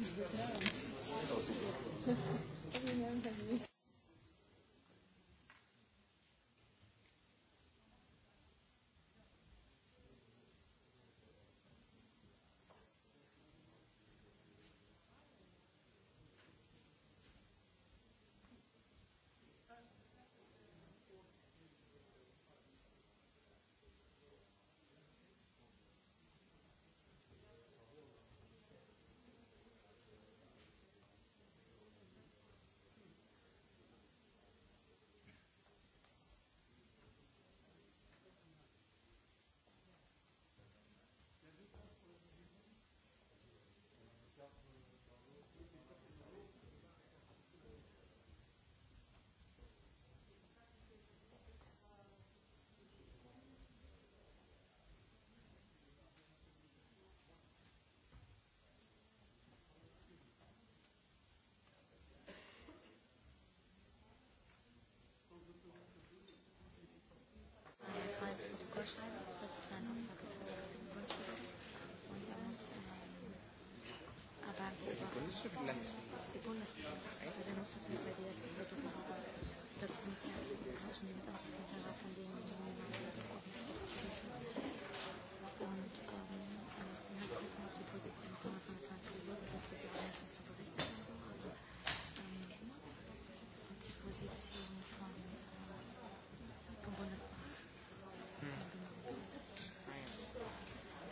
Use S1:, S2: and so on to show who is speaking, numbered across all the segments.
S1: Děkujeme.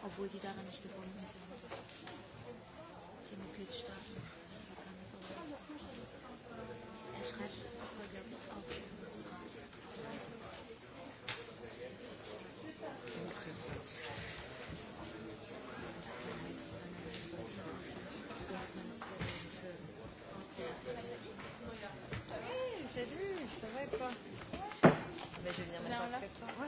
S1: obwohl die daran nicht gebunden sind. Die Mitgliedstaaten. Er schreibt
S2: No,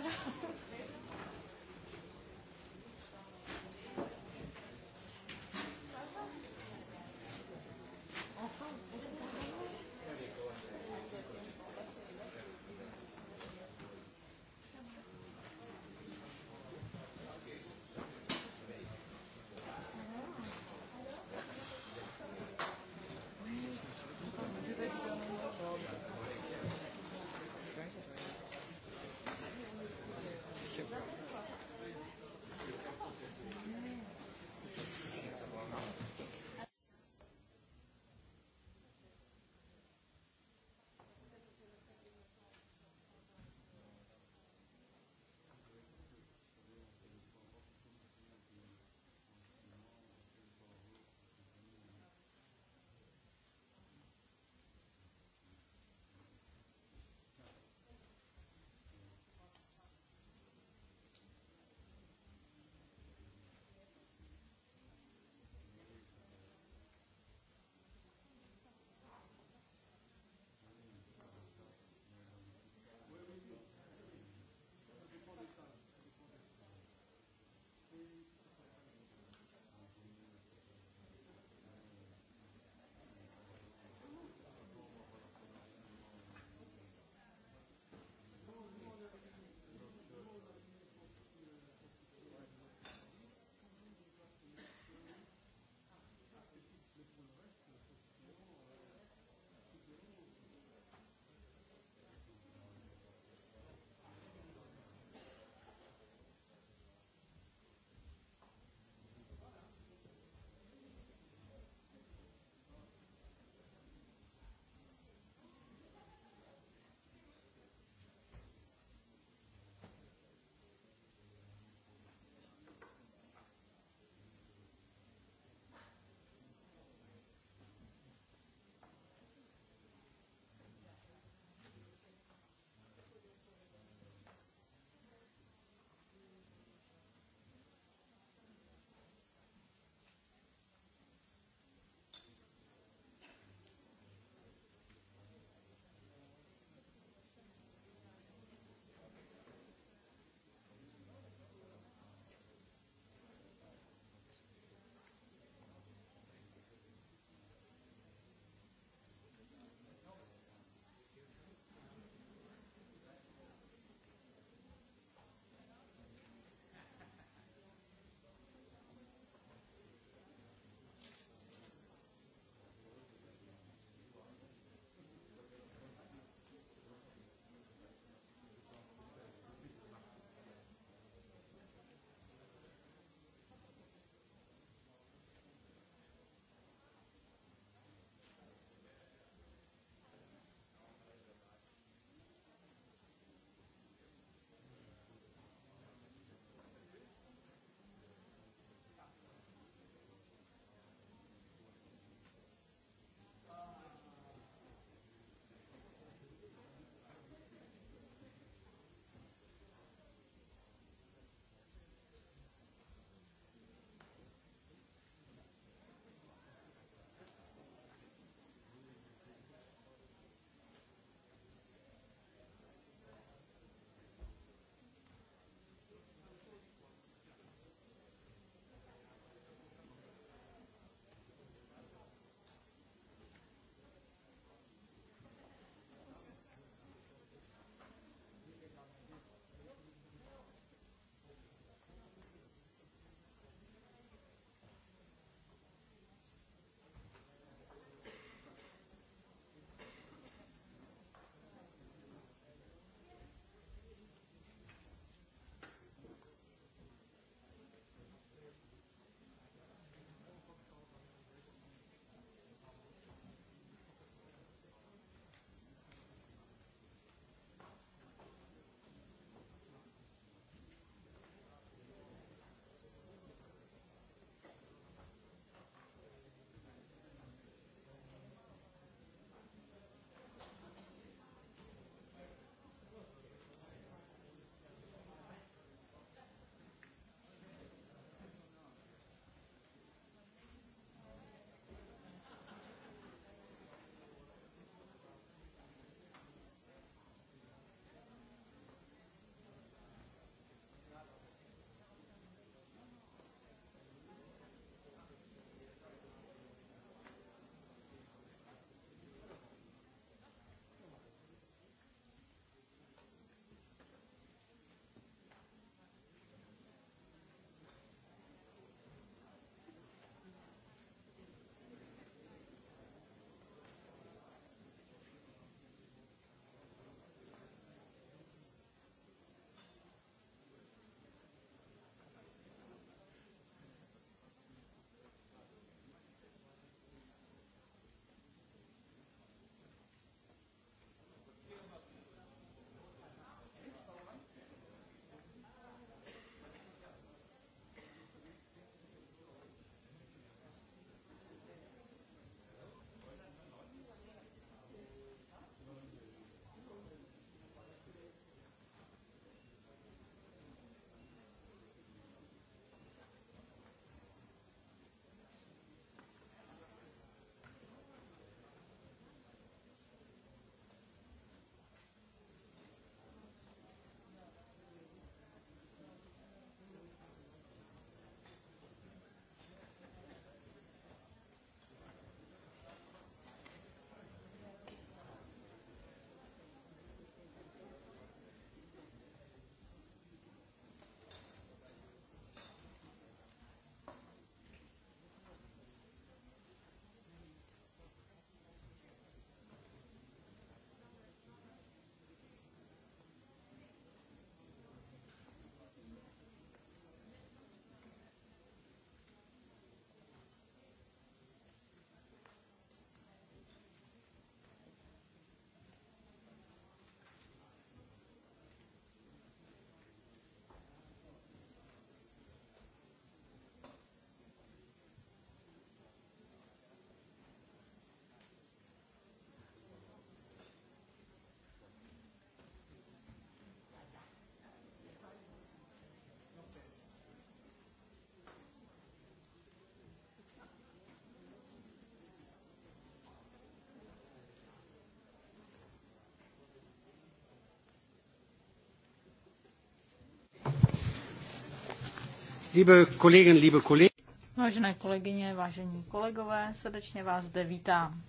S1: Vážené kolegyně, vážení kolegové, srdečně vás zde vítám.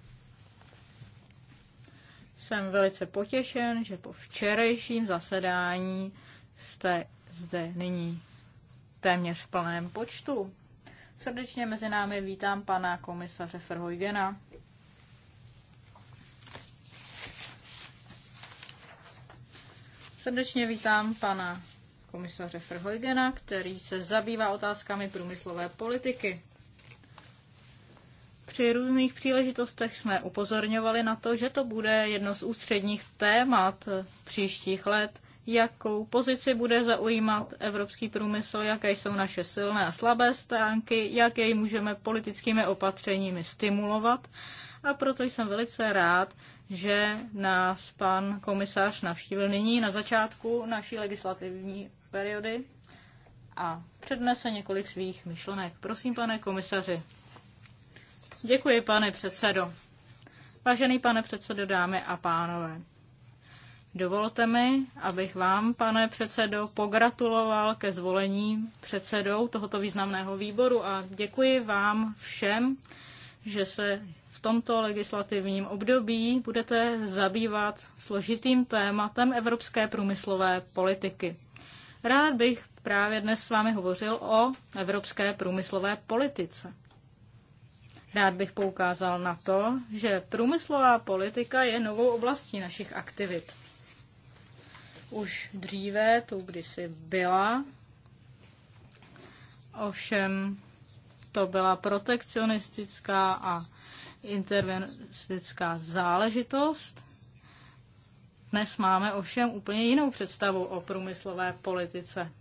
S1: Jsem velice potěšen, že po včerejším zasedání jste zde nyní téměř v plném počtu. Srdečně mezi námi vítám pana komisaře Ferhojgena. Srdečně vítám pana komisaře Frhojgena, který se zabývá otázkami průmyslové politiky. Při různých příležitostech jsme upozorňovali na to, že to bude jedno z ústředních témat příštích let, jakou pozici bude zaujímat evropský průmysl, jaké jsou naše silné a slabé stránky, jak jej můžeme politickými opatřeními stimulovat. A proto jsem velice rád, že nás pan komisář navštívil nyní na začátku naší legislativní periody a přednese několik svých myšlenek. Prosím, pane komisaři. Děkuji, pane předsedo. Vážený pane předsedo, dámy a pánové. Dovolte mi, abych vám, pane předsedo, pogratuloval ke zvolení předsedou tohoto významného výboru a děkuji vám všem, že se v tomto legislativním období budete zabývat složitým tématem evropské průmyslové politiky. Rád bych právě dnes s vámi hovořil o evropské průmyslové politice. Rád bych poukázal na to, že průmyslová politika je novou oblastí našich aktivit. Už dříve tu kdysi byla, ovšem to byla protekcionistická a intervenistická záležitost, dnes máme ovšem úplně jinou představu o průmyslové politice.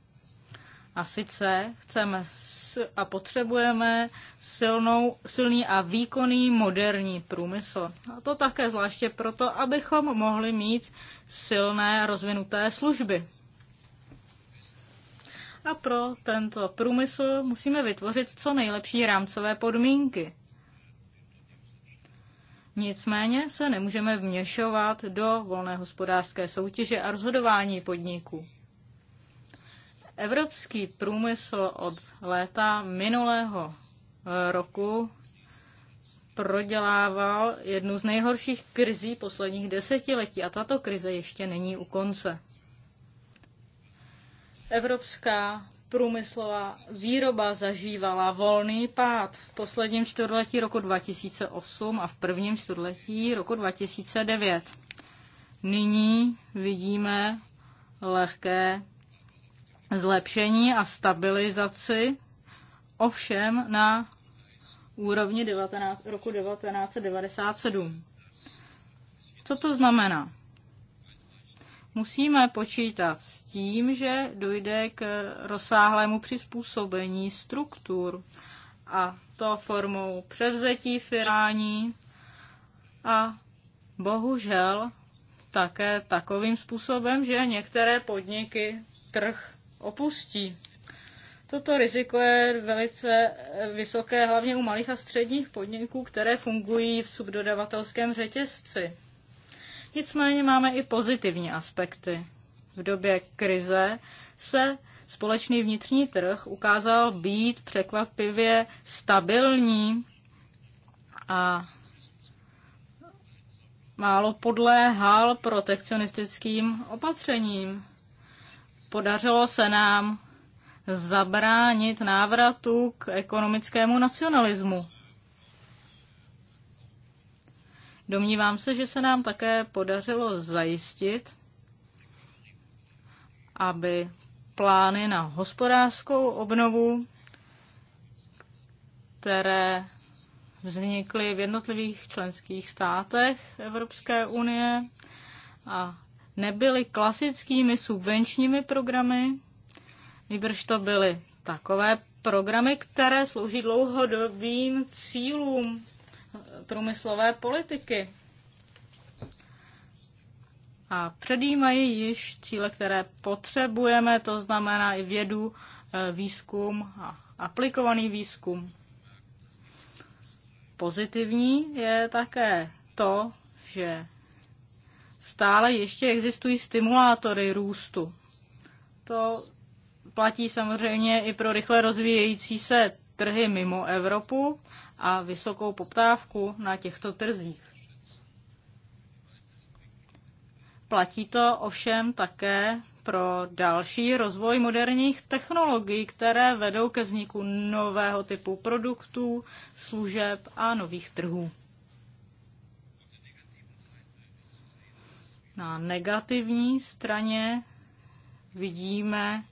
S1: A sice chceme a potřebujeme silnou, silný a výkonný moderní průmysl. A to také zvláště proto, abychom mohli mít silné rozvinuté služby. A pro tento průmysl musíme vytvořit co nejlepší rámcové podmínky. Nicméně se nemůžeme vměšovat do volné hospodářské soutěže a rozhodování podniků. Evropský průmysl od léta minulého roku prodělával jednu z nejhorších krizí posledních desetiletí a tato krize ještě není u konce. Evropská průmyslová výroba zažívala volný pád v posledním čtvrtletí roku 2008 a v prvním čtvrtletí roku 2009. Nyní vidíme lehké zlepšení a stabilizaci, ovšem na úrovni 19, roku 1997. Co to znamená? musíme počítat s tím, že dojde k rozsáhlému přizpůsobení struktur a to formou převzetí firání a bohužel také takovým způsobem, že některé podniky trh opustí. Toto riziko je velice vysoké hlavně u malých a středních podniků, které fungují v subdodavatelském řetězci. Nicméně máme i pozitivní aspekty. V době krize se společný vnitřní trh ukázal být překvapivě stabilní a málo podléhal protekcionistickým opatřením. Podařilo se nám zabránit návratu k ekonomickému nacionalismu. Domnívám se, že se nám také podařilo zajistit, aby plány na hospodářskou obnovu, které vznikly v jednotlivých členských státech Evropské unie a nebyly klasickými subvenčními programy, nýbrž to byly takové programy, které slouží dlouhodobým cílům průmyslové politiky. A předjímají již cíle, které potřebujeme, to znamená i vědu, eh, výzkum a aplikovaný výzkum. Pozitivní je také to, že stále ještě existují stimulátory růstu. To platí samozřejmě i pro rychle rozvíjející se trhy mimo Evropu a vysokou poptávku na těchto trzích. Platí to ovšem také pro další rozvoj moderních technologií, které vedou ke vzniku nového typu produktů, služeb a nových trhů. Na negativní straně vidíme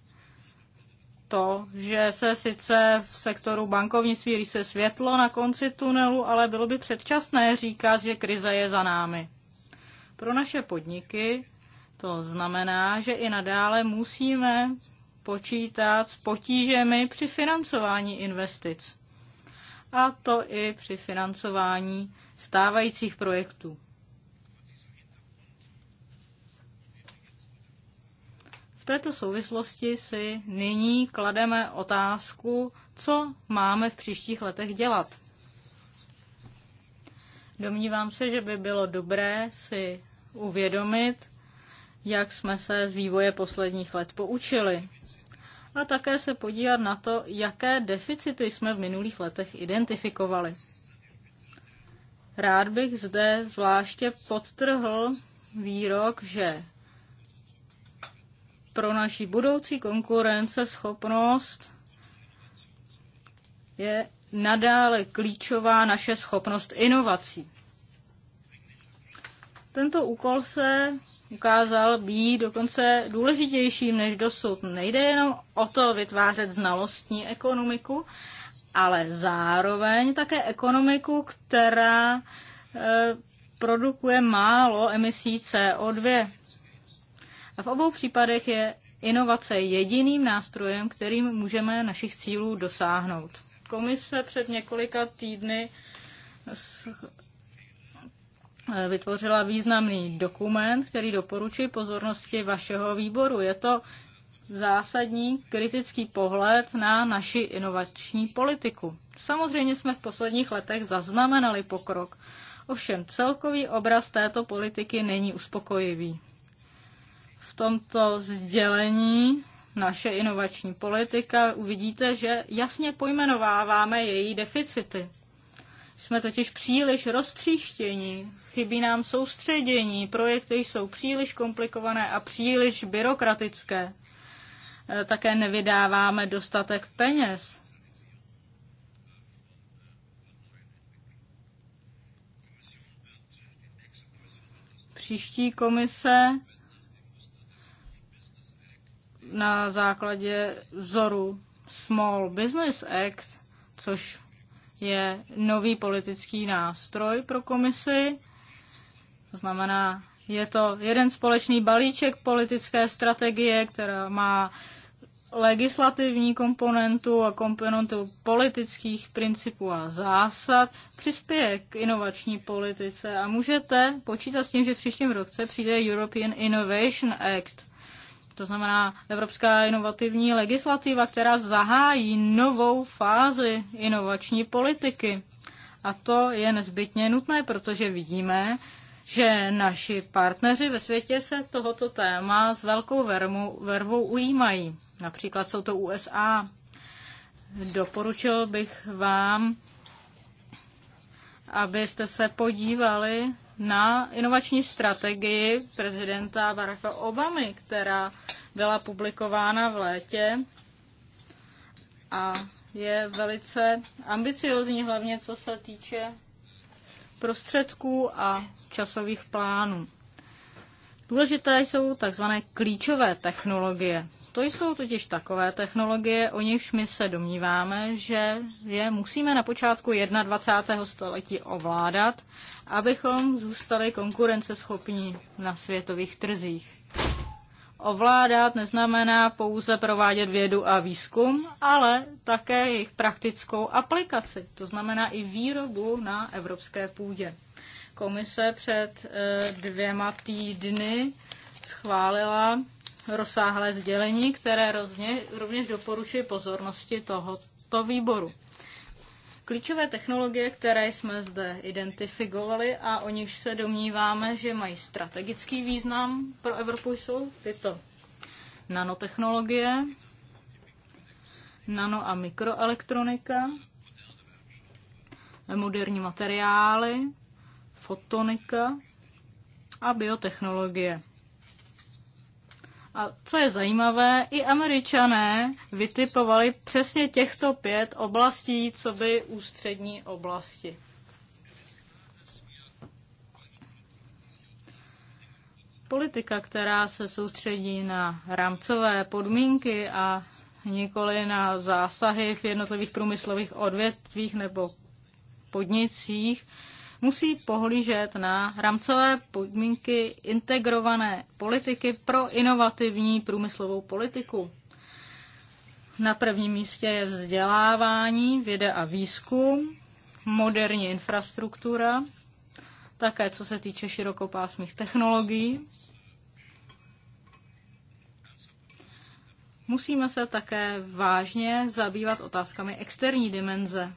S1: to, že se sice v sektoru bankovnictví se světlo na konci tunelu, ale bylo by předčasné říkat, že krize je za námi. Pro naše podniky to znamená, že i nadále musíme počítat s potížemi při financování investic. A to i při financování stávajících projektů. této souvislosti si nyní klademe otázku, co máme v příštích letech dělat. Domnívám se, že by bylo dobré si uvědomit, jak jsme se z vývoje posledních let poučili. A také se podívat na to, jaké deficity jsme v minulých letech identifikovali. Rád bych zde zvláště podtrhl výrok, že pro naši budoucí konkurenceschopnost je nadále klíčová naše schopnost inovací. Tento úkol se ukázal být dokonce důležitějším než dosud. Nejde jenom o to vytvářet znalostní ekonomiku, ale zároveň také ekonomiku, která e, produkuje málo emisí CO2. A v obou případech je inovace jediným nástrojem, kterým můžeme našich cílů dosáhnout. Komise před několika týdny vytvořila významný dokument, který doporučuji pozornosti vašeho výboru. Je to zásadní kritický pohled na naši inovační politiku. Samozřejmě jsme v posledních letech zaznamenali pokrok, ovšem celkový obraz této politiky není uspokojivý v tomto sdělení naše inovační politika uvidíte, že jasně pojmenováváme její deficity. Jsme totiž příliš roztříštěni, chybí nám soustředění, projekty jsou příliš komplikované a příliš byrokratické. E, také nevydáváme dostatek peněz. Příští komise na základě vzoru Small Business Act, což je nový politický nástroj pro komisi. To znamená, je to jeden společný balíček politické strategie, která má legislativní komponentu a komponentu politických principů a zásad přispěje k inovační politice a můžete počítat s tím, že v příštím roce přijde European Innovation Act. To znamená Evropská inovativní legislativa, která zahájí novou fázi inovační politiky. A to je nezbytně nutné, protože vidíme, že naši partneři ve světě se tohoto téma s velkou vermu, vervou ujímají. Například jsou to USA. Doporučil bych vám, abyste se podívali na inovační strategii prezidenta Baracka Obamy, která byla publikována v létě a je velice ambiciozní, hlavně co se týče prostředků a časových plánů. Důležité jsou tzv. klíčové technologie. To jsou totiž takové technologie, o nichž my se domníváme, že je musíme na počátku 21. století ovládat, abychom zůstali konkurenceschopní na světových trzích. Ovládat neznamená pouze provádět vědu a výzkum, ale také jejich praktickou aplikaci, to znamená i výrobu na evropské půdě. Komise před eh, dvěma týdny schválila rozsáhlé sdělení, které rozně, rovněž doporučuje pozornosti tohoto výboru. Klíčové technologie, které jsme zde identifikovali a o nich se domníváme, že mají strategický význam pro Evropu, jsou tyto nanotechnologie, nano- a mikroelektronika, moderní materiály, fotonika a biotechnologie. A co je zajímavé, i američané vytipovali přesně těchto pět oblastí, co by ústřední oblasti. Politika, která se soustředí na rámcové podmínky a nikoli na zásahy v jednotlivých průmyslových odvětvích nebo podnicích, musí pohlížet na rámcové podmínky integrované politiky pro inovativní průmyslovou politiku. Na prvním místě je vzdělávání, věda a výzkum, moderní infrastruktura, také co se týče širokopásmých technologií. Musíme se také vážně zabývat otázkami externí dimenze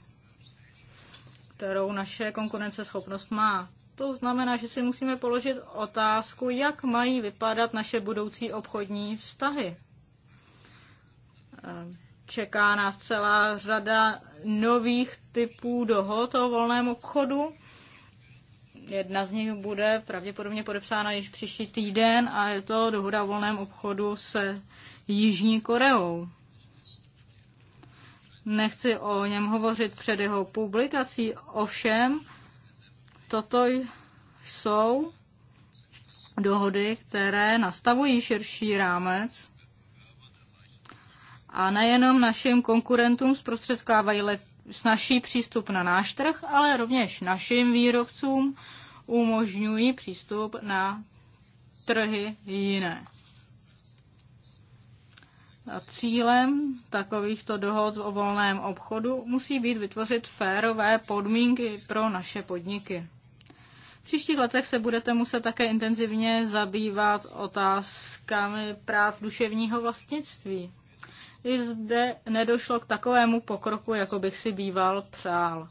S1: kterou naše konkurenceschopnost má. To znamená, že si musíme položit otázku, jak mají vypadat naše budoucí obchodní vztahy. Eh, čeká nás celá řada nových typů dohod o volném obchodu. Jedna z nich bude pravděpodobně podepsána již příští týden a je to dohoda o volném obchodu se Jižní Koreou. Nechci o něm hovořit před jeho publikací, ovšem toto jsou dohody, které nastavují širší rámec a nejenom našim konkurentům zprostředkávají snažší přístup na náš trh, ale rovněž našim výrobcům umožňují přístup na trhy jiné. A cílem takovýchto dohod o volném obchodu musí být vytvořit férové podmínky pro naše podniky. V příštích letech se budete muset také intenzivně zabývat otázkami práv duševního vlastnictví. I zde nedošlo k takovému pokroku, jako bych si býval přál.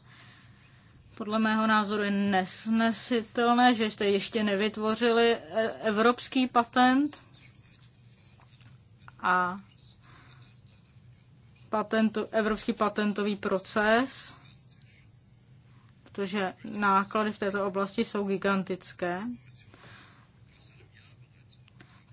S1: Podle mého názoru je nesnesitelné, že jste ještě nevytvořili e- evropský patent a patentu, evropský patentový proces, protože náklady v této oblasti jsou gigantické.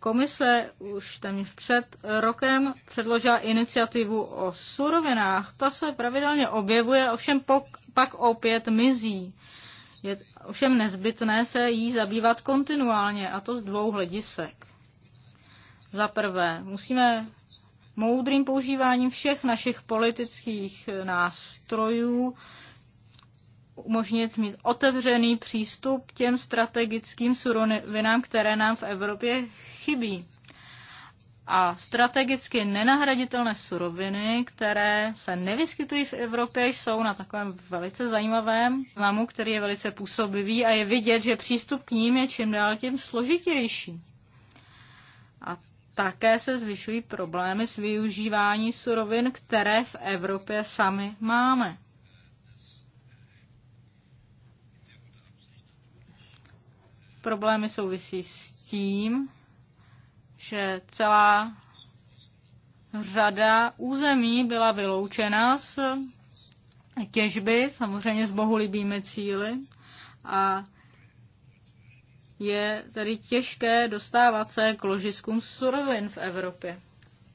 S1: Komise už téměř před rokem předložila iniciativu o surovinách. Ta se pravidelně objevuje, ovšem pok, pak opět mizí. Je ovšem nezbytné se jí zabývat kontinuálně, a to z dvou hledisek. Za prvé, musíme moudrým používáním všech našich politických eh, nástrojů umožnit mít otevřený přístup k těm strategickým surovinám, které nám v Evropě chybí. A strategicky nenahraditelné suroviny, které se nevyskytují v Evropě, jsou na takovém velice zajímavém znamu, který je velice působivý a je vidět, že přístup k ním je čím dál tím složitější. A také se zvyšují problémy s využívání surovin, které v Evropě sami máme. Problémy souvisí s tím, že celá řada území byla vyloučena z těžby, samozřejmě s bohulibými cíly a je tedy těžké dostávat se k ložiskům surovin v Evropě.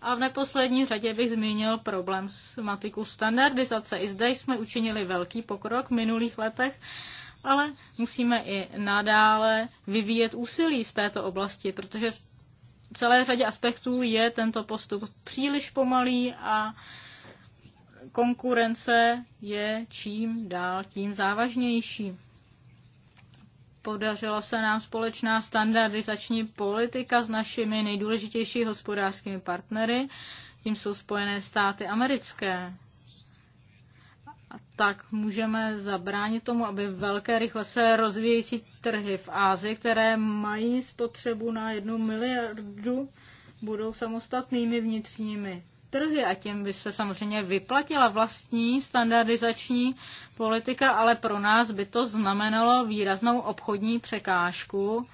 S1: A v neposlední řadě bych zmínil problém s matikou standardizace. I zde jsme učinili velký pokrok v minulých letech, ale musíme i nadále vyvíjet úsilí v této oblasti, protože v celé řadě aspektů je tento postup příliš pomalý a konkurence je čím dál tím závažnější podařila se nám společná standardizační politika s našimi nejdůležitější hospodářskými partnery, tím jsou Spojené státy americké. A tak můžeme zabránit tomu, aby velké, rychle se rozvíjející trhy v Ázii, které mají spotřebu na jednu miliardu, budou samostatnými vnitřními trhy a tím by se samozřejmě vyplatila vlastní standardizační politika, ale pro nás by to znamenalo výraznou obchodní překážku.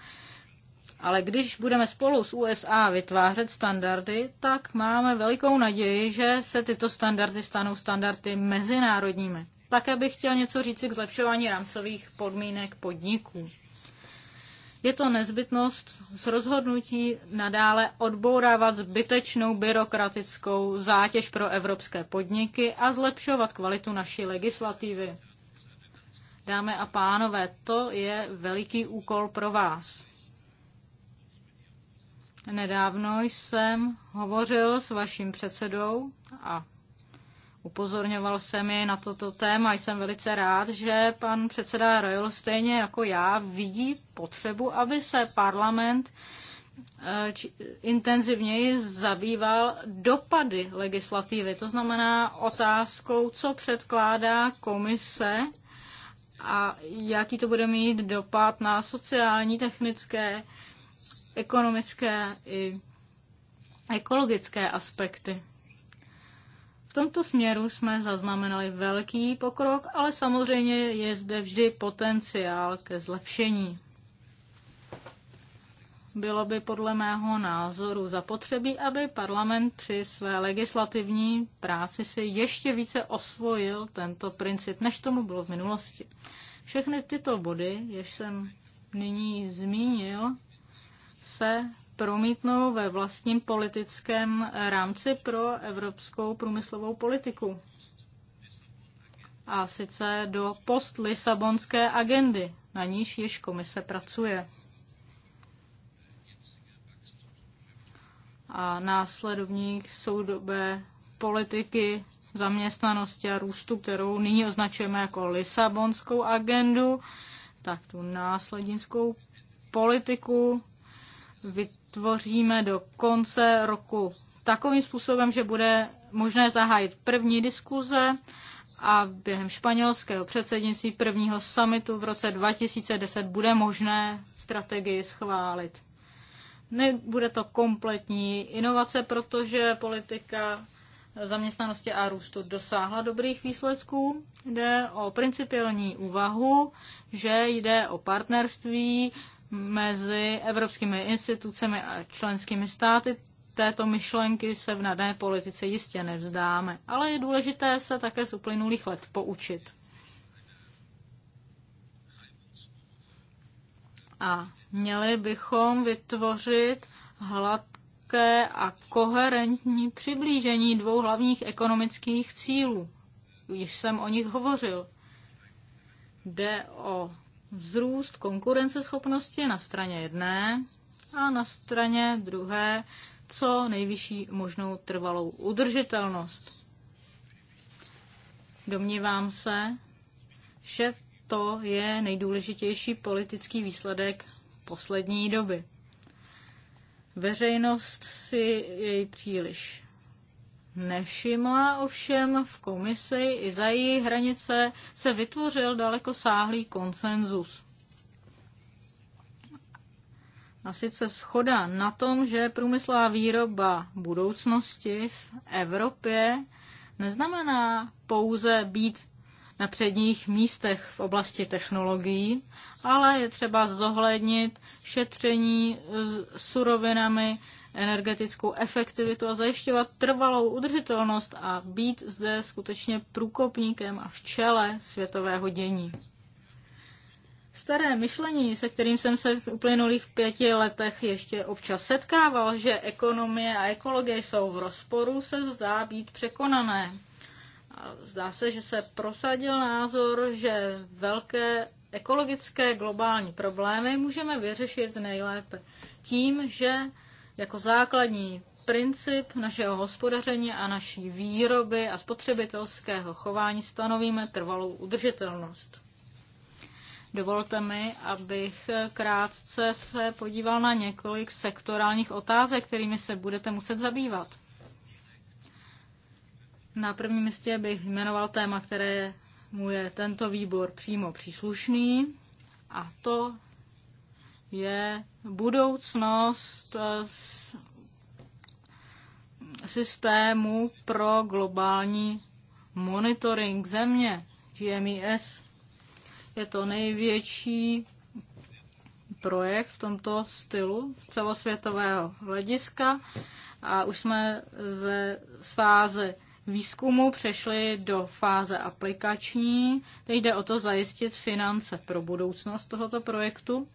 S1: Ale když budeme spolu s USA vytvářet standardy, tak máme velikou naději, že se tyto standardy stanou standardy mezinárodními. Také bych chtěl něco říci k zlepšování rámcových podmínek podniků. Je to nezbytnost s rozhodnutí nadále odbourávat zbytečnou byrokratickou zátěž pro evropské podniky a zlepšovat kvalitu naší legislativy. Dámy a pánové, to je veliký úkol pro vás. Nedávno jsem hovořil s vaším předsedou a Upozorňoval jsem je na toto téma. Jsem velice rád, že pan předseda Royal stejně jako já vidí potřebu, aby se parlament eh, intenzivněji zabýval dopady legislativy. To znamená otázkou, co předkládá komise a jaký to bude mít dopad na sociální, technické, ekonomické i ekologické aspekty. V tomto směru jsme zaznamenali velký pokrok, ale samozřejmě je zde vždy potenciál ke zlepšení. Bylo by podle mého názoru zapotřebí, aby parlament při své legislativní práci si ještě více osvojil tento princip, než tomu bylo v minulosti. Všechny tyto body, jež jsem nyní zmínil, se promítnou ve vlastním politickém rámci pro evropskou průmyslovou politiku. A sice do post-Lisabonské agendy, na níž již komise pracuje. A následovník soudobé politiky zaměstnanosti a růstu, kterou nyní označujeme jako Lisabonskou agendu, tak tu následnickou politiku vytvoříme do konce roku takovým způsobem, že bude možné zahájit první diskuze a během španělského předsednictví prvního summitu v roce 2010 bude možné strategii schválit. Nebude to kompletní inovace, protože politika zaměstnanosti a růstu dosáhla dobrých výsledků. Jde o principiální úvahu, že jde o partnerství mezi evropskými institucemi a členskými státy. Této myšlenky se v nadné politice jistě nevzdáme, ale je důležité se také z uplynulých let poučit. A měli bychom vytvořit hladké a koherentní přiblížení dvou hlavních ekonomických cílů. už jsem o nich hovořil. Jde o vzrůst konkurenceschopnosti na straně jedné a na straně druhé co nejvyšší možnou trvalou udržitelnost. Domnívám se, že to je nejdůležitější politický výsledek poslední doby. Veřejnost si jej příliš nevšimla, ovšem v komisi i za její hranice se vytvořil daleko sáhlý konsenzus. A sice schoda na tom, že průmyslová výroba budoucnosti v Evropě neznamená pouze být na předních místech v oblasti technologií, ale je třeba zohlednit šetření s surovinami, energetickou efektivitu a zajišťovat trvalou udržitelnost a být zde skutečně průkopníkem a v čele světového dění. Staré myšlení, se kterým jsem se v uplynulých pěti letech ještě občas setkával, že ekonomie a ekologie jsou v rozporu, se zdá být překonané. A zdá se, že se prosadil názor, že velké ekologické globální problémy můžeme vyřešit nejlépe tím, že jako základní princip našeho hospodaření a naší výroby a spotřebitelského chování stanovíme trvalou udržitelnost. Dovolte mi, abych krátce se podíval na několik sektorálních otázek, kterými se budete muset zabývat. Na prvním místě bych jmenoval téma, které mu je tento výbor přímo příslušný, a to je budoucnost eh, systému pro globální monitoring země, GMIS. E je to největší projekt v tomto stylu z celosvětového hlediska a už jsme ze, z fáze výzkumu přešli do fáze aplikační. Teď jde o to zajistit finance pro budoucnost tohoto projektu.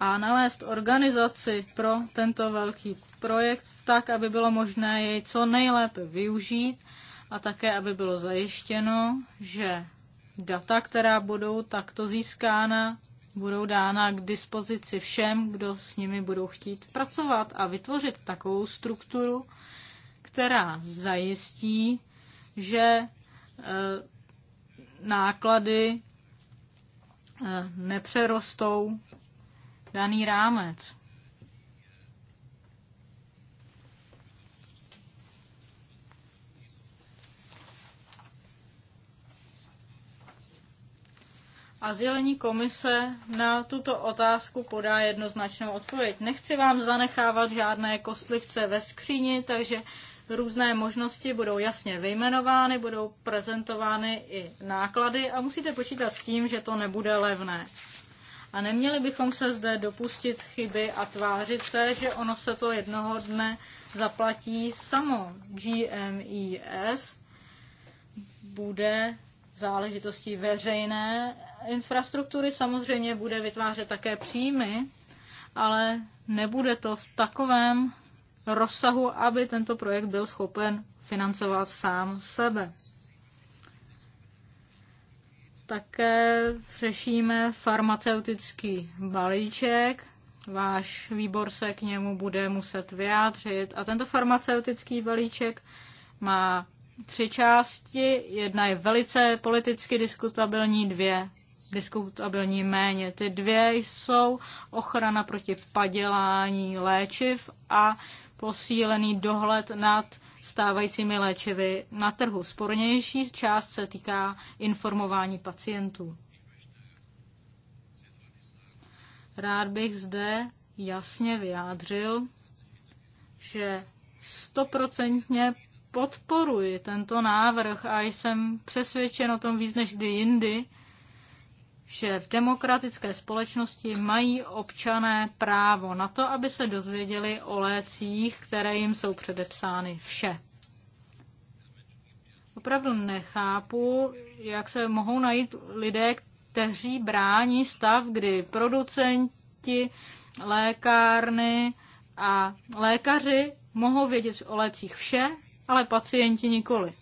S1: a nalézt organizaci pro tento velký projekt tak, aby bylo možné jej co nejlépe využít a také, aby bylo zajištěno, že data, která budou takto získána, budou dána k dispozici všem, kdo s nimi budou chtít pracovat a vytvořit takovou strukturu, která zajistí, že eh, náklady eh, nepřerostou daný rámec. A sdělení komise na tuto otázku podá jednoznačnou odpověď. Nechci vám zanechávat žádné kostlivce ve skříni, takže různé možnosti budou jasně vyjmenovány, budou prezentovány i náklady a musíte počítat s tím, že to nebude levné. A neměli bychom se zde dopustit chyby a tvářit se, že ono se to jednoho dne zaplatí samo. GMES bude záležitostí veřejné infrastruktury, samozřejmě bude vytvářet také příjmy, ale nebude to v takovém rozsahu, aby tento projekt byl schopen financovat sám sebe. Také řešíme farmaceutický balíček. Váš výbor se k němu bude muset vyjádřit. A tento farmaceutický balíček má tři části. Jedna je velice politicky diskutabilní, dvě diskutabilní méně. Ty dvě jsou ochrana proti padělání léčiv a posílený dohled nad stávajícími léčivy na trhu. Spornější část se týká informování pacientů. Rád bych zde jasně vyjádřil, že stoprocentně podporuji tento návrh a jsem přesvědčen o tom víc než kdy jindy, že v demokratické společnosti mají občané právo na to, aby se dozvěděli o lécích, které jim jsou předepsány vše. Opravdu nechápu, jak se mohou najít lidé, kteří brání stav, kdy producenti, lékárny a lékaři mohou vědět o lécích vše, ale pacienti nikoli.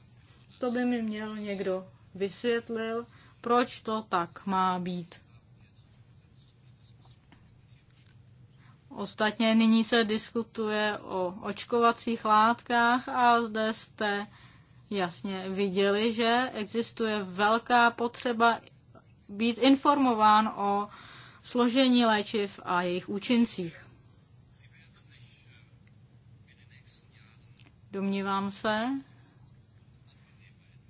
S1: To by mi měl někdo vysvětlil proč to tak má být. Ostatně nyní se diskutuje o očkovacích látkách a zde jste jasně viděli, že existuje velká potřeba být informován o složení léčiv a jejich účincích. Domnívám se,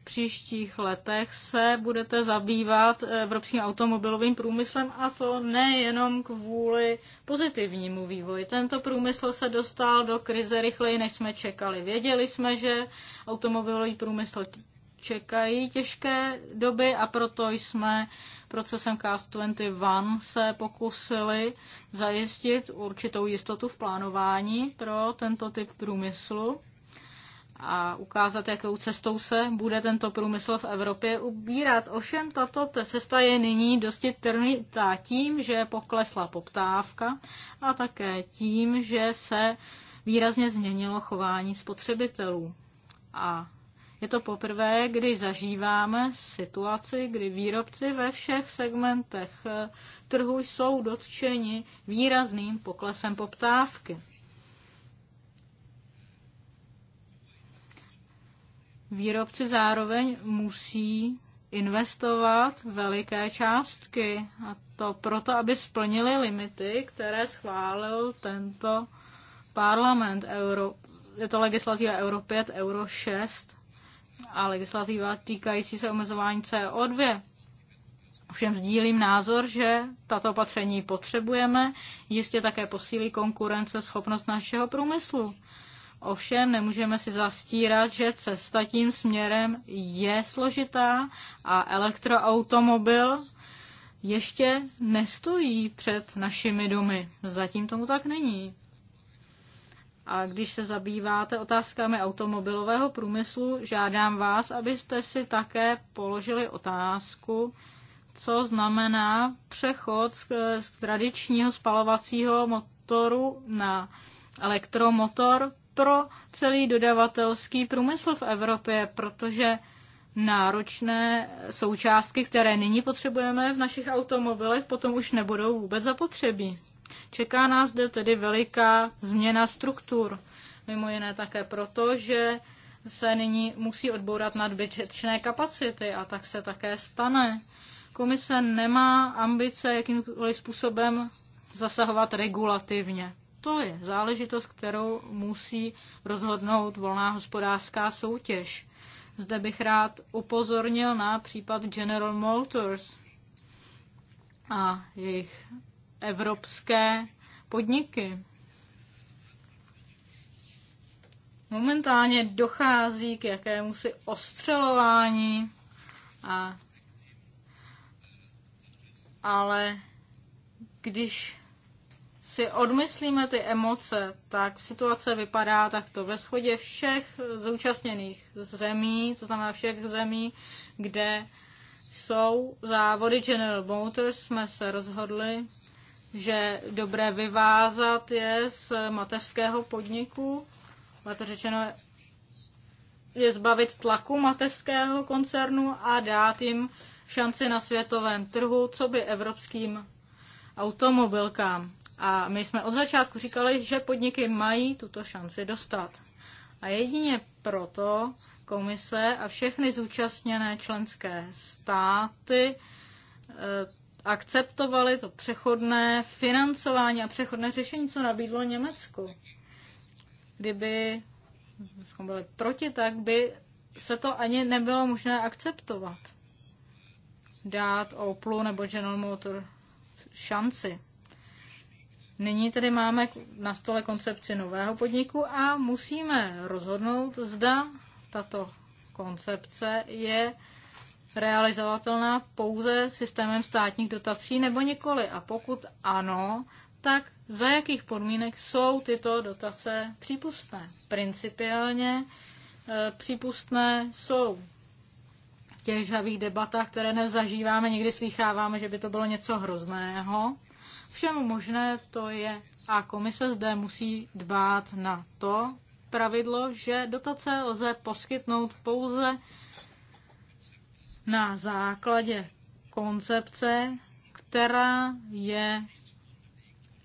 S1: příštích letech se budete zabývat eh, evropským automobilovým průmyslem a to nejenom kvůli pozitivnímu vývoji. Tento průmysl se dostal do krize rychleji, než jsme čekali. Věděli jsme, že automobilový průmysl čekají těžké doby a proto jsme procesem Cast 21 se pokusili zajistit určitou jistotu v plánování pro tento typ průmyslu a ukázat, jakou cestou se bude tento průmysl v Evropě ubírat. Ovšem tato cesta je nyní dosti trnitá tím, že poklesla poptávka a také tím, že se výrazně změnilo chování spotřebitelů. A je to poprvé, kdy zažíváme situaci, kdy výrobci ve všech segmentech eh, trhu jsou dotčeni výrazným poklesem poptávky. výrobci zároveň musí investovat veliké částky a to proto, aby splnili limity, které schválil tento parlament euro. Je to legislativa euro 5, euro 6 a legislativa týkající se omezování CO2. Všem sdílím názor, že tato opatření potřebujeme, jistě také posílí konkurence schopnost našeho průmyslu. Ovšem nemůžeme si zastírat, že cesta tím směrem je složitá a elektroautomobil ještě nestojí před našimi domy. Zatím tomu tak není. A když se zabýváte otázkami automobilového průmyslu, žádám vás, abyste si také položili otázku, co znamená přechod z, z tradičního spalovacího motoru na elektromotor, pro celý dodavatelský průmysl v Evropě, protože náročné součástky, které nyní potřebujeme v našich automobilech, potom už nebudou vůbec zapotřebí. Čeká nás zde tedy veliká změna struktur. Mimo jiné také proto, že se nyní musí odbourat nadbytečné kapacity a tak se také stane. Komise nemá ambice jakýmkoliv způsobem zasahovat regulativně to je záležitost, kterou musí rozhodnout volná hospodářská soutěž. Zde bych rád upozornil na případ General Motors a jejich evropské podniky. Momentálně dochází k jakémusi ostřelování, a, ale když si odmyslíme ty emoce, tak situace vypadá takto ve shodě všech zúčastněných zemí, to znamená všech zemí, kde jsou závody General Motors, jsme se rozhodli, že dobré vyvázat je z mateřského podniku, lépe řečeno je zbavit tlaku mateřského koncernu a dát jim šanci na světovém trhu, co by evropským automobilkám. A my jsme od začátku říkali, že podniky mají tuto šanci dostat. A jedině proto komise a všechny zúčastněné členské státy eh, akceptovali to přechodné financování a přechodné řešení, co nabídlo Německu. Kdyby byli proti, tak by se to ani nebylo možné akceptovat. Dát Oplu nebo General Motor šanci. Nyní tedy máme na stole koncepci nového podniku a musíme rozhodnout, zda tato koncepce je realizovatelná pouze systémem státních dotací nebo nikoli. A pokud ano, tak za jakých podmínek jsou tyto dotace přípustné? Principiálně e, přípustné jsou v těch debatách, které dnes zažíváme, někdy slycháváme, že by to bylo něco hrozného, všem možné to je. A komise zde musí dbát na to pravidlo, že dotace lze poskytnout pouze na základě koncepce, která je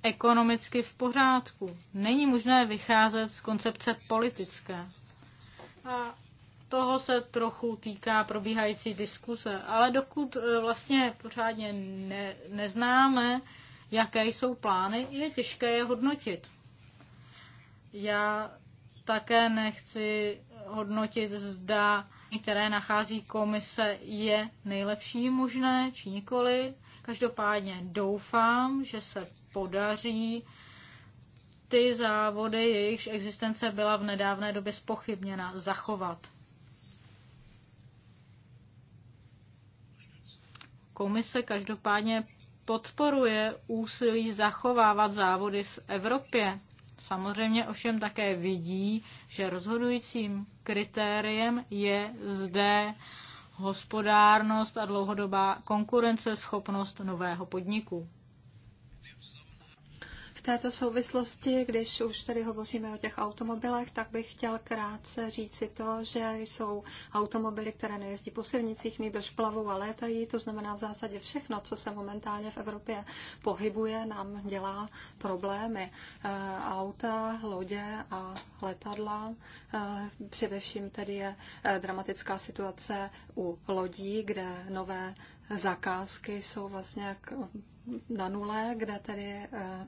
S1: ekonomicky v pořádku. Není možné vycházet z koncepce politické. A toho se trochu týká probíhající diskuse. Ale dokud eh, vlastně pořádně ne, neznáme jaké jsou plány, je těžké je hodnotit. Já také nechci hodnotit, zda které nachází komise, je nejlepší možné či nikoli. Každopádně doufám, že se podaří ty závody, jejichž existence byla v nedávné době spochybněna, zachovat. Komise každopádně podporuje úsilí zachovávat závody v Evropě. Samozřejmě ovšem také vidí, že rozhodujícím kritériem je zde hospodárnost a dlouhodobá konkurenceschopnost nového podniku
S3: této souvislosti, když už tady hovoříme o těch automobilech, tak bych chtěl krátce říci to, že jsou automobily, které nejezdí po silnicích, nejbrž plavou a létají. To znamená v zásadě všechno, co se momentálně v Evropě pohybuje, nám dělá problémy. Eh, auta, lodě a letadla. Eh, především tedy je eh, dramatická situace u lodí, kde nové zakázky jsou vlastně jak na nule, kde tedy eh,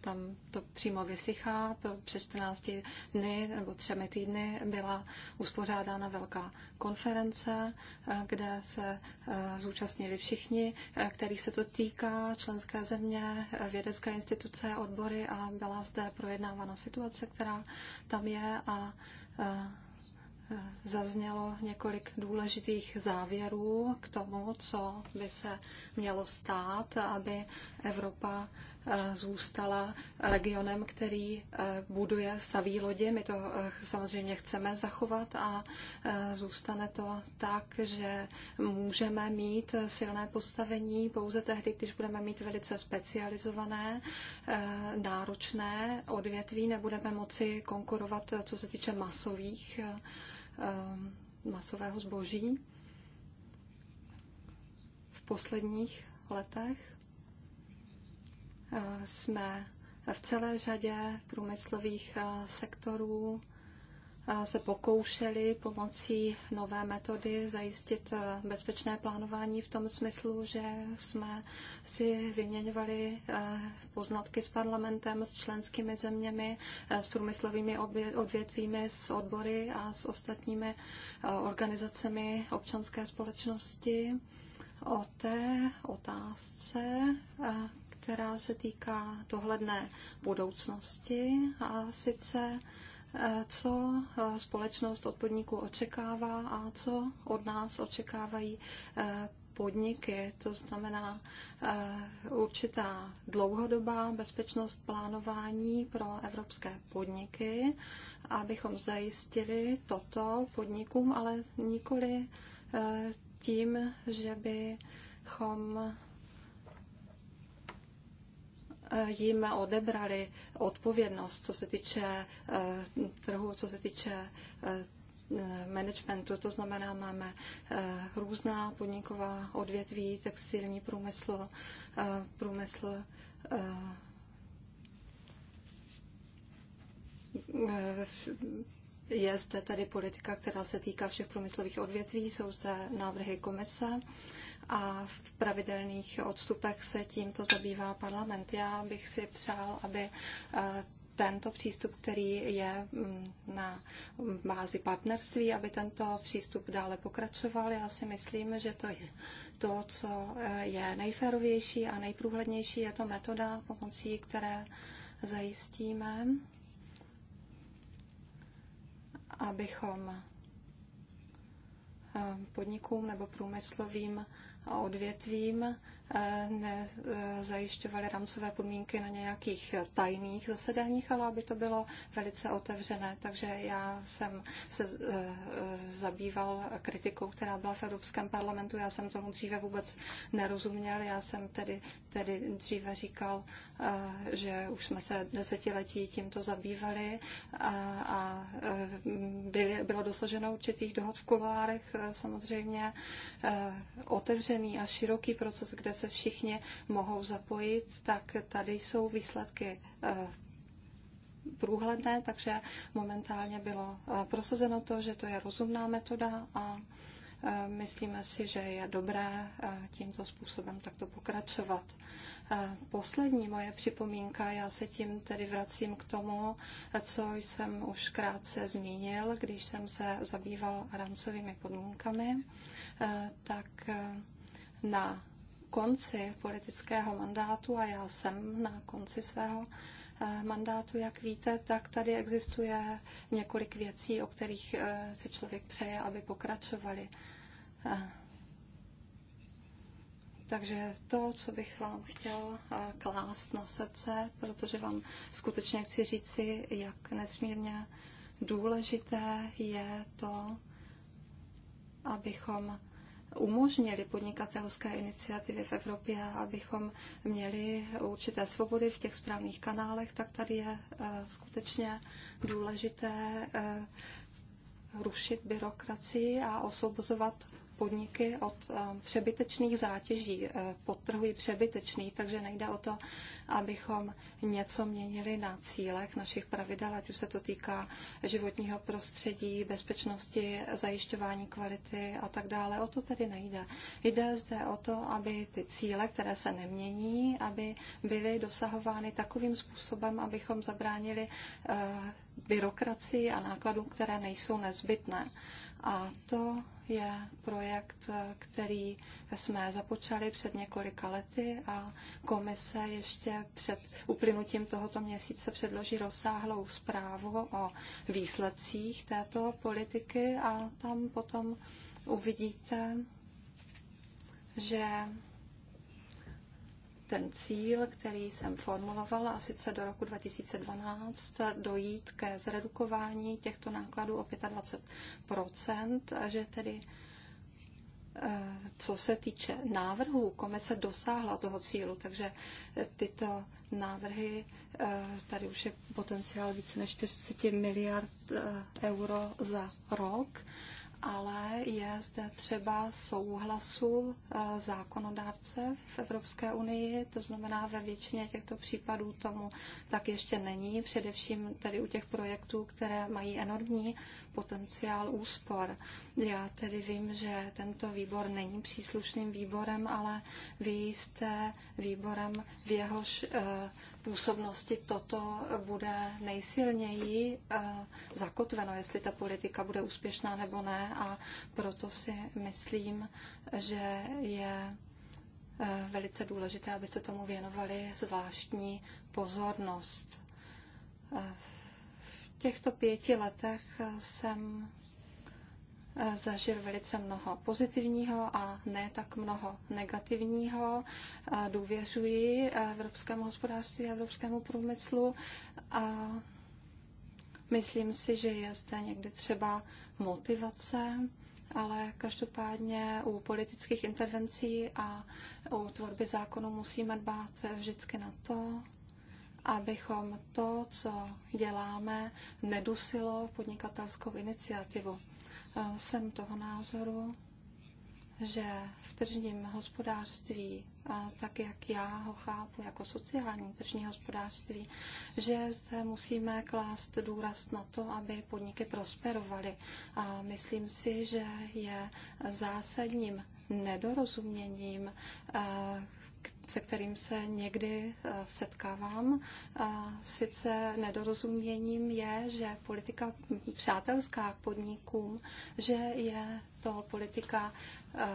S3: tam to přímo vysychá. Před 14 dny nebo třemi týdny byla uspořádána velká konference, eh, kde se eh, zúčastnili všichni, který se to týká, členské země, vědecké instituce, odbory a byla zde projednávána situace, která tam je a zaznělo několik důležitých závěrů k tomu, co by se mělo stát, aby Evropa eh, zůstala regionem, který eh, buduje saví lodi. My to eh, samozřejmě chceme zachovat a zůstane to tak, že můžeme mít silné postavení pouze tehdy, když budeme mít velice specializované, náročné odvětví, nebudeme moci konkurovat, co se týče masových Eh, masového zboží v posledních letech. Eh, jsme v celé řadě průmyslových eh, sektorů se pokoušeli pomocí nové metody zajistit eh, bezpečné plánování v tom smyslu, že jsme si vyměňovali eh, poznatky s parlamentem, s členskými zeměmi, eh, s průmyslovými odvětvími, s odbory a s ostatními organizacemi občanské společnosti o té otázce, která se týká dohledné budoucnosti a sice co eh, společnost od podniků očekává a co od nás očekávají eh, podniky, to znamená eh, určitá dlouhodobá bezpečnost plánování pro evropské podniky, abychom zajistili toto podnikům, ale nikoli tím, že bychom jim odebrali odpovědnost, co se týče eh, trhu, co se týče eh, managementu, to znamená, máme eh, různá podniková odvětví, textilní průmysl, průmysl je zde tady politika, která se týká všech průmyslových odvětví, jsou zde návrhy komise a v pravidelných odstupech se tímto zabývá parlament. Já bych si přál, aby eh, tento přístup, který je mm, na bázi partnerství, aby tento přístup dále pokračoval. Já si myslím, že to je to, co eh, je nejférovější a nejprůhlednější, je to metoda, pomocí které zajistíme, abychom eh, podnikům nebo průmyslovým odvětvím nezajišťovali e, rámcové podmínky na nějakých tajných zasedáních, ale aby to bylo velice otevřené. Takže já jsem se e, e, zabýval kritikou, která byla v Evropském parlamentu. Já jsem tomu dříve vůbec nerozuměl. Já jsem tedy, tedy dříve říkal, že už jsme se desetiletí tímto zabývali a, a byly, bylo dosaženo určitých dohod v kuloárech samozřejmě otevřený a široký proces, kde kde se všichni mohou zapojit, tak tady jsou výsledky eh, průhledné, takže momentálně bylo eh, prosazeno to, že to je rozumná metoda a eh, myslíme si, že je dobré tímto způsobem takto pokračovat. Poslední moje připomínka, já se tím tedy vracím k tomu, co jsem už krátce zmínil, když jsem se zabýval rancovými podmínkami, tak na konci politického mandátu a já jsem na konci svého eh, mandátu, jak víte, tak tady existuje několik věcí, o kterých eh, si člověk přeje, aby pokračovali. Eh, takže to, co bych vám chtěl klást na srdce, protože vám skutečně chci říci, jak nesmírně důležité je to, abychom umožnili podnikatelské iniciativy v Evropě, abychom měli určité svobody v těch správných kanálech, tak tady je eh, skutečně důležité eh, rušit byrokracii a osvobozovat podniky od eh, přebytečných zátěží. Eh, Podtrhuji přebytečný, takže nejde o to, abychom něco měnili na cílech našich pravidel, ať už se to týká životního prostředí, bezpečnosti, zajišťování kvality a tak dále. O to tedy nejde. Jde zde o to, aby ty cíle, které se nemění, aby byly dosahovány takovým způsobem, abychom zabránili eh, byrokracii a nákladům, které nejsou nezbytné. A to je projekt, který jsme započali před několika lety a komise ještě před uplynutím tohoto měsíce předloží rozsáhlou zprávu o výsledcích této politiky a tam potom uvidíte, že ten cíl, který jsem formulovala, a sice do roku 2012 dojít ke zredukování těchto nákladů o 25 že tedy eh, co se týče návrhů, komise dosáhla toho cílu, takže eh, tyto návrhy, eh, tady už je potenciál více než 40 miliard euro za rok ale je zde třeba souhlasu eh, zákonodárce v Evropské unii, to znamená ve většině těchto případů tomu tak ještě není, především tedy u těch projektů, které mají enormní potenciál úspor. Já tedy vím, že tento výbor není příslušným výborem, ale vy jste výborem, v jehož eh, působnosti toto bude nejsilněji eh, zakotveno, jestli ta politika bude úspěšná nebo ne. A proto si myslím, že je eh, velice důležité, abyste tomu věnovali zvláštní pozornost těchto pěti letech jsem eh, zažil velice mnoho pozitivního a ne tak mnoho negativního. Eh, důvěřuji evropskému hospodářství a evropskému průmyslu a myslím si, že je zde někdy třeba motivace, ale každopádně u politických intervencí a u tvorby zákonů musíme dbát vždycky na to, abychom to, co děláme, nedusilo podnikatelskou iniciativu. Eh, jsem toho názoru, že v tržním hospodářství, eh, tak jak já ho chápu jako sociální tržní hospodářství, že zde musíme klást důraz na to, aby podniky prosperovaly. A myslím si, že je zásadním nedorozuměním eh, se kterým se někdy eh, setkávám. sice nedorozuměním je, že politika přátelská k podnikům, že je to politika, eh,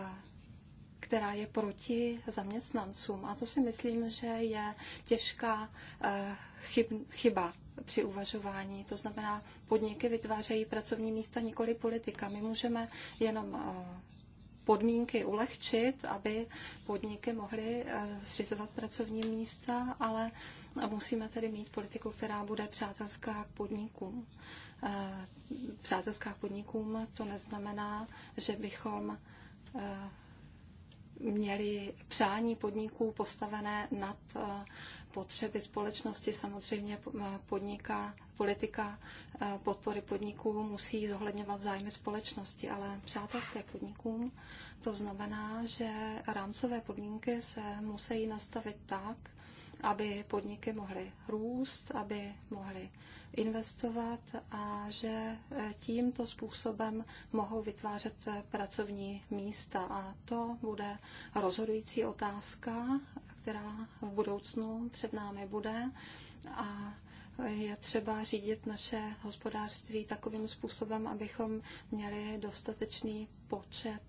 S3: která je proti zaměstnancům. A to si myslím, že je těžká eh, chyba při uvažování. To znamená, podniky vytvářejí pracovní místa, nikoli politika. My můžeme jenom podmínky ulehčit, aby podniky mohly eh, zřizovat pracovní místa, ale musíme tedy mít politiku, která bude přátelská k podnikům. Eh, přátelská k podnikům to neznamená, že bychom eh, měli přání podniků postavené nad potřeby společnosti. Samozřejmě eh, podniká, politika eh, podpory podniků musí zohledňovat zájmy společnosti, ale přátelské podnikům to znamená, že rámcové podmínky se musí nastavit tak, aby podniky mohly růst, aby mohly investovat a že eh, tímto způsobem mohou vytvářet pracovní místa. A to bude rozhodující otázka která v budoucnu před námi bude a je třeba řídit naše hospodářství takovým způsobem, abychom měli dostatečný počet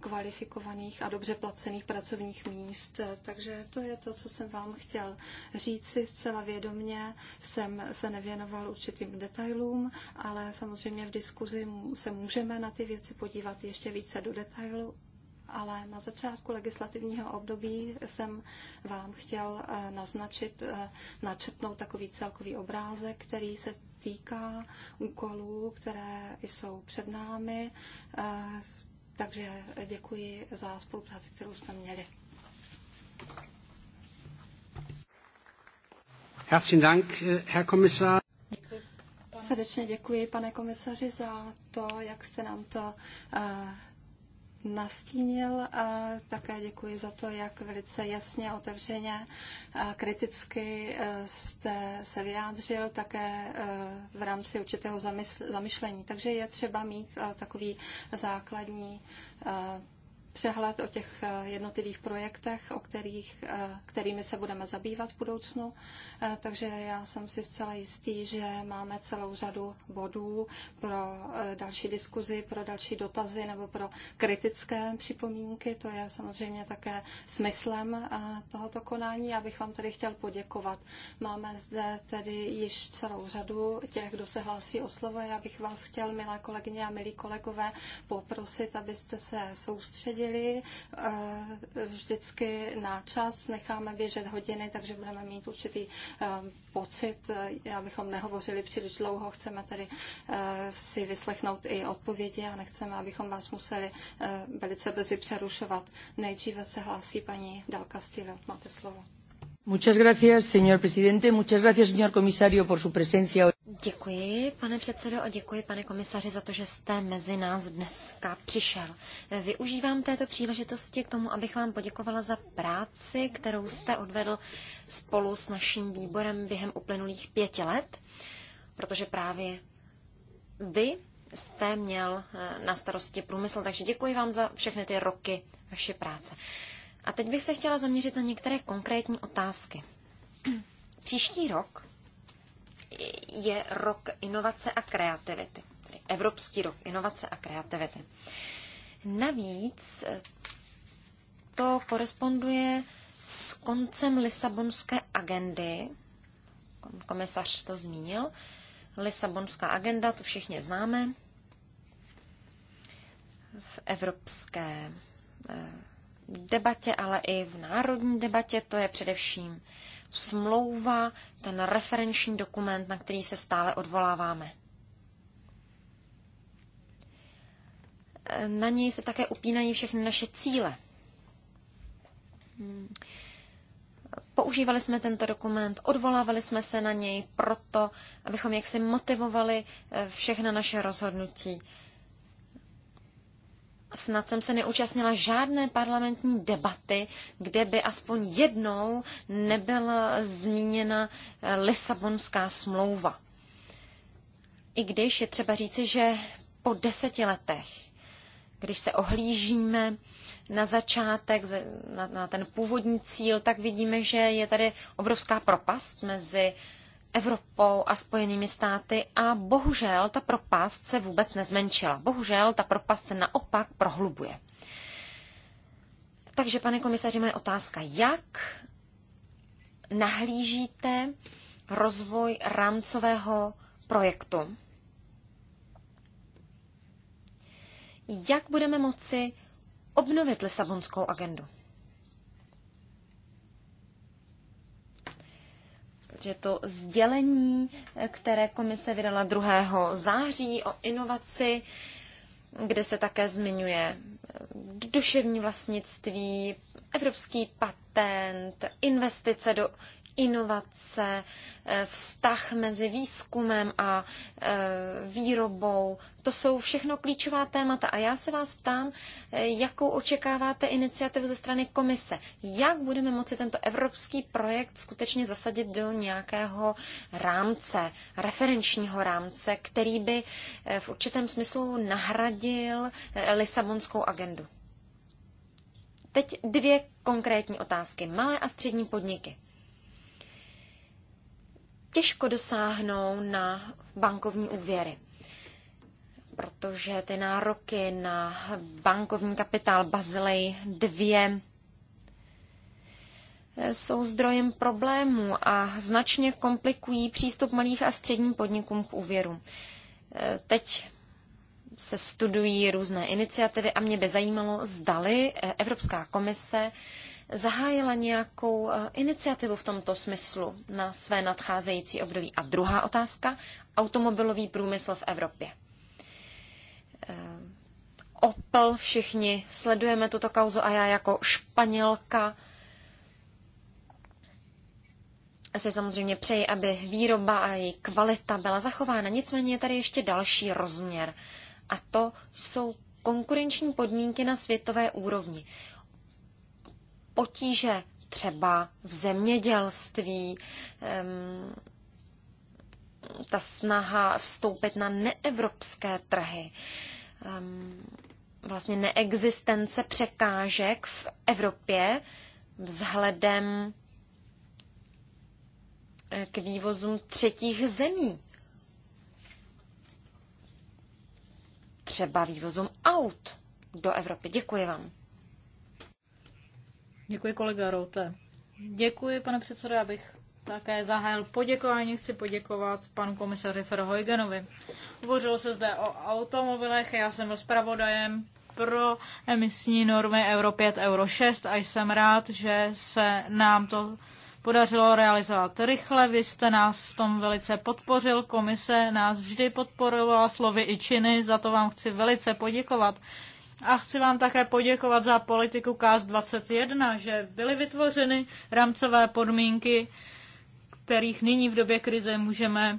S3: kvalifikovaných a dobře placených pracovních míst. Takže to je to, co jsem vám chtěl říci. Zcela vědomně jsem se nevěnoval určitým detailům, ale samozřejmě v diskuzi se můžeme na ty věci podívat ještě více do detailu ale na začátku legislativního období jsem vám chtěl eh, naznačit, eh, načetnout takový celkový obrázek, který se týká úkolů, které jsou před námi. Eh, takže děkuji za spolupráci, kterou jsme měli.
S1: Herzlichen Dank, Herr Kommissar.
S3: Srdečně děkuji, pane komisaři, za to, jak jste nám to nastínil. také děkuji za to, jak velice jasně, otevřeně, a kriticky e, jste se vyjádřil také e, v rámci určitého zamyšlení. Takže je třeba mít e, takový základní přehled o těch eh, jednotlivých projektech, o kterých, eh, kterými se budeme zabývat v budoucnu. Eh, takže já jsem si zcela jistý, že máme celou řadu bodů pro další diskuzi, pro další dotazy nebo pro kritické připomínky. To je samozřejmě také smyslem tohoto konání. Já bych vám tedy chtěl poděkovat. Máme zde tedy již celou řadu těch, kdo se hlásí o slovo. Já bych vás chtěl, milé kolegyně a milí kolegové, poprosit, abyste se soustředili neděli Vždycky na čas necháme běžet hodiny, takže budeme mít určitý eh, pocit, eh, abychom nehovořili příliš dlouho. Chceme tady eh, si vyslechnout i odpovědi a nechceme, abychom vás museli velice brzy přerušovat. Nejdříve se hlásí paní Dalka Stýle. Máte slovo. Muchas gracias, señor presidente. Muchas gracias, señor comisario, por su presencia
S2: Děkuji, pane předsedo, a děkuji, pane komisaři, za to, že jste mezi nás dneska přišel. Využívám této příležitosti k tomu, abych vám poděkovala za práci, kterou jste odvedl spolu s naším výborem během uplynulých pěti let, protože právě vy jste měl eh, na starosti průmysl, takže děkuji vám za všechny ty roky vaše práce. A teď bych se chtěla zaměřit na některé konkrétní otázky. Příští rok je rok inovace a kreativity. Tedy Evropský rok inovace a kreativity. Navíc eh, to koresponduje s koncem Lisabonské agendy. Komisař to zmínil. Lisabonská agenda, to všichni známe. V evropské eh, debatě, ale i v národní debatě, to je především smlouva, ten referenční dokument, na který se stále odvoláváme. Na něj se také upínají všechny naše cíle. Používali jsme tento dokument, odvolávali jsme se na něj proto, abychom jaksi motivovali eh, všechna naše rozhodnutí snad jsem se neúčastnila žádné parlamentní debaty, kde by aspoň jednou nebyla zmíněna eh, Lisabonská smlouva. I když je třeba říci, že po deseti letech, když se ohlížíme na začátek, na, na ten původní cíl, tak vidíme, že je tady obrovská propast mezi uh, Evropou a Spojenými státy a bohužel ta propast se vůbec nezmenšila. Bohužel ta propast se naopak prohlubuje. Takže, pane komisaři, moje otázka, jak nahlížíte rozvoj rámcového projektu? Jak budeme moci obnovit Lisabonskou agendu? protože to sdělení, které komise vydala 2. září o inovaci, kde se také zmiňuje duševní vlastnictví, evropský patent, investice do inovace, eh, vztah mezi výzkumem a eh, výrobou. To jsou všechno klíčová témata a já se vás ptám, eh, jakou očekáváte iniciativu ze strany komise. Jak budeme moci tento evropský projekt skutečně zasadit do nějakého rámce, referenčního rámce, který by v určitém smyslu nahradil Lisabonskou agendu? Teď dvě konkrétní otázky. Malé a střední podniky těžko dosáhnou na bankovní úvěry protože ty nároky na bankovní kapitál Bazilej 2 jsou zdrojem problémů a značně komplikují přístup malých a středních podnikům k úvěru. Teď se studují různé iniciativy a mě by zajímalo, zdali Evropská komise zahájila nějakou eh, iniciativu v tomto smyslu na své nadcházející období? A druhá otázka, automobilový průmysl v Evropě. Eh, Opel všichni sledujeme tuto kauzu a já jako španělka se samozřejmě přeji, aby výroba a její kvalita byla zachována. Nicméně je tady ještě další rozměr a to jsou konkurenční podmínky na světové úrovni potíže třeba v zemědělství, ta snaha vstoupit na neevropské trhy, vlastně neexistence překážek v Evropě vzhledem eh, k vývozům třetích zemí. Třeba vývozům aut do Evropy. Děkuji vám.
S1: Děkuji kolega Rote. Děkuji, pane předsedo, já bych také zahájil poděkování. Chci poděkovat panu komisaři Ferhojgenovi. Hovořilo se zde o automobilech, já jsem zpravodajem pro emisní normy Euro 5, Euro 6 a jsem rád, že se nám to podařilo realizovat rychle. Vy jste nás v tom velice podpořil, komise nás vždy podporovala slovy i činy, za to vám chci velice poděkovat. A chci vám také poděkovat za politiku KAS 21, že byly vytvořeny rámcové podmínky, kterých nyní v době krize můžeme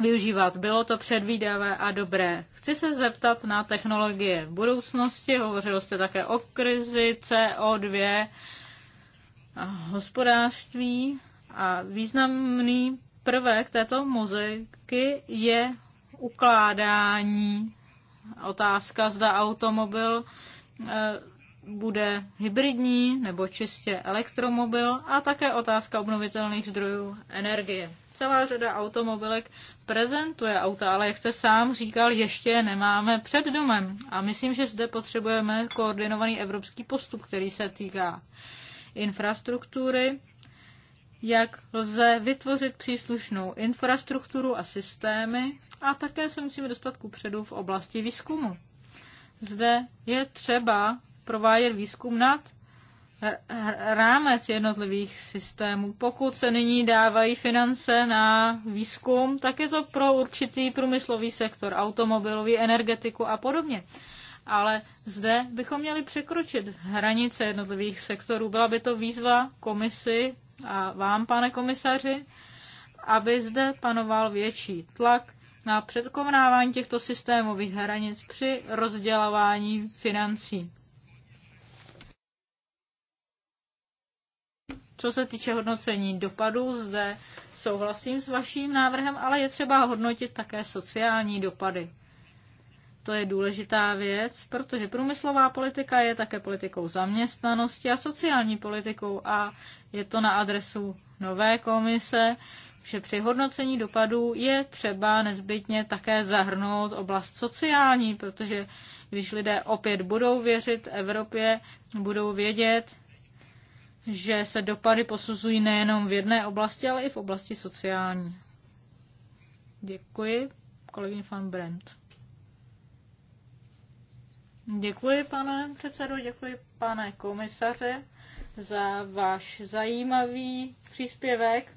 S1: využívat. Bylo to předvídavé a dobré. Chci se zeptat na technologie v budoucnosti. Hovořil jste také o krizi CO2 a hospodářství a významný prvek této mozaiky je ukládání otázka, zda automobil eh, bude hybridní nebo čistě elektromobil a také otázka obnovitelných zdrojů energie. Celá řada automobilek prezentuje auta, ale jak jste sám říkal, ještě nemáme před domem. A myslím, že zde potřebujeme koordinovaný evropský postup, který se týká infrastruktury, jak lze vytvořit příslušnou infrastrukturu a systémy a také se musíme dostat ku předu v oblasti výzkumu. Zde je třeba provádět výzkum nad rámec jednotlivých systémů. Pokud se nyní dávají finance na výzkum, tak je to pro určitý průmyslový sektor, automobilový, energetiku a podobně. Ale zde bychom měli překročit hranice jednotlivých sektorů. Byla by to výzva komisi a vám, pane komisaři, aby zde panoval větší tlak na předkomnávání těchto systémových hranic při rozdělování financí. Co se týče hodnocení dopadů, zde souhlasím s vaším návrhem, ale je třeba hodnotit také sociální dopady. To je důležitá věc, protože průmyslová politika je také politikou zaměstnanosti a sociální politikou a je to na adresu nové komise, že při hodnocení dopadů je třeba nezbytně také zahrnout oblast sociální, protože když lidé opět budou věřit Evropě, budou vědět, že se dopady posuzují nejenom v jedné oblasti, ale i v oblasti sociální. Děkuji, kolegyně van Brent. Děkuji, pane předsedo, děkuji, pane komisaře, za váš zajímavý příspěvek.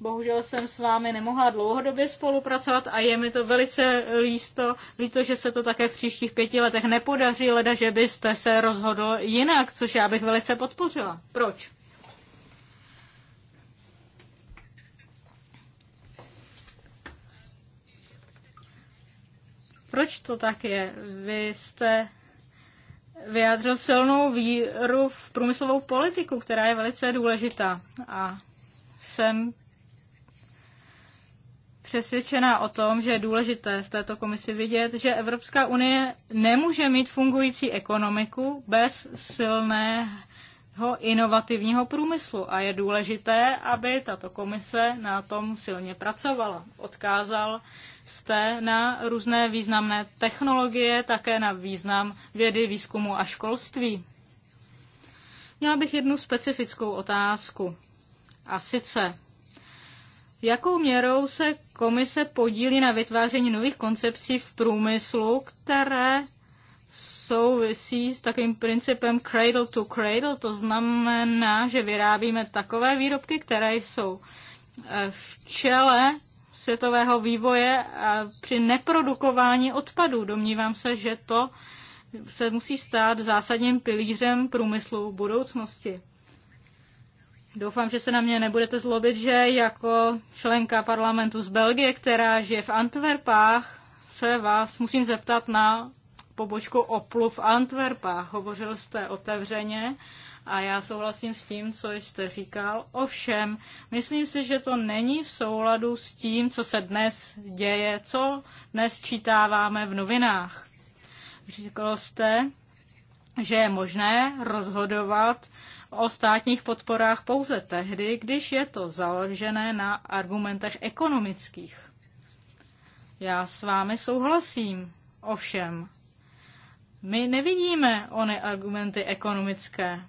S1: Bohužel jsem s vámi nemohla dlouhodobě spolupracovat a je mi to velice lísto, líto, že se to také v příštích pěti letech nepodaří, leda, že byste se rozhodl jinak, což já bych velice podpořila. Proč? Proč to tak je? Vy jste vyjádřil silnou víru v průmyslovou politiku, která je velice důležitá. A jsem přesvědčená o tom, že je důležité v této komisi vidět, že Evropská unie nemůže mít fungující ekonomiku bez silné inovativního průmyslu a je důležité, aby tato komise na tom silně pracovala. Odkázal jste na různé významné technologie, také na význam vědy, výzkumu a školství. Měla bych jednu specifickou otázku. A sice, jakou měrou se komise podílí na vytváření nových koncepcí v průmyslu, které souvisí s takovým principem cradle to cradle, to znamená, že vyrábíme takové výrobky, které jsou eh, v čele světového vývoje a při neprodukování odpadů. Domnívám se, že to se musí stát zásadním pilířem průmyslu v budoucnosti. Doufám, že se na mě nebudete zlobit, že jako členka parlamentu z Belgie, která žije v Antwerpách, se vás musím zeptat na pobočku Oplu v Antwerpa. Hovořil jste otevřeně a já souhlasím s tím, co jste říkal. Ovšem, myslím si, že to není v souladu s tím, co se dnes děje, co dnes čítáváme v novinách. Říkal jste, že je možné rozhodovat o státních podporách pouze tehdy, když je to založené na argumentech ekonomických. Já s vámi souhlasím. Ovšem, my nevidíme ony argumenty ekonomické.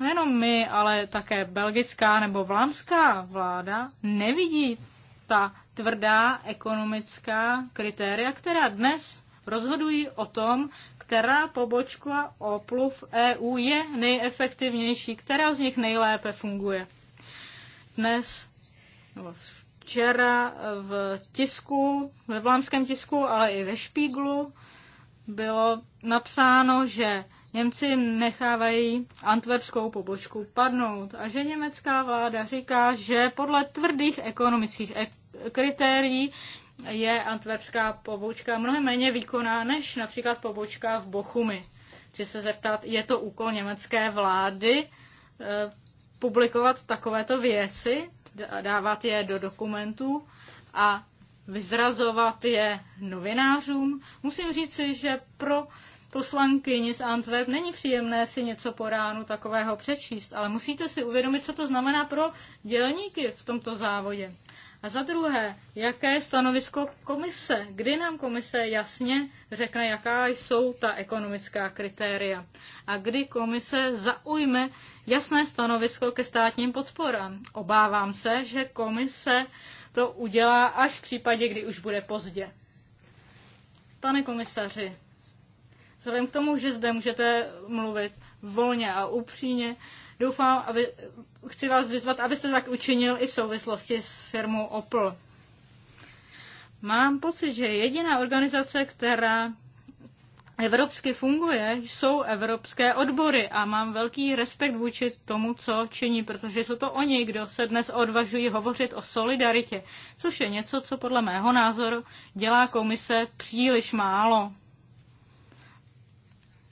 S1: Nejenom my, ale také belgická nebo vlámská vláda nevidí ta tvrdá ekonomická kritéria, která dnes rozhodují o tom, která pobočka Opluv EU je nejefektivnější, která z nich nejlépe funguje. Dnes, nebo v včera v tisku, ve vlámském tisku, ale i ve Špíglu bylo napsáno, že Němci nechávají antwerpskou pobočku padnout a že německá vláda říká, že podle tvrdých ekonomických ek- kritérií je antwerpská pobočka mnohem méně výkonná než například pobočka v Bochumi. Chci se zeptat, je to úkol německé vlády eh, publikovat takovéto věci? dávat je do dokumentů a vyzrazovat je novinářům. Musím říci, že pro poslankyni z Antwerp není příjemné si něco po ránu takového přečíst, ale musíte si uvědomit, co to znamená pro dělníky v tomto závodě. A za druhé, jaké je stanovisko komise? Kdy nám komise jasně řekne, jaká jsou ta ekonomická kritéria? A kdy komise zaujme jasné stanovisko ke státním podporám? Obávám se, že komise to udělá až v případě, kdy už bude pozdě. Pane komisaři, vzhledem k tomu, že zde můžete mluvit volně a upřímně, Doufám, aby, chci vás vyzvat, abyste tak učinil i v souvislosti s firmou Opel. Mám pocit, že jediná organizace, která evropsky funguje, jsou evropské odbory a mám velký respekt vůči tomu, co činí, protože jsou to oni, kdo se dnes odvažují hovořit o solidaritě, což je něco, co podle mého názoru dělá komise příliš málo.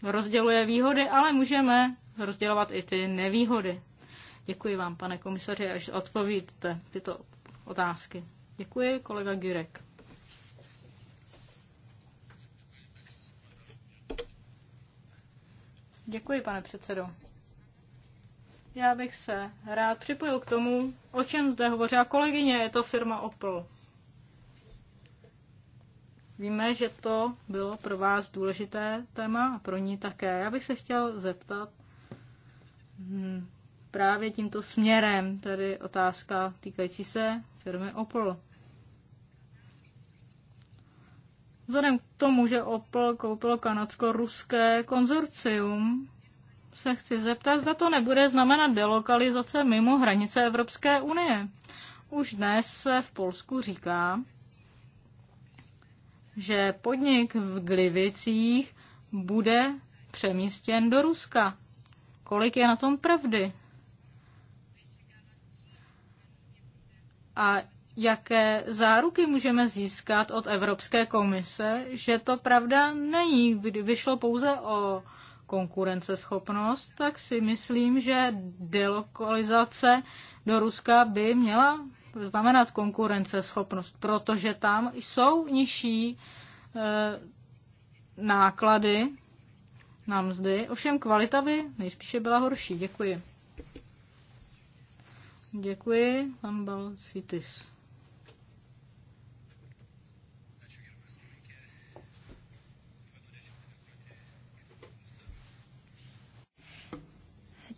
S1: Rozděluje výhody, ale můžeme rozdělovat i ty nevýhody. Děkuji vám, pane komisaři, až odpovíte tyto otázky. Děkuji, kolega Girek. Děkuji, pane předsedo. Já bych se rád připojil k tomu, o čem zde hovořila kolegyně, je to firma Opel. Víme, že to bylo pro vás důležité téma a pro ní také. Já bych se chtěl zeptat Hmm, právě tímto směrem, tady otázka týkající se firmy Opel. Vzhledem k tomu, že Opel koupilo kanadsko-ruské konzorcium, se chci zeptat, zda to nebude znamenat delokalizace mimo hranice Evropské unie. Už dnes se v Polsku říká, že podnik v Glivicích bude přemístěn do Ruska kolik je na tom pravdy. A jaké záruky můžeme získat od Evropské komise, že to pravda není. Kdyby šlo pouze o konkurenceschopnost, tak si myslím, že delokalizace do Ruska by měla znamenat konkurenceschopnost, protože tam jsou nižší e, náklady na mzdy, ovšem kvalita by nejspíše byla horší. Děkuji. Děkuji, pan Balcitis.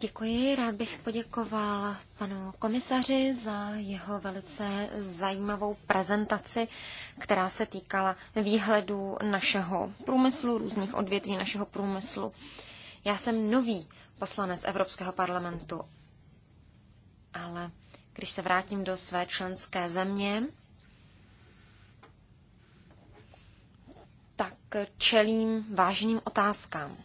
S2: Děkuji, rád bych poděkoval panu komisaři za jeho velice zajímavou prezentaci, která se týkala výhledu našeho průmyslu, různých odvětví našeho průmyslu. Já jsem nový poslanec Evropského parlamentu, ale když se vrátím do své členské země, tak čelím vážným otázkám.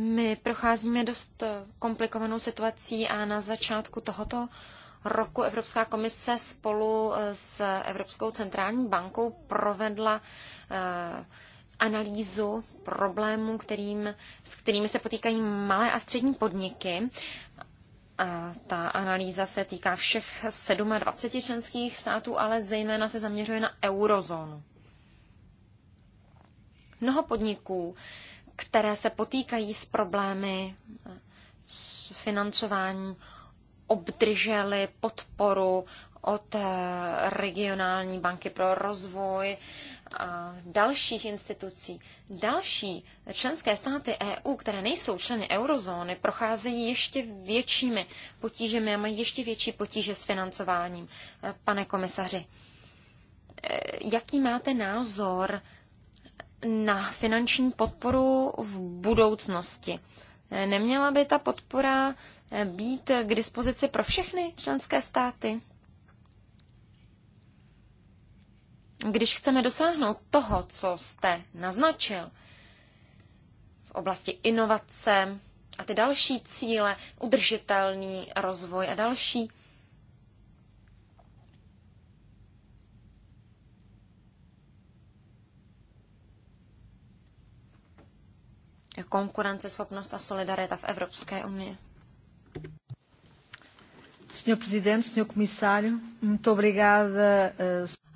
S2: My procházíme dost komplikovanou situací a na začátku tohoto roku Evropská komise spolu eh, s Evropskou centrální bankou provedla eh, analýzu problémů, kterým, s kterými se potýkají malé a střední podniky. A ta analýza se týká všech 27 členských států, ale zejména se zaměřuje na eurozónu. Mnoho podniků které se potýkají s problémy s financováním, obdrželi podporu od eh, regionální banky pro rozvoj a dalších institucí. Další členské státy EU, které nejsou členy eurozóny, procházejí ještě většími potížemi a mají ještě větší potíže s financováním. Eh, pane komisaři, eh, jaký máte názor na finanční podporu v budoucnosti. Neměla by ta podpora eh, být k dispozici pro všechny členské státy? Když chceme dosáhnout toho, co jste naznačil v oblasti inovace a ty další cíle, udržitelný rozvoj a další, konkurenceschopnost a solidarita v Evropské unii. Senhor Presidente, Senhor
S1: Comissário, muito
S2: obrigada. Eh,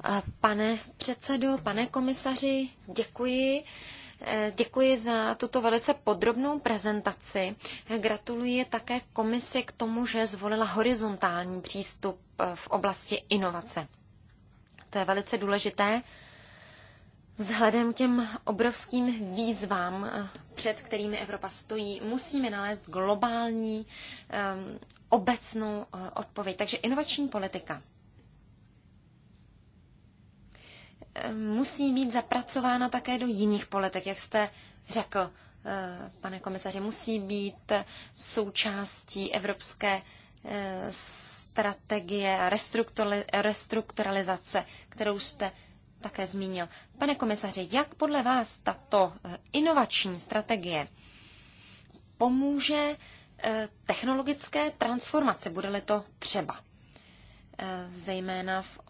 S2: eh, pane předsedo, pane komisaři, děkuji. Eh, děkuji za tuto velice podrobnou prezentaci. Gratuluji také komisi k tomu, že zvolila horizontální přístup v oblasti inovace. To je velice důležité Vzhledem k těm obrovským výzvám, eh, před kterými Evropa stojí, musíme nalézt globální ehm, obecnou eh, odpověď. Takže inovační politika ehm, musí být zapracována také do jiných politik, jak jste řekl, eh, pane komisaři, musí být součástí evropské strategie a restrukturalizace, kterou jste také zmínil. Pane komisaři, jak podle vás tato eh, inovační strategie pomůže eh, technologické transformace bude-li to třeba? Eh, zejména v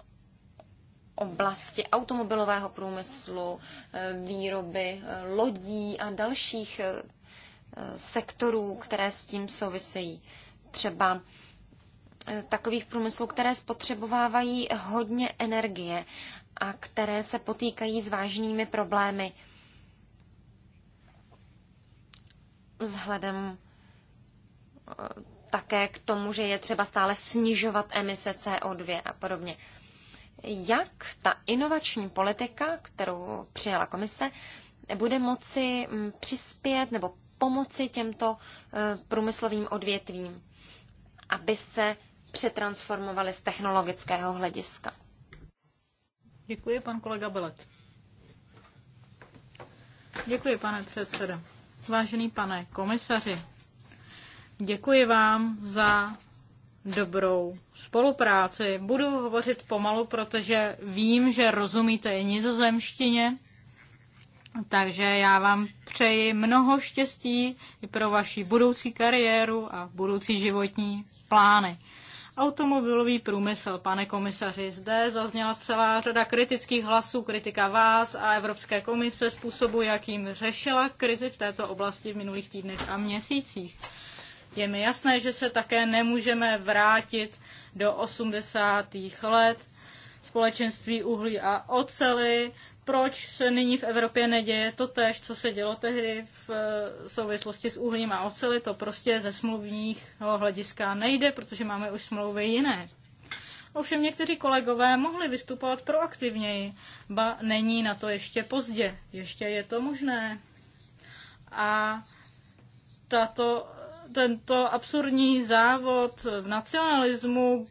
S2: oblasti automobilového průmyslu, výroby lodí a dalších sektorů, které s tím souvisejí. Třeba takových průmyslů, které spotřebovávají hodně energie a které se potýkají s vážnými problémy. Vzhledem eh, také k tomu, že je třeba stále snižovat emise CO2 a podobně. Jak ta inovační politika, kterou přijala komise, bude moci mm, přispět nebo pomoci těmto eh, průmyslovým odvětvím, aby se přetransformovaly z
S1: technologického hlediska? Děkuji, pan kolega Belet. Děkuji, pane předsedo. Vážený pane komisaři, děkuji vám za dobrou spolupráci. Budu hovořit pomalu, protože vím, že rozumíte i nizozemštině, takže já vám přeji mnoho štěstí i pro vaši budoucí kariéru a budoucí životní plány automobilový průmysl. Pane komisaři, zde zazněla celá řada kritických hlasů, kritika vás a Evropské komise způsobu, jakým řešila krizi v této oblasti v minulých týdnech a měsících. Je mi jasné, že se také nemůžeme vrátit do 80. let společenství uhlí a ocely, proč se nyní v Evropě neděje to tež, co se dělo tehdy v eh, souvislosti s uhlím a oceli. To prostě ze smluvních hlediska nejde, protože máme už smlouvy jiné. Ovšem někteří kolegové mohli vystupovat proaktivněji. Ba není na to ještě pozdě. Ještě je to možné. A tato, tento absurdní závod v nacionalismu,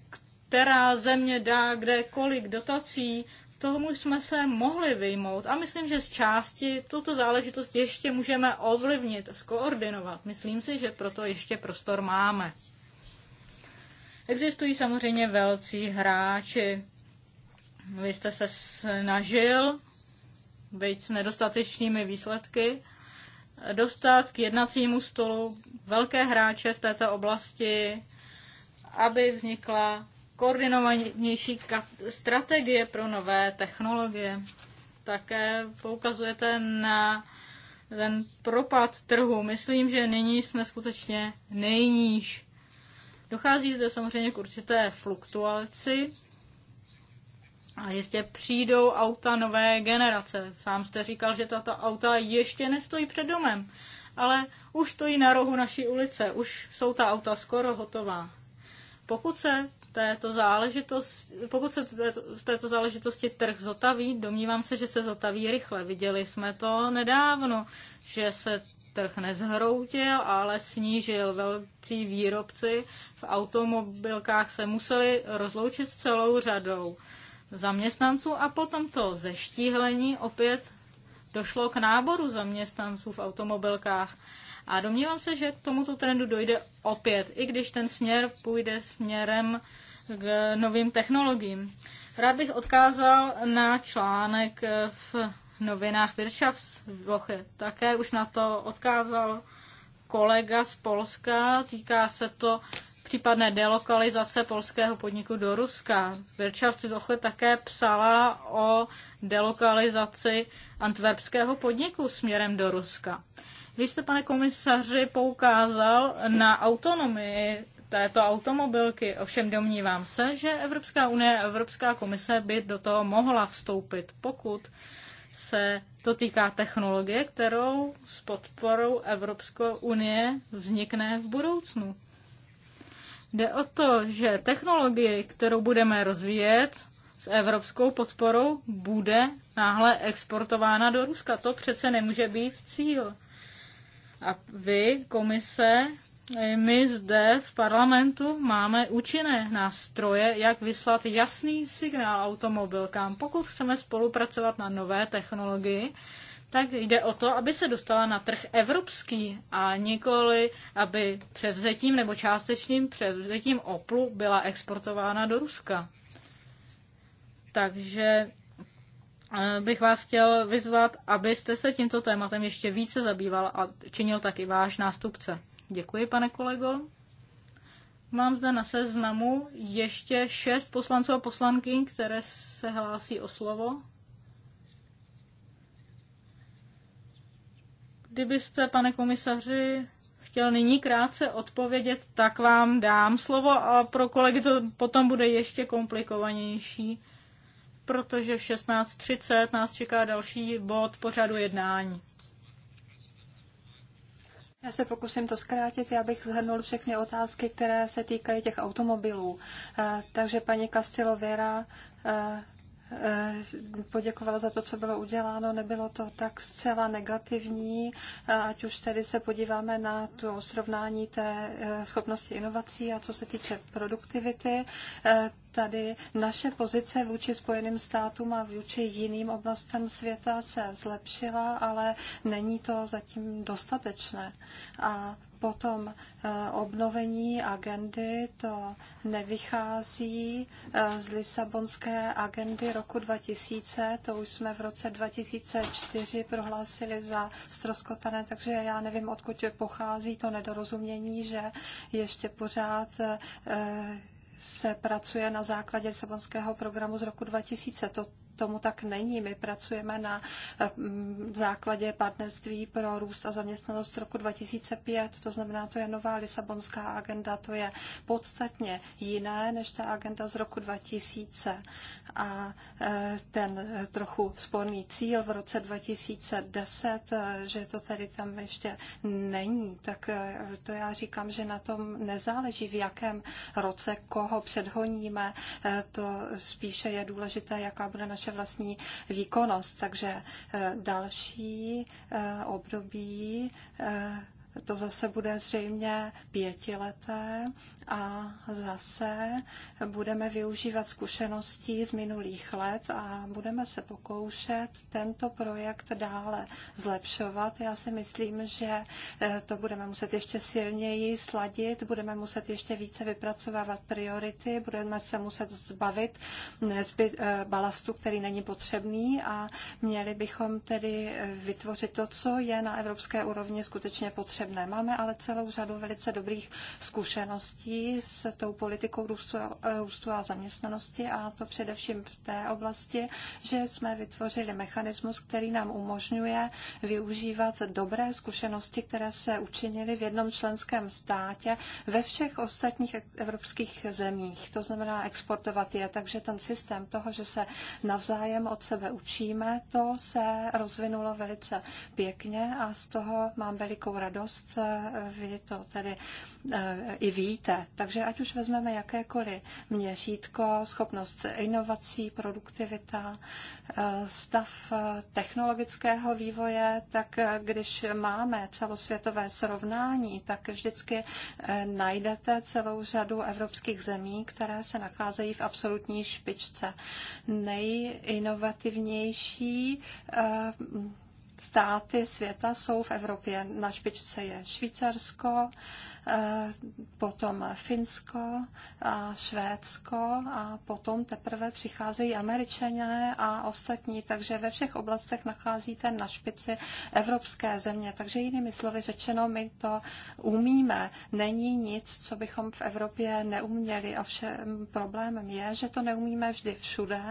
S1: která země dá kde kolik dotací, tomu jsme se mohli vyjmout a myslím, že z části tuto záležitost ještě můžeme ovlivnit, skoordinovat. Myslím si, že proto ještě prostor máme. Existují samozřejmě velcí hráči. Vy jste se snažil, byť s nedostatečnými výsledky, dostat k jednacímu stolu velké hráče v této oblasti, aby vznikla koordinovanější strategie pro nové technologie. Také poukazujete na ten propad trhu. Myslím, že nyní jsme skutečně nejníž. Dochází zde samozřejmě k určité fluktuaci a jistě přijdou auta nové generace. Sám jste říkal, že tato auta ještě nestojí před domem, ale už stojí na rohu naší ulice, už jsou ta auta skoro hotová. Pokud se této záležitosti, pokud se v této záležitosti trh zotaví, domnívám se, že se zotaví rychle. Viděli jsme to nedávno, že se trh nezhroutil, ale snížil. Velcí výrobci v automobilkách se museli rozloučit s celou řadou zaměstnanců a potom to zeštíhlení opět došlo k náboru zaměstnanců v automobilkách. A domnívám se, že k tomuto trendu dojde opět, i když ten směr půjde směrem k novým technologiím. Rád bych odkázal na článek v novinách Wirtschaftswoche. Také už na to odkázal kolega z Polska. Týká se to případné delokalizace polského podniku do Ruska. Virchow Dochle také psala o delokalizaci antwerpského podniku směrem do Ruska. Vy jste, pane komisaři, poukázal na autonomii této automobilky. Ovšem domnívám se, že Evropská unie a Evropská komise by do toho mohla vstoupit, pokud se to týká technologie, kterou s podporou Evropské unie vznikne v budoucnu. Jde o to, že technologie, kterou budeme rozvíjet s evropskou podporou, bude náhle exportována do Ruska. To přece nemůže být cíl. A vy, komise, my zde v parlamentu máme účinné nástroje, jak vyslat jasný signál automobilkám. Pokud chceme spolupracovat na nové technologii, tak jde o to, aby se dostala na trh evropský a nikoli, aby převzetím nebo částečným převzetím Oplu byla exportována do Ruska. Takže eh, bych vás chtěl vyzvat, abyste se tímto tématem ještě více zabýval a činil tak i váš nástupce. Děkuji, pane kolego. Mám zde na seznamu ještě šest poslanců a poslankyň, které se hlásí o slovo. Kdybyste, pane komisaři, chtěl nyní krátce odpovědět, tak vám dám slovo a pro kolegy to potom bude ještě komplikovanější, protože v 16.30 nás čeká další bod pořadu jednání.
S3: Já se pokusím to zkrátit, já bych zhrnul všechny otázky, které se týkají těch automobilů. Eh, takže paní Castillo Vera eh, Eh, poděkovala za to, co bylo uděláno. Nebylo to tak zcela negativní, eh, ať už tedy se podíváme na to srovnání té eh, schopnosti inovací a co se týče produktivity, tady naše pozice vůči Spojeným státům a vůči jiným oblastem světa se zlepšila, ale není to zatím dostatečné. A potom eh, obnovení agendy, to nevychází eh, z Lisabonské agendy roku 2000, to už jsme v roce 2004 prohlásili za stroskotané, takže já nevím, odkud pochází to nedorozumění, že ještě pořád eh, se pracuje na základě Lisabonského programu z roku 2000. To tomu tak není. My pracujeme na eh, základě partnerství pro růst a zaměstnanost roku 2005, to znamená, to je nová Lisabonská agenda, to je podstatně jiné než ta agenda z roku 2000. A eh, ten eh, trochu sporný cíl v roce 2010, že to tady tam ještě není, tak to já říkám, že na tom nezáleží, v jakém roce koho předhoníme, to spíše je důležité, jaká bude naše naše vlastní výkonnost. Takže eh, další eh, období eh, to zase bude zřejmě pětileté a zase budeme využívat zkušeností z minulých let a budeme se pokoušet tento projekt dále zlepšovat. Já si myslím, že eh, to budeme muset ještě silněji sladit, budeme muset ještě více vypracovávat priority, budeme se muset zbavit nezbyt, eh, balastu, který není potřebný a měli bychom tedy eh, vytvořit to, co je na evropské úrovni skutečně potřebné potřebné. Máme ale celou řadu velice dobrých zkušeností s tou politikou růstu, růstu a zaměstnanosti a to především v té oblasti, že jsme vytvořili mechanismus, který nám umožňuje využívat dobré zkušenosti, které se učinily v jednom členském státě ve všech ostatních evropských zemích. To znamená exportovat je. Takže ten systém toho, že se navzájem od sebe učíme, to se rozvinulo velice pěkně a z toho mám velikou radost zkušenost, eh, vy to tedy eh, i víte. Takže ať už vezmeme jakékoliv měřítko, schopnost inovací, produktivita, eh, stav technologického vývoje, tak když máme celosvětové srovnání, tak vždycky najdete celou řadu evropských zemí, které se nacházejí v absolutní špičce. Nejinovativnější státy světa jsou v Evropě. Na špičce je Švýcarsko, eh, potom Finsko a Švédsko a potom teprve přicházejí Američané a ostatní, takže ve všech oblastech nacházíte na špici evropské země. Takže jinými slovy řečeno, my to umíme. Není nic, co bychom v Evropě neuměli. Ovšem problémem je, že to neumíme vždy všude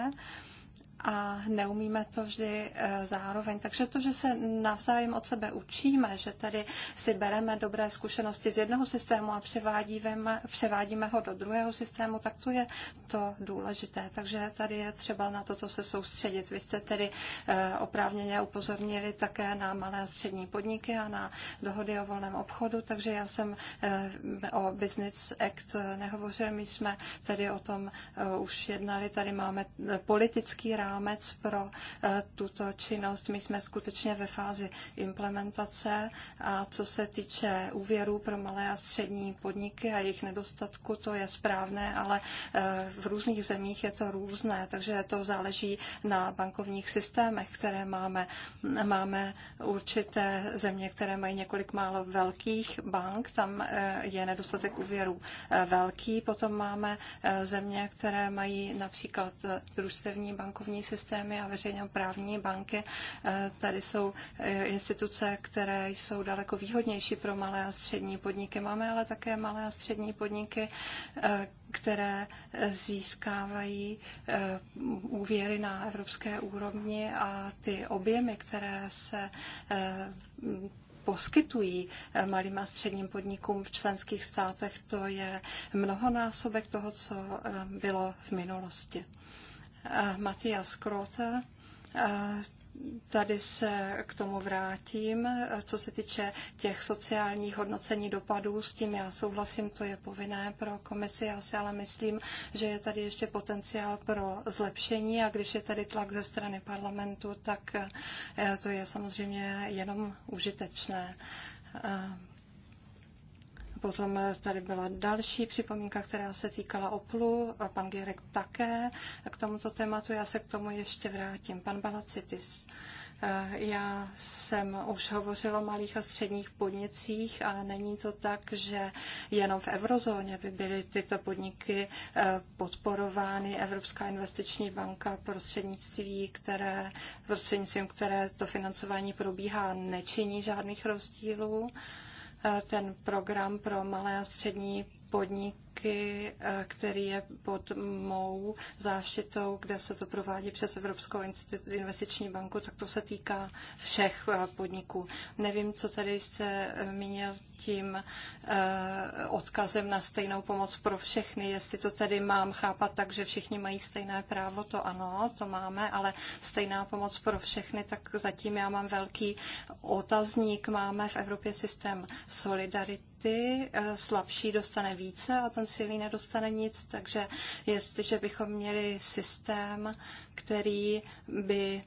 S3: a neumíme to vždy e, zároveň. Takže to, že se navzájem od sebe učíme, že tady si bereme dobré zkušenosti z jednoho systému a převádíme, převádíme ho do druhého systému, tak to je to důležité. Takže tady je třeba na toto se soustředit. Vy jste tedy e, oprávněně upozornili také na malé a střední podniky a na dohody o volném obchodu, takže já jsem e, o Business Act nehovořil, my jsme tedy o tom už jednali, tady máme politický rád rámec pro eh, tuto činnost. My jsme skutečně ve fázi implementace a co se týče úvěrů pro malé a střední podniky a jejich nedostatku, to je správné, ale eh, v různých zemích je to různé, takže to záleží na bankovních systémech, které máme. Máme určité země, které mají několik málo velkých bank, tam eh, je nedostatek úvěrů velký. Potom máme země, které mají například družstevní bankovní bankovní systémy a právní banky. E, tady jsou e, instituce, které jsou daleko výhodnější pro malé a střední podniky. Máme ale také malé a střední podniky, e, které získávají úvěry na evropské úrovni a ty objemy, které se poskytují malým a středním podnikům v členských státech, to je mnohonásobek toho, co bylo v minulosti. Matthias Krota. Tady se k tomu vrátím. Co se týče těch sociálních hodnocení dopadů, s tím já souhlasím, to je povinné pro komisi. Já si ale myslím, že je tady ještě potenciál pro zlepšení a když je tady tlak ze strany parlamentu, tak eh, to je samozřejmě jenom užitečné. Potom tady byla další připomínka, která se týkala Oplu, a pan Gerek také k tomuto tématu. Já se k tomu ještě vrátím. Pan Balacitis. Eh, já jsem už hovořila o malých a středních podnicích a není to tak, že jenom v eurozóně by byly tyto podniky eh, podporovány. Evropská investiční banka prostřednictví, které, prostřednictvím, které to financování probíhá, nečiní žádných rozdílů ten program pro malé a střední podniky roky, eh, který je pod mou záštitou, kde se to provádí přes Evropskou investiční banku, tak to se týká všech eh, podniků. Nevím, co tady jste eh, měl tím odkazem na stejnou pomoc pro všechny, jestli to tedy mám chápat tak, že všichni mají stejné právo, to ano, to máme, ale stejná pomoc pro všechny, tak zatím já mám velký otazník. Máme v Evropě systém solidarity, slabší dostane více a to konsilí nedostane nic, takže jestliže bychom měli systém, který by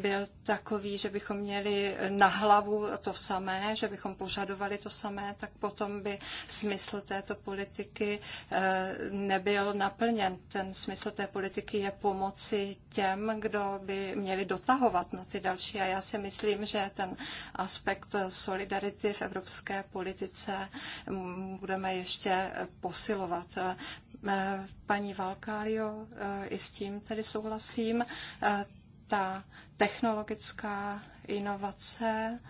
S3: byl takový, že bychom měli na hlavu to samé, že bychom požadovali to samé, tak potom by smysl této politiky eh, nebyl naplněn. Ten smysl té politiky je pomoci těm, kdo by měli dotahovat na ty další. A já si myslím, že ten aspekt solidarity v evropské politice budeme ještě posilovat. Eh, paní Valkálio, eh, i s tím tedy souhlasím ta technologická inovace,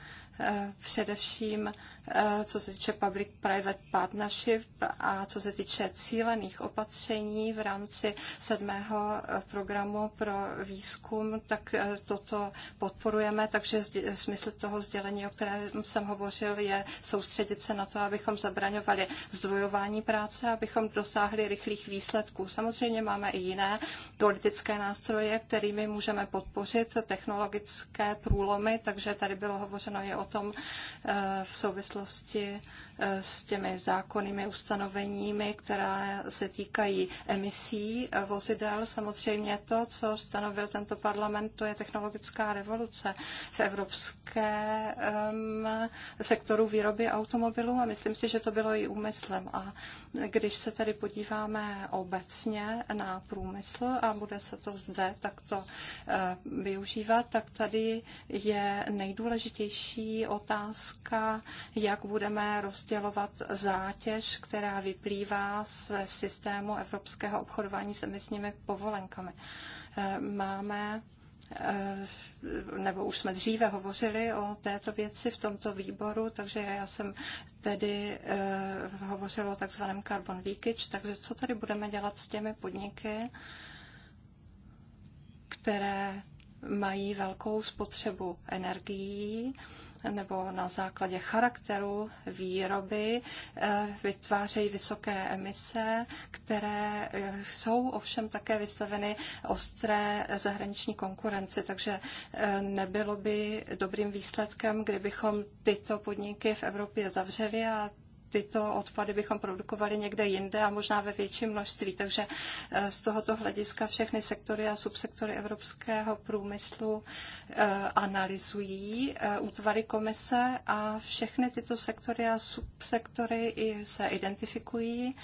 S3: eh, především Eh, co se týče public-private partnership a co se týče cílených opatření v rámci sedmého eh, programu pro výzkum, tak eh, toto podporujeme, takže smysl toho sdělení, o kterém jsem hovořil, je soustředit se na to, abychom zabraňovali zdvojování práce, abychom dosáhli rychlých výsledků. Samozřejmě máme i jiné politické nástroje, kterými můžeme podpořit technologické průlomy, takže tady bylo hovořeno i o tom v souvislosti souvislosti s těmi zákonnými ustanoveními, která se týkají emisí vozidel. Samozřejmě to, co stanovil tento parlament, to je technologická revoluce v evropském eh, sektoru výroby automobilů a myslím si, že to bylo i úmyslem. A když se tedy podíváme obecně na průmysl a bude se to zde takto eh, využívat, tak tady je nejdůležitější otázka, jak budeme roz rozdělovat zátěž, která vyplývá z systému evropského obchodování s emisními povolenkami. Eh, máme eh, nebo už jsme dříve hovořili o této věci v tomto výboru, takže já jsem tedy eh, hovořila o takzvaném carbon leakage, takže co tady budeme dělat s těmi podniky, které mají velkou spotřebu energií, nebo na základě charakteru výroby eh, vytvářejí vysoké emise, které eh, jsou ovšem také vystaveny ostré zahraniční konkurenci, takže eh, nebylo by dobrým výsledkem, kdybychom tyto podniky v Evropě zavřeli a tyto odpady bychom produkovali někde jinde a možná ve větším množství. Takže eh, z tohoto hlediska všechny sektory a subsektory evropského průmyslu eh, analyzují eh, útvary komise a všechny tyto sektory a subsektory se identifikují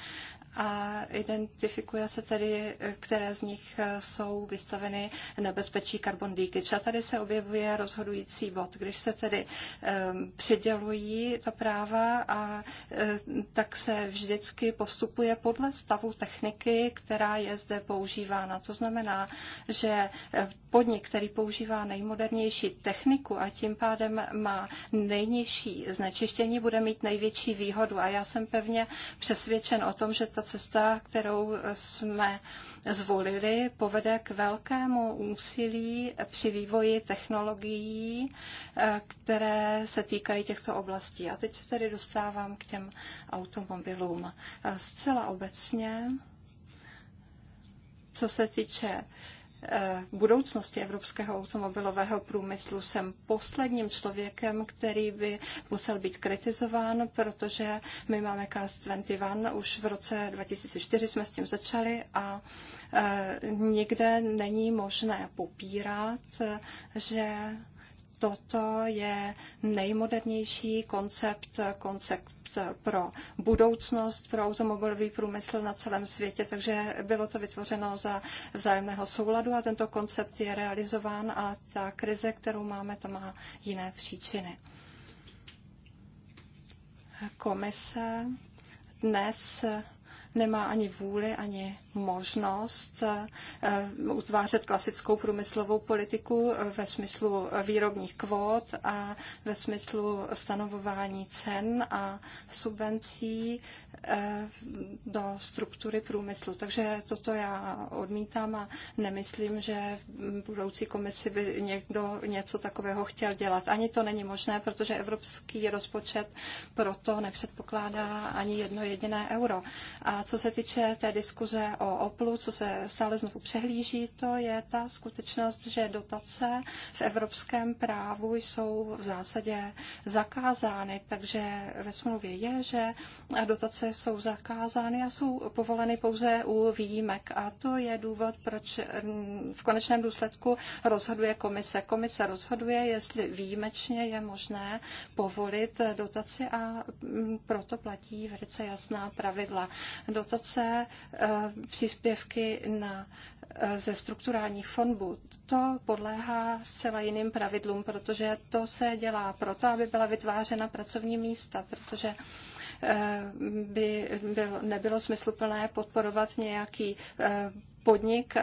S3: a identifikuje se tedy, které z nich eh, jsou vystaveny nebezpečí carbon leakage. A tady se objevuje rozhodující bod. Když se tedy ehm, přidělují ta práva, a, eh, tak se vždycky postupuje podle stavu techniky, která je zde používána. To znamená, že eh, podnik, který používá nejmodernější techniku a tím pádem má nejnižší znečištění, bude mít největší výhodu. A já jsem pevně přesvědčen o tom, že ta cesta, kterou jsme zvolili, povede k velkému úsilí při vývoji technologií, eh, které se týkají těchto oblastí. A teď se tedy dostávám k těm automobilům. Eh, zcela obecně, co se týče Eh, budoucnosti evropského automobilového průmyslu. Jsem posledním člověkem, který by musel být kritizován, protože my máme CAS 21, už v roce 2004 jsme s tím začali a eh, nikde není možné popírat, eh, že toto je nejmodernější koncept, koncept pro budoucnost, pro automobilový průmysl na celém světě, takže bylo to vytvořeno za vzájemného souladu a tento koncept je realizován a ta krize, kterou máme, to má jiné příčiny. Komise dnes nemá ani vůli, ani možnost eh, utvářet klasickou průmyslovou politiku eh, ve smyslu výrobních kvót a ve smyslu stanovování cen a subvencí eh, do struktury průmyslu. Takže toto já odmítám a nemyslím, že v budoucí komisi by někdo něco takového chtěl dělat. Ani to není možné, protože evropský rozpočet proto nepředpokládá ani jedno jediné euro. A co se týče té diskuze o Oplu, co se stále znovu přehlíží, to je ta skutečnost, že dotace v evropském právu jsou v zásadě zakázány, takže ve smluvě je, že dotace jsou zakázány a jsou povoleny pouze u výjimek. A to je důvod, proč v konečném důsledku rozhoduje komise. Komise rozhoduje, jestli výjimečně je možné povolit dotaci a proto platí velice jasná pravidla dotace, eh, příspěvky na eh, ze strukturálních fondů. To podléhá zcela jiným pravidlům, protože to se dělá proto, aby byla vytvářena pracovní místa, protože eh, by byl, nebylo smysluplné podporovat nějaký podnik,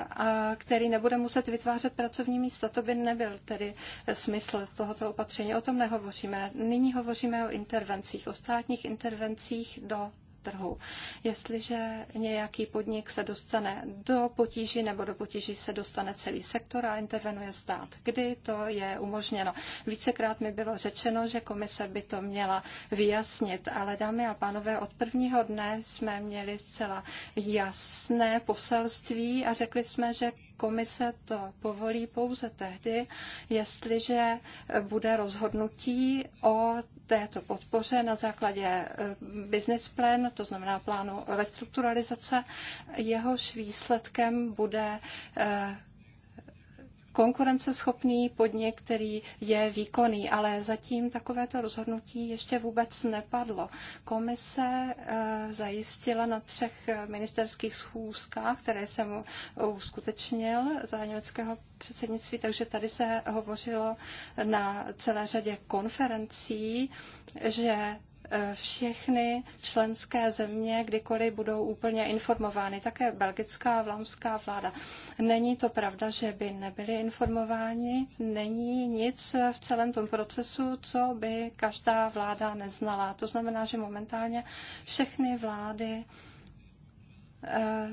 S3: který nebude muset vytvářet pracovní místa. To by nebyl tedy smysl tohoto opatření. O tom nehovoříme. Nyní hovoříme o intervencích, o státních intervencích do trhu. Jestliže nějaký podnik se dostane do potíží nebo do potíží se dostane celý sektor a intervenuje stát, kdy to je umožněno. Vícekrát mi bylo řečeno, že komise by to měla vyjasnit, ale dámy a pánové, od prvního dne jsme měli zcela jasné poselství a řekli jsme, že komise to povolí pouze tehdy, jestliže bude rozhodnutí o této podpoře na základě eh, business plan, to znamená plánu restrukturalizace, jehož výsledkem bude eh, konkurenceschopný podnik, který je výkonný, ale zatím takovéto rozhodnutí ještě vůbec nepadlo. Komise eh, zajistila na třech ministerských schůzkách, které jsem uskutečnil za německého předsednictví, takže tady se hovořilo na celé řadě konferencí, že všechny členské země, kdykoliv budou úplně informovány, také belgická a vlámská vláda. Není to pravda, že by nebyli informováni, není nic v celém tom procesu, co by každá vláda neznala. To znamená, že momentálně všechny vlády eh,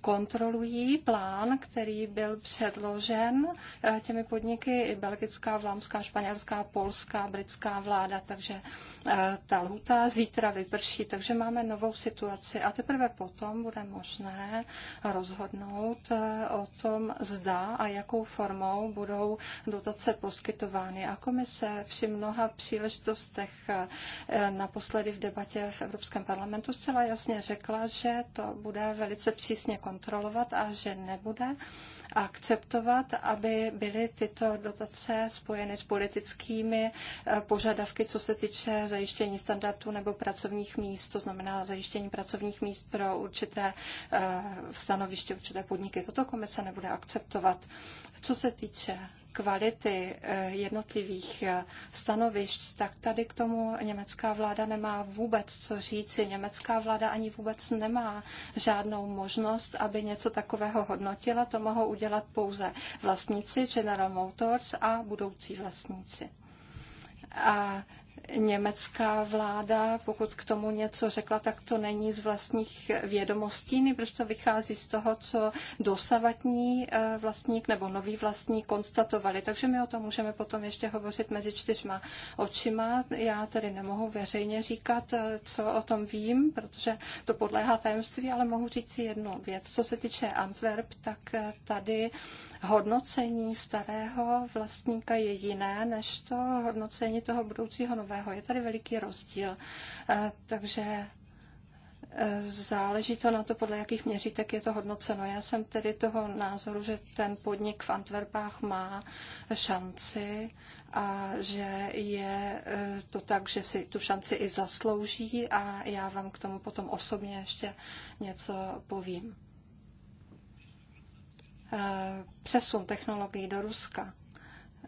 S3: kontrolují plán, který byl předložen eh, těmi podniky i belgická, vlámská, španělská, polská, britská vláda, takže eh, ta lhuta zítra vyprší, takže máme novou situaci a teprve potom bude možné rozhodnout eh, o tom, zda a jakou formou budou dotace poskytovány. A komise při mnoha příležitostech naposledy v debatě v Evropském parlamentu zcela jasně řekla, že to bude velice přísně vlastně kontrolovat a že nebude akceptovat, aby byly tyto dotace spojeny s politickými eh, požadavky, co se týče zajištění standardů nebo pracovních míst, to znamená zajištění pracovních míst pro určité eh, stanoviště, určité podniky. Toto komise nebude akceptovat. Co se týče kvality eh, jednotlivých eh, stanovišť, tak tady k tomu německá vláda nemá vůbec co říci. Německá vláda ani vůbec nemá žádnou možnost, aby něco takového hodnotila. To mohou udělat pouze vlastníci General Motors a budoucí vlastníci. A německá vláda, pokud k tomu něco řekla, tak to není z vlastních vědomostí, nebož to vychází z toho, co dosavatní eh, vlastník nebo nový vlastník konstatovali. Takže my o tom můžeme potom ještě hovořit mezi čtyřma očima. Já tedy nemohu veřejně říkat, eh, co o tom vím, protože to podléhá tajemství, ale mohu říct jednu věc. Co se týče Antwerp, tak eh, tady hodnocení starého vlastníka je jiné než to hodnocení toho budoucího nového. Je tady veliký rozdíl. Eh, takže eh, Záleží to na to, podle jakých měřítek je to hodnoceno. Já jsem tedy toho názoru, že ten podnik v Antwerpách má šanci a že je eh, to tak, že si tu šanci i zaslouží a já vám k tomu potom osobně ještě něco povím. Eh, přesun technologií do Ruska.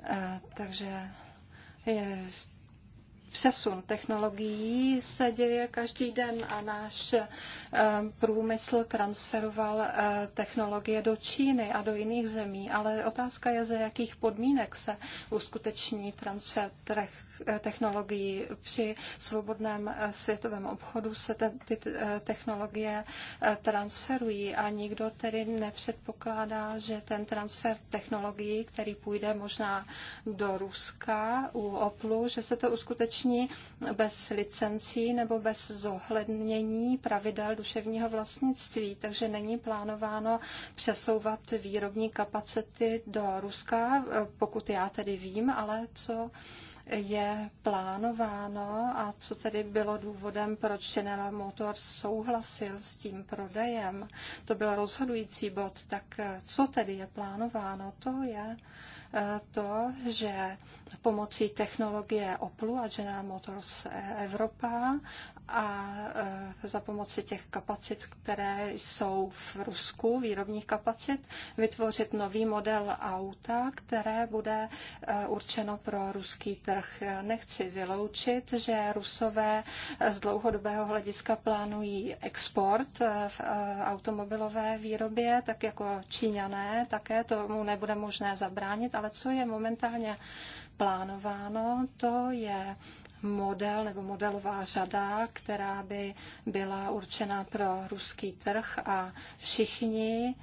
S3: Eh, takže eh, přesun technologií se děje každý den a náš průmysl transferoval technologie do Číny a do jiných zemí, ale otázka je, ze jakých podmínek se uskuteční transfer Eh, technologií. Při svobodném eh, světovém obchodu se ty eh, technologie transferují a nikdo tedy nepředpokládá, že ten transfer technologií, který půjde možná do Ruska u Oplu, že se to uskuteční bez licencí nebo bez zohlednění pravidel duševního vlastnictví. Takže není plánováno přesouvat výrobní kapacity do Ruska, pokud já tedy vím, ale co je plánováno a co tedy bylo důvodem, proč General Motors souhlasil s tím prodejem. To byl rozhodující bod. Tak eh, co tedy je plánováno? To je eh, to, že pomocí technologie Oplu a General Motors e- Evropa a e, za pomoci těch kapacit, které jsou v Rusku, výrobních kapacit, vytvořit nový model auta, které bude e, určeno pro ruský trh. Nechci vyloučit, že rusové e, z dlouhodobého hlediska plánují export v automobilové výrobě, tak jako Číňané, také tomu nebude možné zabránit, ale co je momentálně plánováno, to je model nebo modelová řada, která by byla určena pro ruský trh a všichni,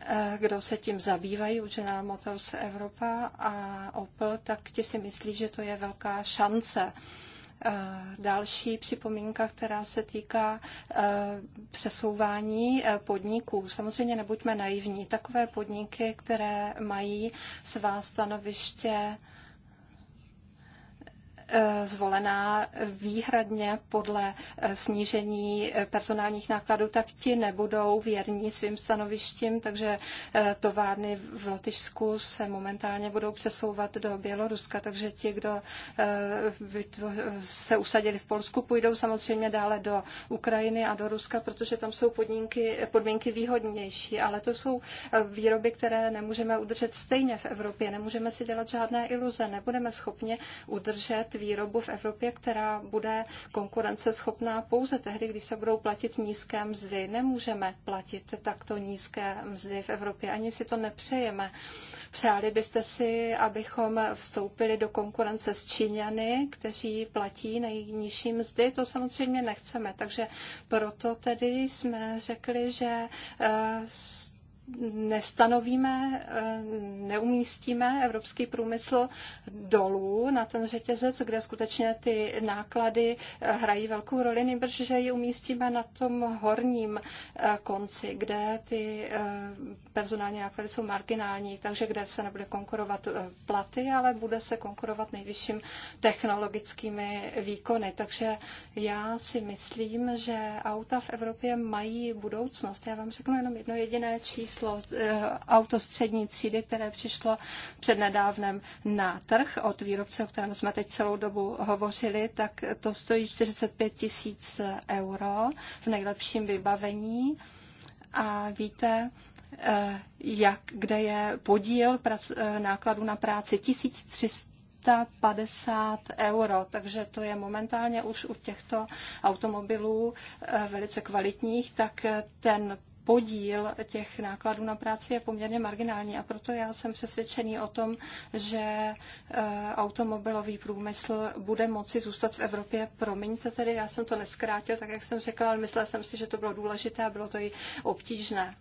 S3: eh, kdo se tím zabývají, u General Motors Evropa a Opel, tak ti si myslí, že to je velká šance. Eh, další připomínka, která se týká eh, přesouvání podniků. Samozřejmě nebuďme naivní. Takové podniky, které mají svá stanoviště Eh, zvolená výhradně podle eh, snížení eh, personálních nákladů, tak ti nebudou věrní svým stanovištím, takže továrny v Lotyšsku se momentálně budou přesouvat do Běloruska, takže ti, kdo se usadili v Polsku, půjdou samozřejmě dále do Ukrajiny a do Ruska, protože tam jsou podmínky, podmínky výhodnější, ale to jsou výroby, které nemůžeme udržet stejně v Evropě, nemůžeme si dělat žádné iluze, nebudeme schopni udržet výrobu v Evropě, která bude konkurenceschopná pouze tehdy, když se budou platit nízké mzdy. Nemůžeme platit takto nízké mzdy v Evropě, ani si to nepřejeme. Přáli byste si, abychom vstoupili do konkurence s Číňany, kteří platí nejnižší mzdy? To samozřejmě nechceme, takže proto tedy jsme řekli, že eh, nestanovíme, eh, neumístíme evropský průmysl dolů na ten řetězec, kde skutečně ty náklady eh, hrají velkou roli, nebo že ji umístíme na tom horním eh, konci, kde ty personální náklady jsou marginální, takže kde se nebude konkurovat platy, ale bude se konkurovat nejvyšším technologickými výkony. Takže já si myslím, že auta v Evropě mají budoucnost. Já vám řeknu jenom jedno jediné číslo přišlo eh, auto střední třídy, které přišlo před nedávnem na trh od výrobce, o kterém jsme teď celou dobu hovořili, tak to stojí 45 tisíc euro v nejlepším vybavení. A víte, eh, jak, kde je podíl eh, nákladu na práci 1300 350 euro, takže to je momentálně už u těchto automobilů velice kvalitních, tak ten podíl těch nákladů na práci je poměrně marginální a proto já jsem přesvědčený o tom, že eh, automobilový průmysl bude moci zůstat v Evropě. Promiňte tedy, já jsem to neskrátil, tak jak jsem řekla, ale myslela jsem si, že to bylo důležité a bylo to i
S1: obtížné.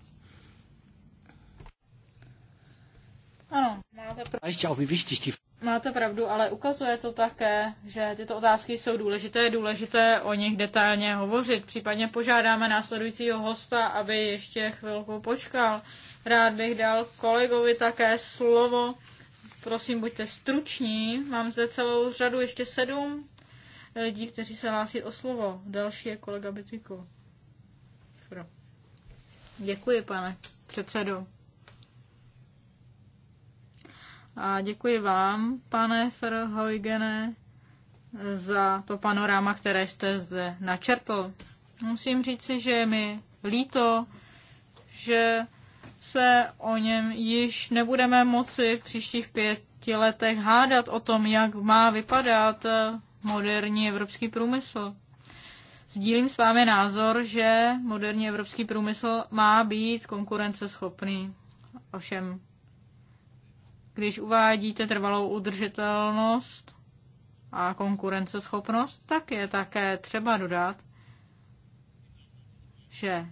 S1: Ano, máte pravdu máte pravdu, ale ukazuje to také, že tyto otázky jsou důležité. Je důležité o nich detailně hovořit. Případně požádáme následujícího hosta, aby ještě chvilku počkal. Rád bych dal kolegovi také slovo. Prosím, buďte struční. Mám zde celou řadu, ještě sedm lidí, kteří se hlásí o slovo. Další je kolega Bityko. Děkuji, pane předsedo. A děkuji vám, pane Ferhojgene, za to panoráma, které jste zde načrtl. Musím říci, že je mi líto, že se o něm již nebudeme moci v příštích pěti letech hádat o tom, jak má vypadat moderní evropský průmysl. Sdílím s vámi názor, že moderní evropský průmysl má být konkurenceschopný. Ovšem když uvádíte trvalou udržitelnost a konkurenceschopnost, tak je také třeba dodat, že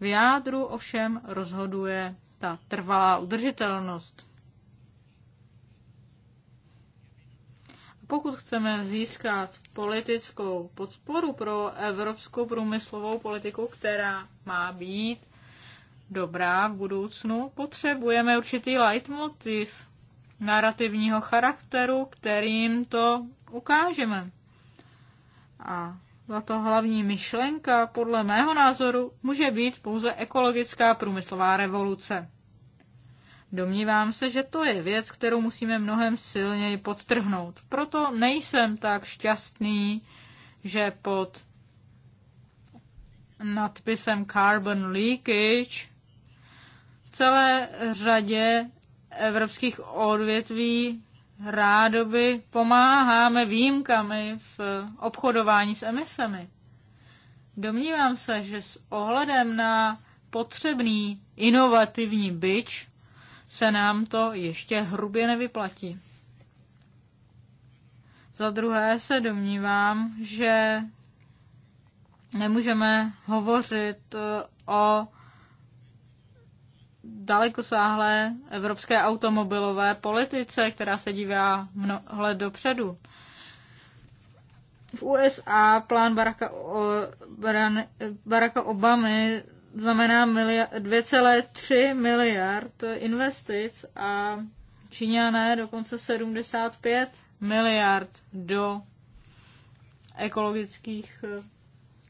S1: v jádru ovšem rozhoduje ta trvalá udržitelnost. Pokud chceme získat politickou podporu pro evropskou průmyslovou politiku, která má být dobrá v budoucnu, potřebujeme určitý leitmotiv, narrativního charakteru, kterým to ukážeme. A tato hlavní myšlenka, podle mého názoru, může být pouze ekologická průmyslová revoluce. Domnívám se, že to je věc, kterou musíme mnohem silněji podtrhnout. Proto nejsem tak šťastný, že pod nadpisem Carbon Leakage v celé řadě evropských odvětví rádoby pomáháme výjimkami v obchodování s emisemi. Domnívám se, že s ohledem na potřebný inovativní byč se nám to ještě hrubě nevyplatí. Za druhé se domnívám, že nemůžeme hovořit eh, o dalekosáhlé evropské automobilové politice, která se dívá mnohle dopředu. V USA plán Baracka, o, Baran, Baracka Obamy znamená 2,3 miliard investic a Číňané dokonce 75 miliard do ekologických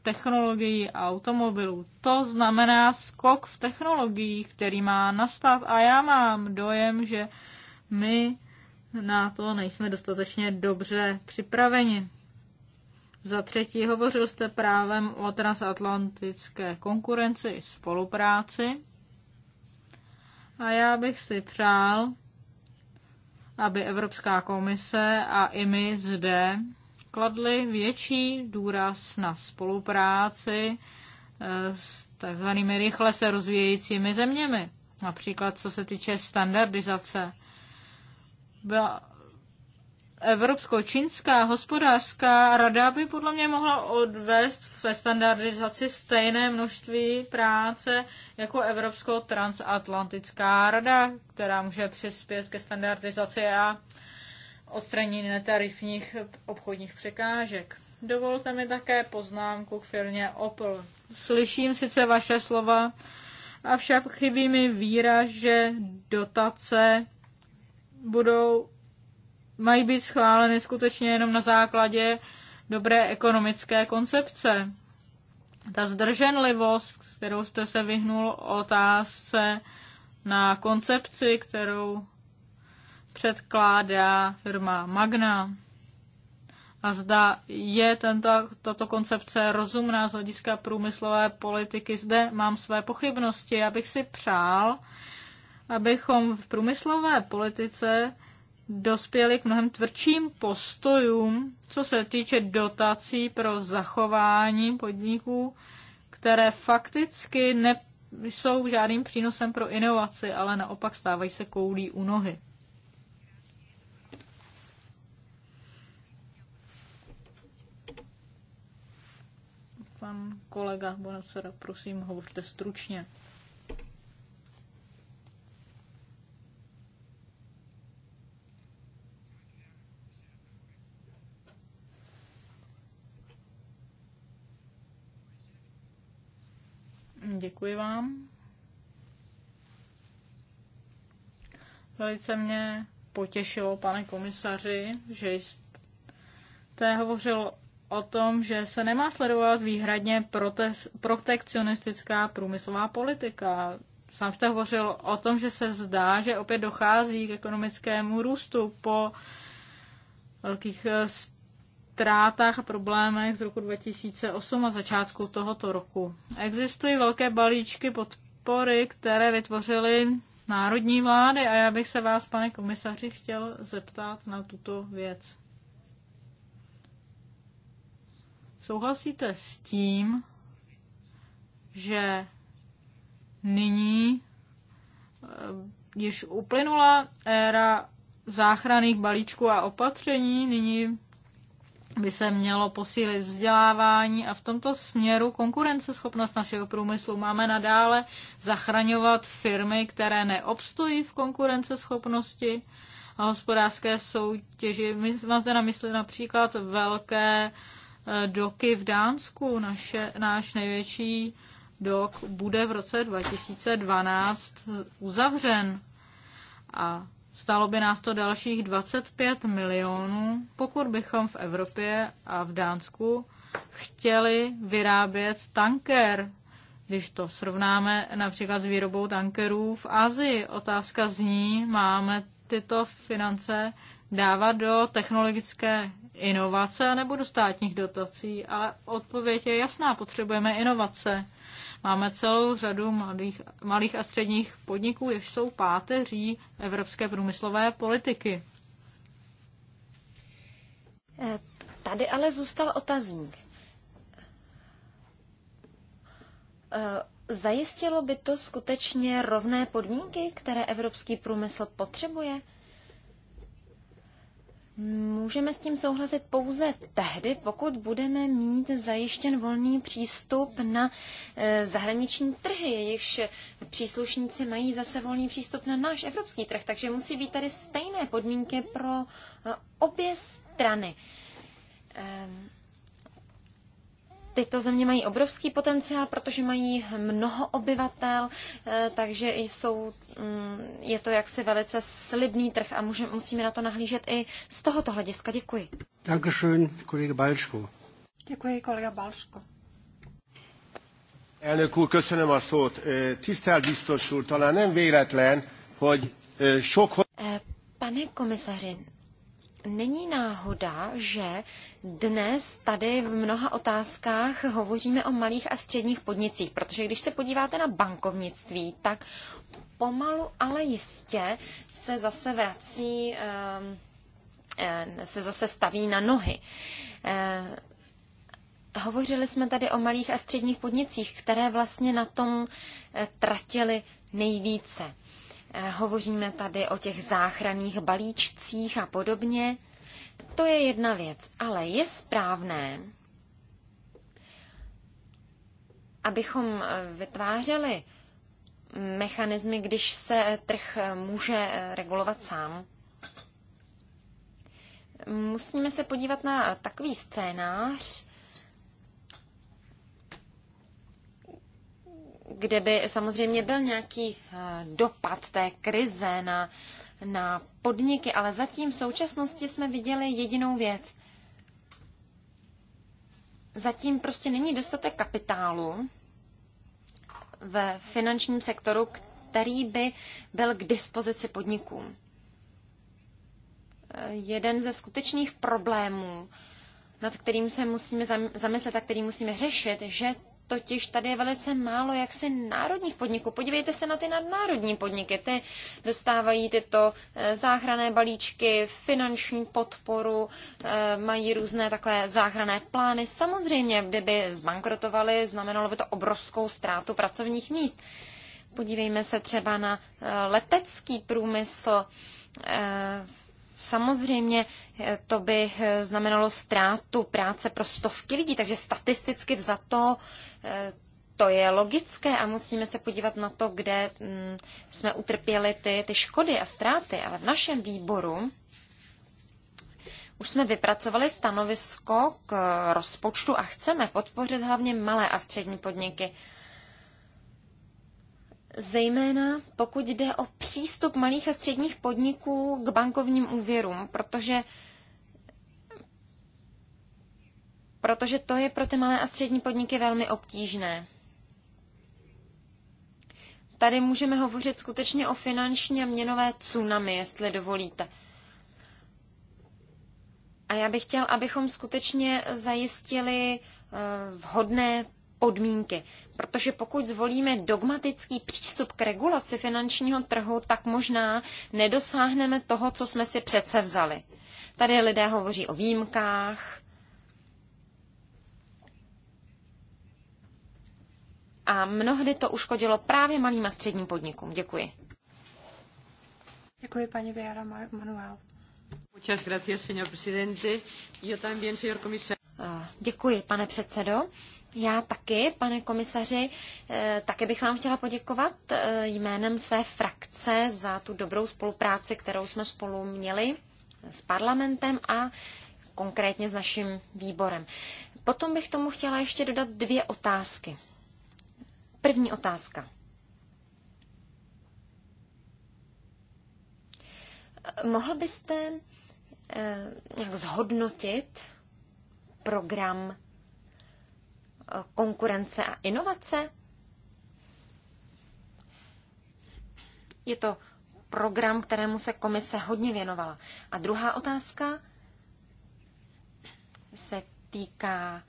S1: technologií a automobilů. To znamená skok v technologií, který má nastat a já mám dojem, že my na to nejsme dostatečně dobře připraveni. Za třetí, hovořil jste právem o transatlantické konkurenci i spolupráci. A já bych si přál, aby Evropská komise a i my zde kladli větší důraz na spolupráci eh, s takzvanými rychle se rozvíjejícími zeměmi. Například co se týče standardizace. Byla Evropsko-čínská hospodářská rada by podle mě mohla odvést ve standardizaci stejné množství práce jako Evropsko-transatlantická rada, která může přispět ke standardizaci a odstranění netarifních obchodních překážek. Dovolte mi také poznámku k firmě Opel. Slyším sice vaše slova, avšak chybí mi výraz, že dotace budou, mají být schváleny skutečně jenom na základě dobré ekonomické koncepce. Ta zdrženlivost, kterou jste se vyhnul otázce na koncepci, kterou předkládá firma Magna. A zda je tento, tato koncepce rozumná z hlediska průmyslové politiky. Zde mám své pochybnosti. Já bych si přál, abychom v průmyslové politice dospěli k mnohem tvrdším postojům, co se týče dotací pro zachování podniků, které fakticky ne, jsou žádným přínosem pro inovaci, ale naopak stávají se koulí u nohy. Pan kolega Bonacera, prosím, hovořte stručně. Děkuji vám. Velice mě potěšilo, pane komisaři, že jste hovořil o tom, že se nemá sledovat výhradně protes, protekcionistická průmyslová politika. Sám jste hovořil o tom, že se zdá, že opět dochází k ekonomickému růstu po velkých eh, ztrátách a problémech z roku 2008 a začátku tohoto roku. Existují velké balíčky podpory, které vytvořily národní vlády a já bych se vás, pane komisaři, chtěl zeptat na tuto věc. Souhlasíte s tím, že nyní eh, již uplynula éra záchranných balíčků a opatření, nyní by se mělo posílit vzdělávání a v tomto směru konkurenceschopnost našeho průmyslu. Máme nadále zachraňovat firmy, které neobstojí v konkurenceschopnosti a hospodářské soutěži. My jsme zde na mysli například velké Eh, doky v Dánsku. Naše, náš největší dok bude v roce 2012 uzavřen. A Stálo by nás to dalších 25 milionů, pokud bychom v Evropě a v Dánsku chtěli vyrábět tanker. Když to srovnáme například s výrobou tankerů v Asii, otázka zní, máme tyto finance dávat do technologické inovace nebo do státních dotací, ale odpověď je jasná, potřebujeme inovace. Máme celou řadu malých, malých a středních podniků, jež jsou páteří evropské průmyslové politiky.
S2: Eh, tady ale zůstal otazník. Eh, zajistilo by to skutečně rovné podmínky, které evropský průmysl potřebuje? Můžeme s tím souhlasit pouze tehdy, pokud budeme mít zajištěn volný přístup na e, zahraniční trhy, jejichž příslušníci mají zase volný přístup na náš evropský trh, takže musí být tady stejné podmínky pro e, obě strany. Ehm, Tyto země mají obrovský potenciál, protože mají mnoho obyvatel, eh, takže jsou, mm, je to jaksi velice slibný trh a může, musíme na to nahlížet i z tohoto hlediska. Děkuji.
S1: Dankeschön, kolega Balško.
S2: Děkuji, kolega Balško.
S1: Elnök úr, köszönöm a szót. Eh, tisztelt biztos úr, talán nem véletlen, hogy eh, sok...
S2: Pane komisaři, není náhoda, že dnes tady v mnoha otázkách hovoříme o malých a středních podnicích, protože když se podíváte na bankovnictví, tak pomalu, ale jistě se zase vrací, ehm, eh, se zase staví na nohy. Eh, hovořili jsme tady o malých a středních podnicích, které vlastně na tom eh, tratili nejvíce. Eh, hovoříme tady o těch záchranných balíčcích a podobně. To je jedna věc, ale je správné, abychom eh, vytvářeli mechanismy, když se eh, trh může regulovat sám. Musíme se podívat na takový scénář, by samozřejmě byl nějaký eh, dopad té krize na, na podniky, ale zatím v současnosti jsme viděli jedinou věc. Zatím prostě není dostatek kapitálu ve finančním sektoru, který by byl k dispozici podnikům. Eh, jeden ze skutečných problémů, nad kterým se musíme zamyslet a který musíme řešit, že totiž tady je velice málo jaksi národních podniků. Podívejte se na ty nadnárodní podniky. Ty dostávají tyto eh, záchranné balíčky, finanční podporu, eh, mají různé takové záchranné plány. Samozřejmě, kdyby zbankrotovali, znamenalo by to obrovskou ztrátu pracovních míst. Podívejme se třeba na eh, letecký průmysl. Samozřejmě to by znamenalo ztrátu práce pro stovky lidí, takže statisticky vzato Eh, to je logické a musíme se podívat na to, kde mm, jsme utrpěli ty, ty škody a ztráty. Ale v našem výboru už jsme vypracovali stanovisko k rozpočtu a chceme podpořit hlavně malé a střední podniky. Zejména pokud jde o přístup malých a středních podniků k bankovním úvěrům, protože protože to je pro ty malé a střední podniky velmi obtížné. Tady můžeme hovořit skutečně o finanční a měnové tsunami, jestli dovolíte. A já bych chtěl, abychom skutečně zajistili eh, vhodné podmínky, protože pokud zvolíme dogmatický přístup k regulaci finančního trhu, tak možná nedosáhneme toho, co jsme si přece vzali. Tady lidé hovoří o výjimkách, a mnohdy to uškodilo právě malým a středním podnikům. Děkuji.
S3: Děkuji, paní Věra Manuel.
S1: Muchas gracias, señor presidente. Yo también, señor comisario.
S2: Děkuji, pane předsedo. Já taky, pane komisaři, e, také bych vám chtěla poděkovat e, jménem své frakce za tu dobrou spolupráci, kterou jsme spolu měli s parlamentem a konkrétně s naším výborem. Potom bych tomu chtěla ještě dodat dvě otázky. První otázka. Mohl byste eh, nějak zhodnotit program eh, konkurence a inovace? Je to program, kterému se komise hodně věnovala. A druhá otázka se týká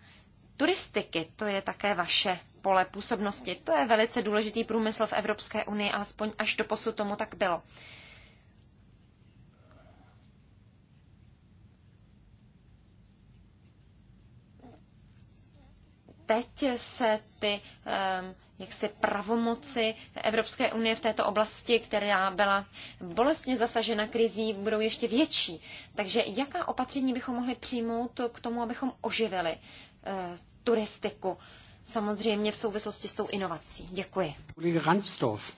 S2: turistiky, to je také vaše pole působnosti. To je velice důležitý průmysl v Evropské unii, alespoň až do posud tomu tak bylo. Teď se ty um, jaksi pravomoci Evropské unie v této oblasti, která byla bolestně zasažena krizí, budou ještě větší. Takže jaká opatření bychom mohli přijmout k tomu, abychom oživili Eh, turistiku. Samozřejmě v souvislosti s tou inovací. Děkuji.
S1: Kolega Ransdorf.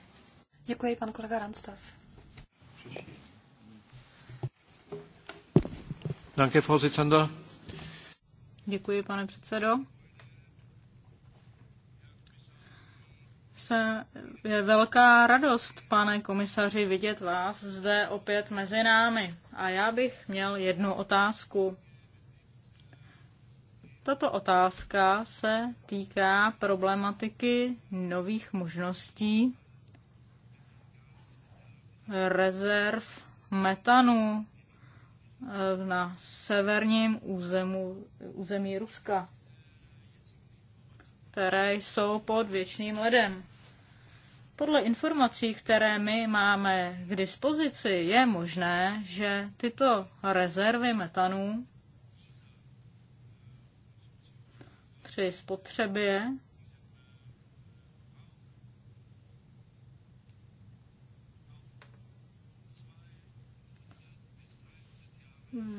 S2: Děkuji, pan kolega Ransdorf. Danke, Vorsitzender.
S1: Děkuji, pane předsedo. se, je velká radost, pane komisaři, vidět vás zde opět mezi námi. A já bych měl jednu otázku. Tato otázka se týká problematiky nových možností rezerv metanu eh, na severním územu, území Ruska, které jsou pod věčným ledem. Podle informací, které my máme k dispozici, je možné, že tyto rezervy metanů při spotřebě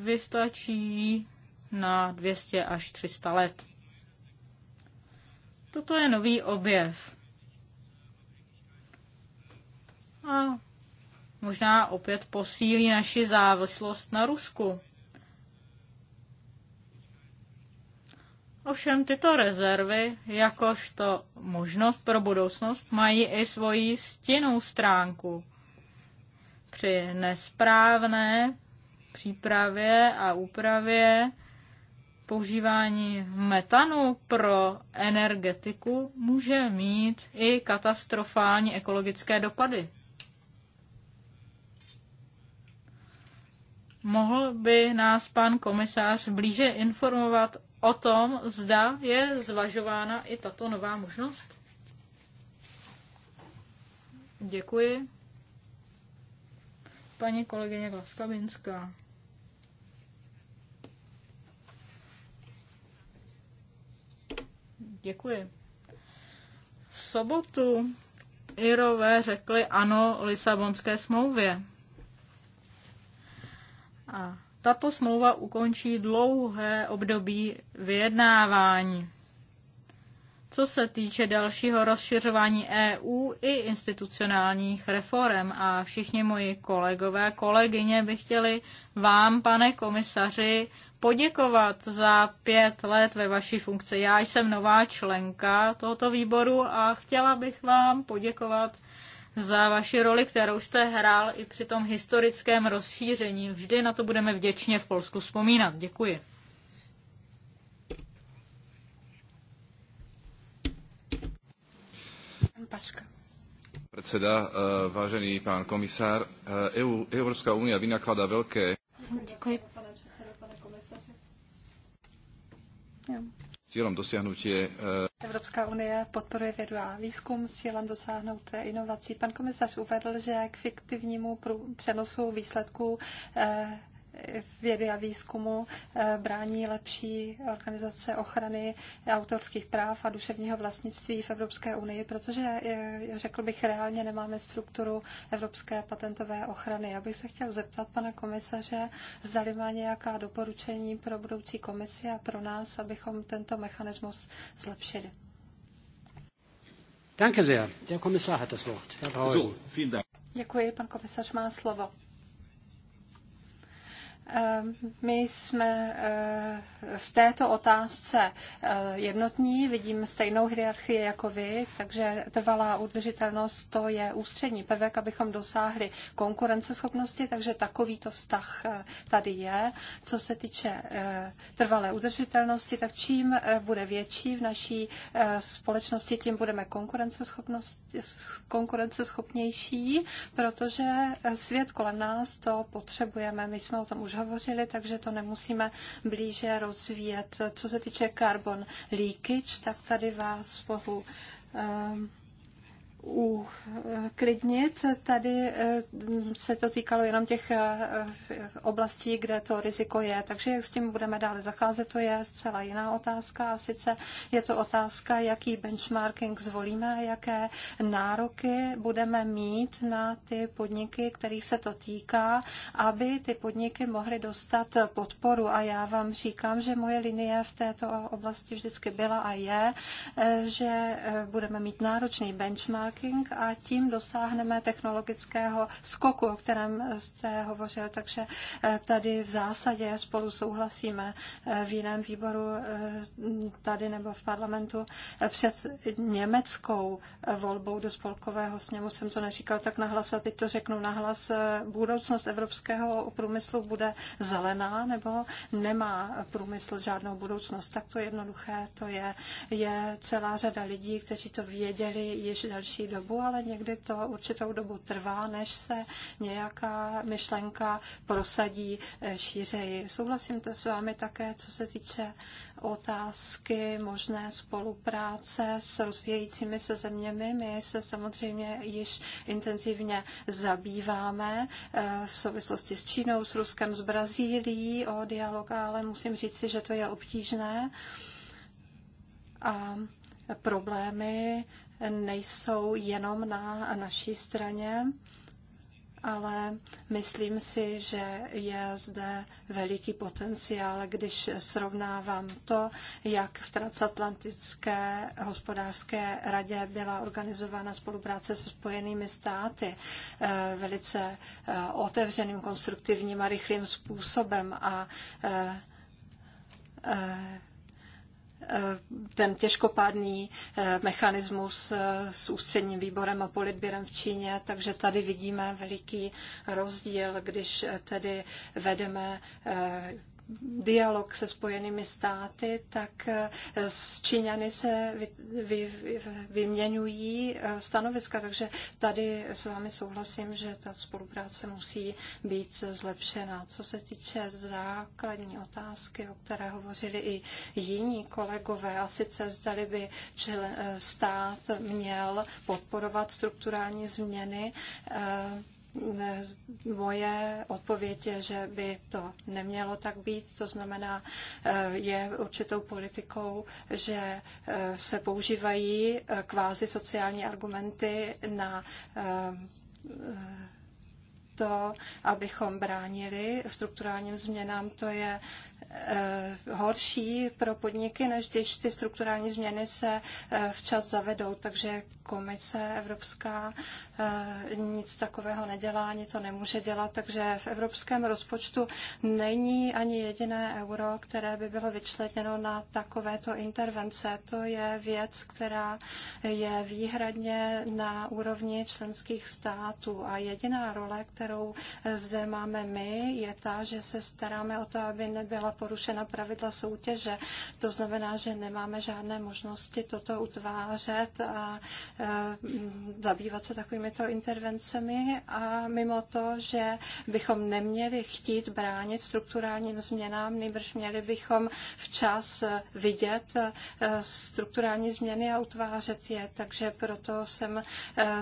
S1: vystačí na 200 až 300 let. Toto je nový objev. A možná opět posílí naši závislost na Rusku. Ovšem tyto rezervy, jakožto možnost pro budoucnost, mají i svoji stinnou stránku. Při nesprávné přípravě a úpravě používání metanu pro energetiku může mít i katastrofální ekologické dopady. Mohl by nás pan komisář blíže informovat o tom, zda je zvažována i tato nová možnost? Děkuji. Paní kolegyně Vlaskavinská. Děkuji. V sobotu Irové řekli ano Lisabonské smlouvě. A tato smlouva ukončí dlouhé období vyjednávání. Co se týče dalšího rozšiřování EU i institucionálních reform a všichni moji kolegové a kolegyně by chtěli vám, pane komisaři, poděkovat za pět let ve vaší funkci. Já jsem nová členka tohoto výboru a chtěla bych vám poděkovat za vaši roli, kterou jste hrál i při tom historickém rozšíření. Vždy na to budeme vděčně v Polsku vzpomínat. Děkuji. Pačka. Predseda, eh, vážený pán komisár, eh, EU, Evropská unie vynakladá velké...
S3: Děkuji. Pane předsedo, pane komisaře
S1: cílem je. Eh,
S3: Evropská unie podporuje vědu a výzkum s cílem dosáhnout inovací. Pan komisař uvedl, že k fiktivnímu přenosu výsledků eh, vědy a výzkumu eh, brání lepší organizace ochrany autorských práv a duševního vlastnictví v Evropské unii, protože, eh, řekl bych, reálně nemáme strukturu evropské patentové ochrany. Já bych se chtěl zeptat pana komisaře, zda má nějaká doporučení pro budoucí komisi a pro nás, abychom tento mechanismus zlepšili. Děkuji, pan komisař má slovo. Eh, my jsme eh, v této otázce eh, jednotní, vidím stejnou hierarchii jako vy, takže trvalá udržitelnost to je ústřední prvek, abychom dosáhli konkurenceschopnosti, takže takovýto vztah tady je. Co se týče trvalé udržitelnosti, tak čím bude větší v naší společnosti, tím budeme konkurenceschopnější, protože svět kolem nás to potřebujeme. My jsme o tom už hovořili, takže to nemusíme blíže rozvíjet. Co se týče carbon leakage, tak tady vás mohu um, uklidnit. Tady eh, se to týkalo jenom těch eh, oblastí, kde to riziko je. Takže jak s tím budeme dále zacházet, to je zcela jiná otázka. A sice je to otázka, jaký benchmarking zvolíme, jaké nároky budeme mít na ty podniky, kterých se to týká, aby ty podniky mohly dostat podporu. A já vám říkám, že moje linie v této oblasti vždycky byla a je, eh, že budeme mít náročný benchmark fracking a tím dosáhneme technologického skoku, o kterém jste hovořil. Takže eh, tady v zásadě spolu souhlasíme eh, v jiném výboru eh, tady nebo v parlamentu před německou volbou do spolkového sněmu. Jsem to neříkal tak nahlas a teď to řeknu nahlas. Budoucnost evropského průmyslu bude zelená nebo nemá průmysl žádnou budoucnost. Tak to jednoduché to je. Je celá řada lidí, kteří to věděli již další delší dobu, ale někdy to určitou dobu trvá, než se nějaká myšlenka prosadí eh, šířeji. Souhlasím to s vámi také, co se týče otázky možné spolupráce s rozvíjejícími se zeměmi. My se samozřejmě již intenzivně zabýváme eh, v souvislosti s Čínou, s Ruskem, s Brazílií o dialog, ale musím říci, že to je obtížné. A problémy nejsou jenom na naší straně, ale myslím si, že je zde veliký potenciál, když srovnávám to, jak v transatlantické hospodářské radě byla organizována spolupráce se Spojenými státy eh, velice eh, otevřeným, konstruktivním a rychlým způsobem a eh, Eh, ten těžkopádný eh, mechanismus eh, s ústředním výborem a politběrem v Číně, takže tady vidíme veliký rozdíl, když tedy vedeme dialog se spojenými státy, tak eh, s Číňany se vy, vy, vy, vyměňují eh, stanoviska, takže tady s vámi souhlasím, že ta spolupráce musí být zlepšena. Co se týče základní otázky, o které hovořili i jiní kolegové, a sice zdali by čel, eh, stát měl podporovat strukturální změny, moje odpověď je, že by to nemělo tak být. To znamená, eh, je určitou politikou, že eh, se používají eh, kvázi sociální argumenty na to, abychom bránili strukturálním změnám, to je Eh, horší pro podniky, než když ty strukturální změny se eh, včas zavedou. Takže komise evropská eh, nic takového nedělá, ani to nemůže dělat. Takže v evropském rozpočtu není ani jediné euro, které by bylo vyčleněno na takovéto intervence. To je věc, která je výhradně na úrovni členských států. A jediná role, kterou zde máme my, je ta, že se staráme o to, aby nebyla byla porušena pravidla soutěže. To znamená, že nemáme žádné možnosti toto utvářet a e, zabývat se takovýmito intervencemi a mimo to, že bychom neměli chtít bránit strukturálním změnám, nejbrž měli bychom včas vidět e, strukturální změny a utvářet je. Takže proto jsem e,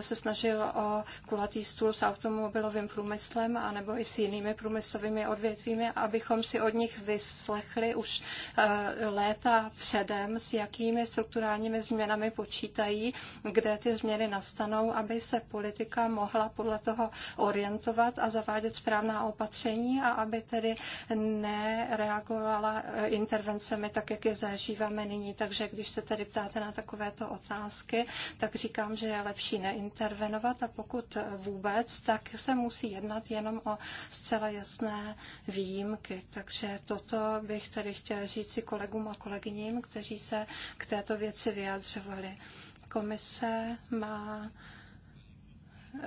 S3: se snažil o kulatý stůl s automobilovým průmyslem a nebo i s jinými průmyslovými odvětvími, abychom si od nich vy vyslechli už eh, léta předem, s jakými strukturálními změnami počítají, kde ty změny nastanou, aby se politika mohla podle toho orientovat a zavádět správná opatření a aby tedy nereagovala eh, intervencemi tak, jak je zažíváme nyní. Takže když se tedy ptáte na takovéto otázky, tak říkám, že je lepší neintervenovat a pokud vůbec, tak se musí jednat jenom o zcela jasné výjimky. Takže to proto bych tady chtěla říci kolegům a kolegyním, kteří se k této věci vyjadřovali. Komise má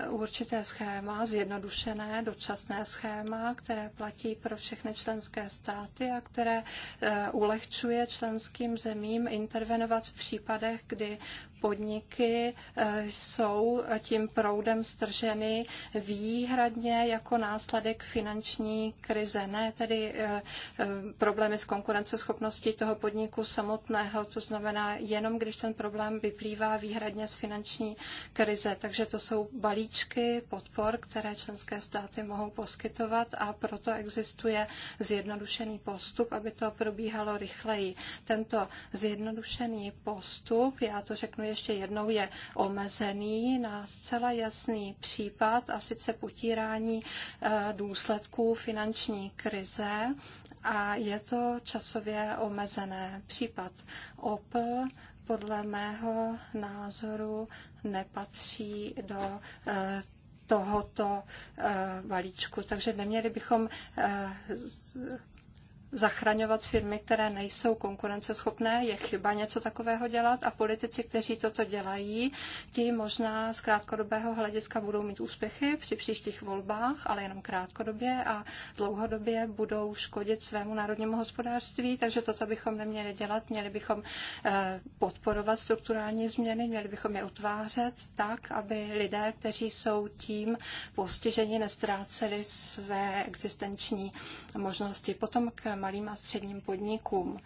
S3: určité schéma, zjednodušené dočasné schéma, které platí pro všechny členské státy a které eh, ulehčuje členským zemím intervenovat v případech, kdy podniky eh, jsou tím proudem strženy výhradně jako následek finanční krize, ne tedy eh, eh, problémy s konkurenceschopností toho podniku samotného, to znamená jenom, když ten problém vyplývá výhradně z finanční krize. Takže to jsou balíčky podpor, které členské státy mohou poskytovat a proto existuje zjednodušený postup, aby to probíhalo rychleji. Tento zjednodušený postup, já to řeknu ještě jednou je omezený na zcela jasný případ a sice potírání eh, důsledků finanční krize a je to časově omezené. Případ Opel podle mého názoru nepatří do eh, tohoto eh, balíčku. Takže neměli bychom zachraňovat firmy, které nejsou konkurenceschopné, je chyba něco takového dělat a politici, kteří toto dělají, ti možná z krátkodobého hlediska budou mít úspěchy při příštích volbách, ale jenom krátkodobě a dlouhodobě budou škodit svému národnímu hospodářství, takže toto bychom neměli dělat, měli bychom eh, podporovat strukturální změny, měli bychom je utvářet tak, aby lidé, kteří jsou tím postiženi, nestráceli své existenční možnosti. Potom k malým a středním podnikům.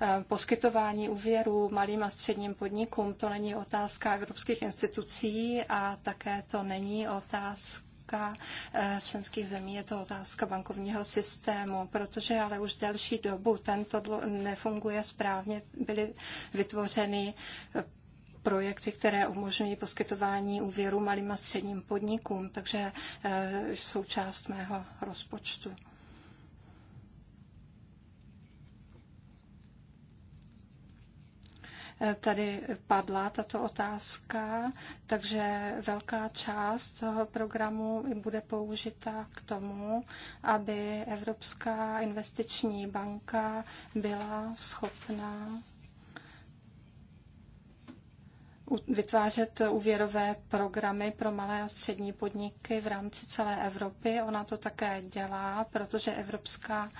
S3: Eh, poskytování úvěru malým a středním podnikům to není otázka evropských institucí a také to není otázka otázka eh, členských zemí, je to otázka bankovního systému, protože ale už delší dobu tento nefunguje správně, byly vytvořeny eh, projekty, které umožňují poskytování úvěru malým a středním podnikům, takže jsou část mého rozpočtu. Eh, tady padla tato otázka, takže velká část toho programu bude použita k tomu, aby Evropská investiční banka byla schopná vytvářet úvěrové programy pro malé a střední podniky v rámci celé Evropy. Ona to také dělá, protože Evropská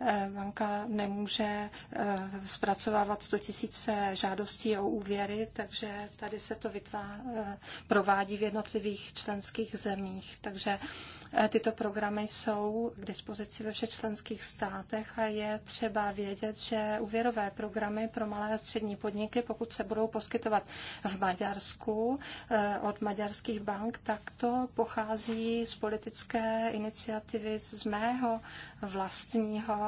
S3: Eh, banka nemůže eh, zpracovávat 100 000 žádostí o úvěry, takže tady se to vytvá, eh, provádí v jednotlivých členských zemích. Takže tyto programy jsou k dispozici ve všech členských státech a je třeba vědět, že úvěrové programy pro malé a střední podniky, pokud se budou poskytovat v Maďarsku od maďarských bank, tak to pochází z politické iniciativy z mého vlastního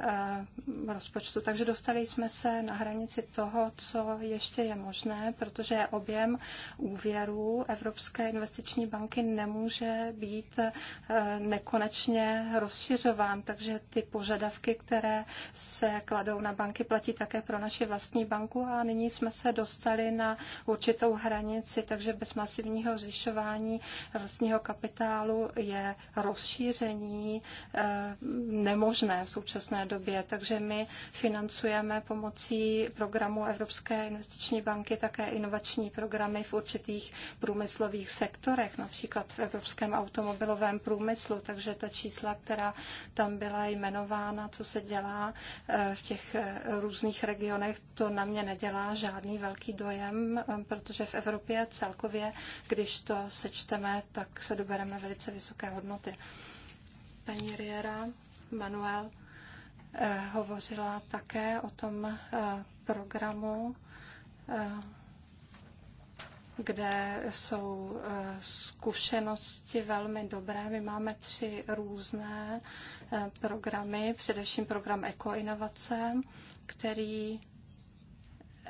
S3: Eh, rozpočtu. Takže dostali jsme se na hranici toho, co ještě je možné, protože objem úvěrů Evropské investiční banky nemůže být eh, nekonečně rozšiřován, takže ty požadavky, které se kladou na banky, platí také pro naši vlastní banku a nyní jsme se dostali na určitou hranici, takže bez masivního zvyšování vlastního kapitálu je rozšíření eh, nemožné v současné době. Takže my financujeme pomocí programu Evropské investiční banky také inovační programy v určitých průmyslových sektorech, například v evropském automobilovém průmyslu. Takže ta čísla, která tam byla jmenována, co se dělá eh, v těch eh, různých regionech, to na mě nedělá žádný velký dojem, eh, protože v Evropě celkově, když to sečteme, tak se dobereme velice vysoké hodnoty. Paní Riera, Manuel, Eh, hovořila také o tom eh, programu, eh, kde jsou zkušenosti velmi dobré. My máme tři různé programy, především program ekoinovace, který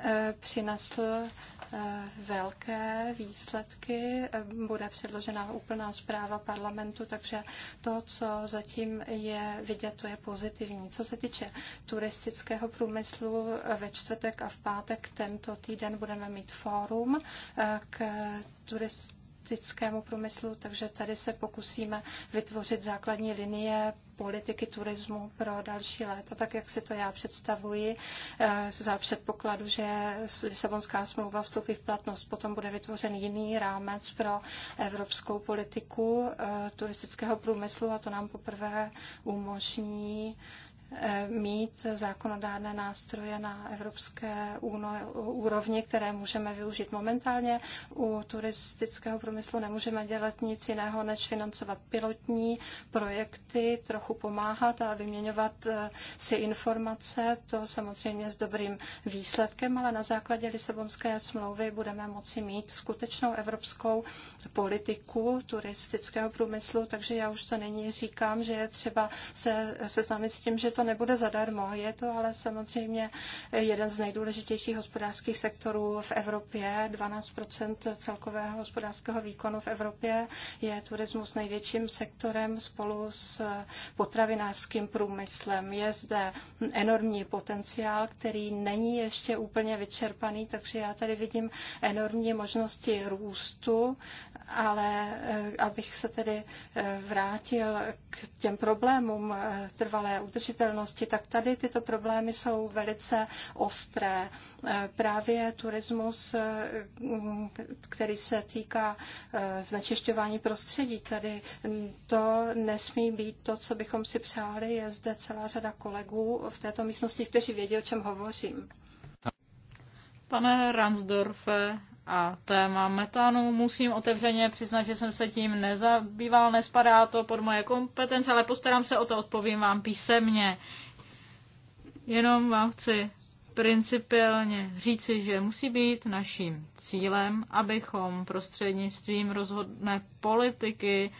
S3: Eh, přinesl eh, velké výsledky. Eh, bude předložena úplná zpráva parlamentu, takže to, co zatím je vidět, to je pozitivní. Co se týče turistického průmyslu, ve čtvrtek a v pátek tento týden budeme mít fórum k turistickému průmyslu, takže tady se pokusíme vytvořit základní linie politiky turismu pro další léta, tak jak si to já představuji, eh, za předpokladu, že Lisabonská smlouva vstoupí v platnost. Potom bude vytvořen jiný rámec pro evropskou politiku eh, turistického průmyslu a to nám poprvé umožní Eh, mít zákonodárné nástroje na evropské úrovni, které můžeme využít momentálně. U turistického průmyslu nemůžeme dělat nic jiného, než financovat pilotní projekty, trochu pomáhat a vyměňovat eh, si informace, to samozřejmě s dobrým výsledkem, ale na základě Lisabonské smlouvy budeme moci mít skutečnou evropskou politiku turistického průmyslu, takže já už to není říkám, že je třeba se seznámit s tím, že to nebude zadarmo. Je to ale samozřejmě jeden z nejdůležitějších hospodářských sektorů v Evropě. 12 celkového hospodářského výkonu v Evropě je turismus největším sektorem spolu s potravinářským průmyslem. Je zde enormní potenciál, který není ještě úplně vyčerpaný, takže já tady vidím enormní možnosti růstu ale eh, abych se tedy eh, vrátil k těm problémům eh, trvalé udržitelnosti, tak tady tyto problémy jsou velice ostré. Právě turismus, mm, který se týká znečišťování prostředí, tady mm, to nesmí být to, co bychom si přáli. Je zde celá řada kolegů v této místnosti, kteří vědí, o čem hovořím.
S1: Pane Ransdorfe, a téma metanu. Musím otevřeně přiznat, že jsem se tím nezabýval, nespadá to pod moje kompetence, ale postarám se o to, odpovím vám písemně. Jenom vám chci principiálně říci, že musí být naším cílem, abychom prostřednictvím rozhodné politiky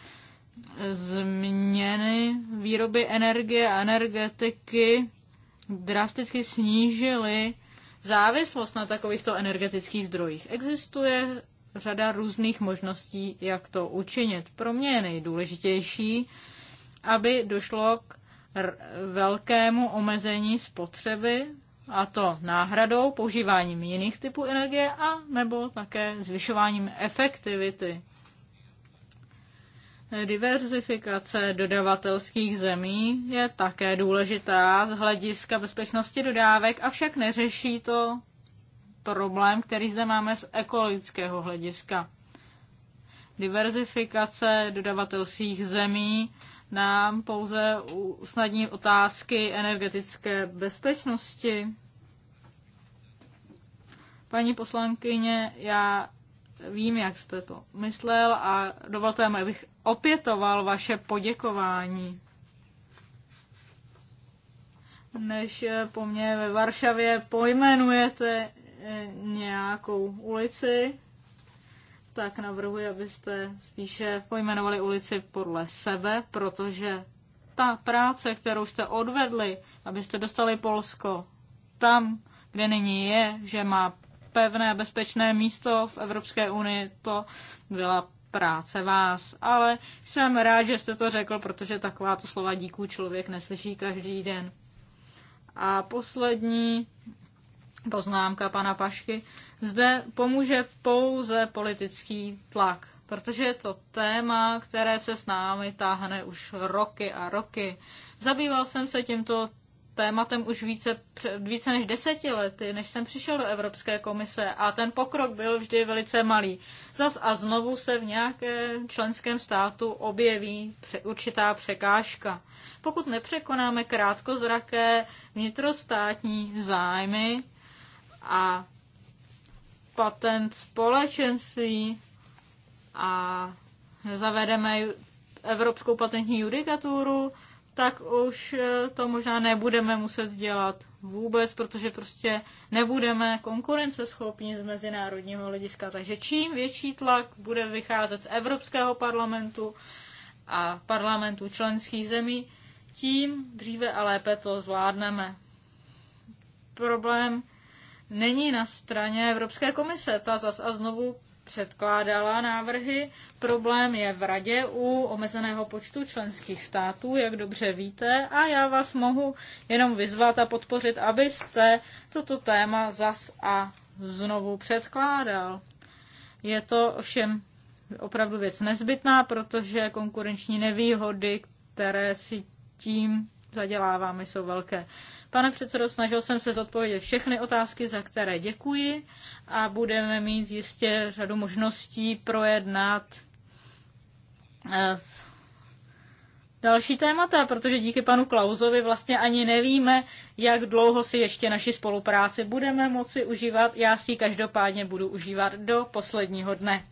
S1: změny výroby energie a energetiky drasticky snížili závislost na takovýchto energetických zdrojích. Existuje řada různých možností, jak to učinit. Pro mě je nejdůležitější, aby došlo k velkému omezení spotřeby, a to náhradou, používáním jiných typů energie a nebo také zvyšováním efektivity Diverzifikace dodavatelských zemí je také důležitá z hlediska bezpečnosti dodávek, avšak neřeší to problém, který zde máme z ekologického hlediska. Diverzifikace dodavatelských zemí nám pouze usnadní otázky energetické bezpečnosti. Paní poslankyně, já vím, jak jste to myslel a dovolte mi, abych opětoval vaše poděkování. Než eh, po mně ve Varšavě pojmenujete eh, nějakou ulici, tak navrhuji, abyste spíše pojmenovali ulici podle sebe, protože ta práce, kterou jste odvedli, abyste dostali Polsko tam, kde nyní je, že má pevné bezpečné místo v Evropské unii, to byla práce vás. Ale jsem rád, že jste to řekl, protože takováto slova díků člověk neslyší každý den. A poslední poznámka pana Pašky. Zde pomůže pouze politický tlak, protože je to téma, které se s námi táhne už roky a roky. Zabýval jsem se tímto tématem už více, více než deseti lety, než jsem přišel do Evropské komise a ten pokrok byl vždy velice malý. Zas a znovu se v nějakém členském státu objeví určitá překážka. Pokud nepřekonáme krátkozraké vnitrostátní zájmy a patent společenství a zavedeme evropskou patentní judikaturu, tak už eh, to možná nebudeme muset dělat vůbec, protože prostě nebudeme konkurenceschopní z mezinárodního hlediska. Takže čím větší tlak bude vycházet z Evropského parlamentu a parlamentu členských zemí, tím dříve a lépe to zvládneme. Problém není na straně Evropské komise. Ta zas a znovu předkládala návrhy. Problém je v radě u omezeného počtu členských států, jak dobře víte, a já vás mohu jenom vyzvat a podpořit, abyste toto téma zas a znovu předkládal. Je to ovšem opravdu věc nezbytná, protože konkurenční nevýhody, které si tím zaděláváme, jsou velké. Pane předsedo, snažil jsem se zodpovědět všechny otázky, za které děkuji a budeme mít jistě řadu možností projednat eh, další témata, protože díky panu Klauzovi vlastně ani nevíme, jak dlouho si ještě naši spolupráci budeme moci užívat. Já si ji každopádně budu užívat do posledního dne.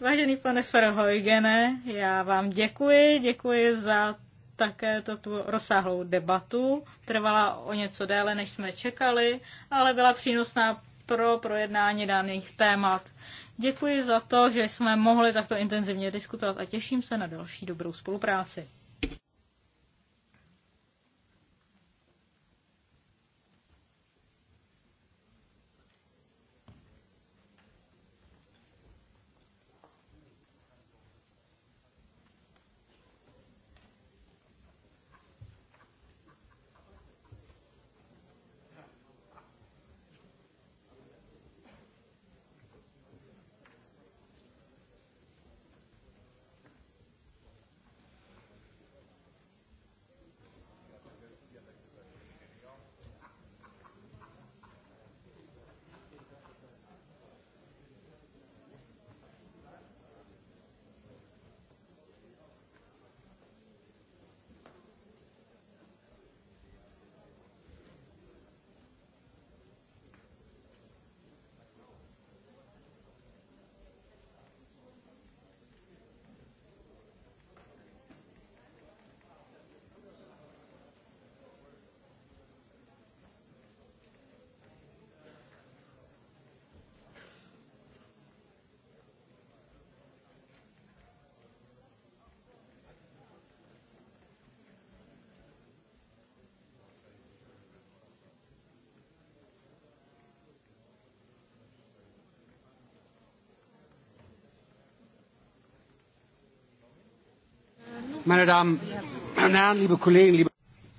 S1: Vážený pane Ferhojgene, já vám děkuji, děkuji za také to tu rozsáhlou debatu. Trvala o něco déle, než jsme čekali, ale byla přínosná pro projednání daných témat. Děkuji za to, že jsme mohli takto intenzivně diskutovat a těším se na další dobrou spolupráci.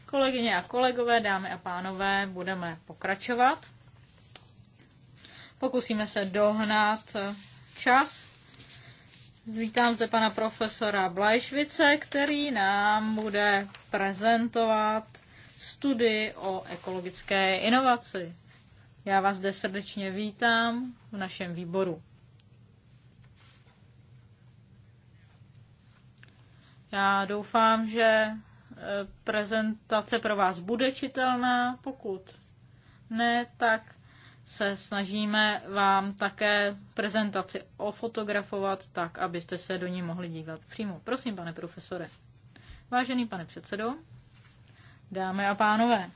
S1: Kolegyně a kolegové, dámy a pánové, budeme pokračovat. Pokusíme se dohnat čas. Vítám zde pana profesora Blajšvice, který nám bude prezentovat studii o ekologické inovaci. Já vás zde srdečně vítám v našem výboru. Já doufám, že eh, prezentace pro vás bude čitelná, pokud ne, tak se snažíme vám také prezentaci ofotografovat tak, abyste se do ní mohli dívat přímo. Prosím, pane profesore. Vážený pane předsedo, dámy a pánové,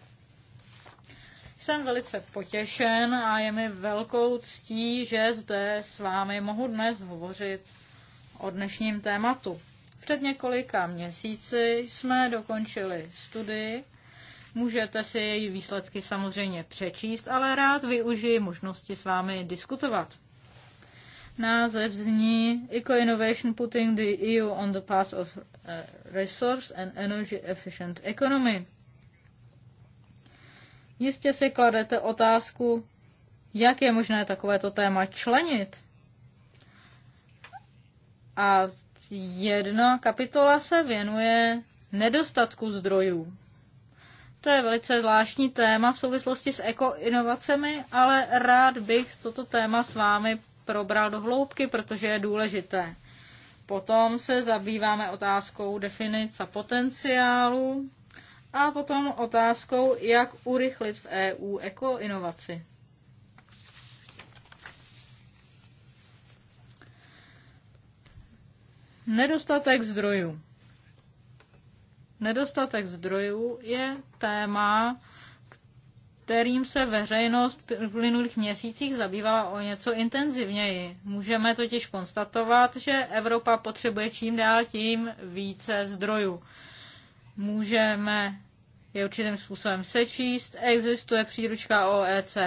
S1: jsem velice potěšen a je mi velkou ctí, že zde s vámi mohu dnes hovořit o dnešním tématu. Před několika měsíci jsme dokončili studii. Můžete si její výsledky samozřejmě přečíst, ale rád využiji možnosti s vámi diskutovat. Název zní Eco-Innovation Putting the EU on the Path of eh, Resource and Energy Efficient Economy. Jistě si kladete otázku, jak je možné takovéto téma členit. A Jedna kapitola se věnuje nedostatku zdrojů. To je velice zvláštní téma v souvislosti s ekoinovacemi, ale rád bych toto téma s vámi probral do hloubky, protože je důležité. Potom se zabýváme otázkou definice potenciálu a potom otázkou, jak urychlit v EU ekoinovaci. Nedostatek zdrojů. Nedostatek zdrojů je téma, kterým se veřejnost v minulých měsících zabývala o něco intenzivněji. Můžeme totiž konstatovat, že Evropa potřebuje čím dál tím více zdrojů. Můžeme je určitým způsobem sečíst. Existuje příručka OECD,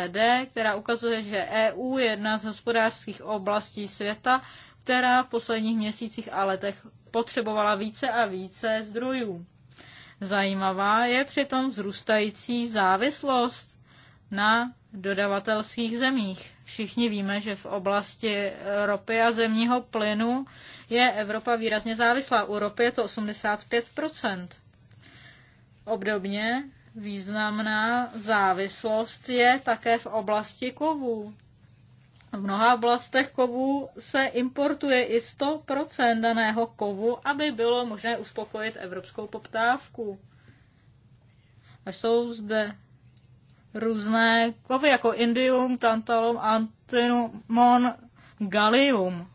S1: která ukazuje, že EU je jedna z hospodářských oblastí světa, která v posledních měsících a letech potřebovala více a více zdrojů. Zajímavá je přitom vzrůstající závislost na dodavatelských zemích. Všichni víme, že v oblasti ropy a zemního plynu je Evropa výrazně závislá. U ropy je to 85 Obdobně významná závislost je také v oblasti kovů. V mnoha oblastech kovů se importuje i 100% daného kovu, aby bylo možné uspokojit evropskou poptávku. A jsou zde různé kovy, jako indium, tantalum, antimon, gallium.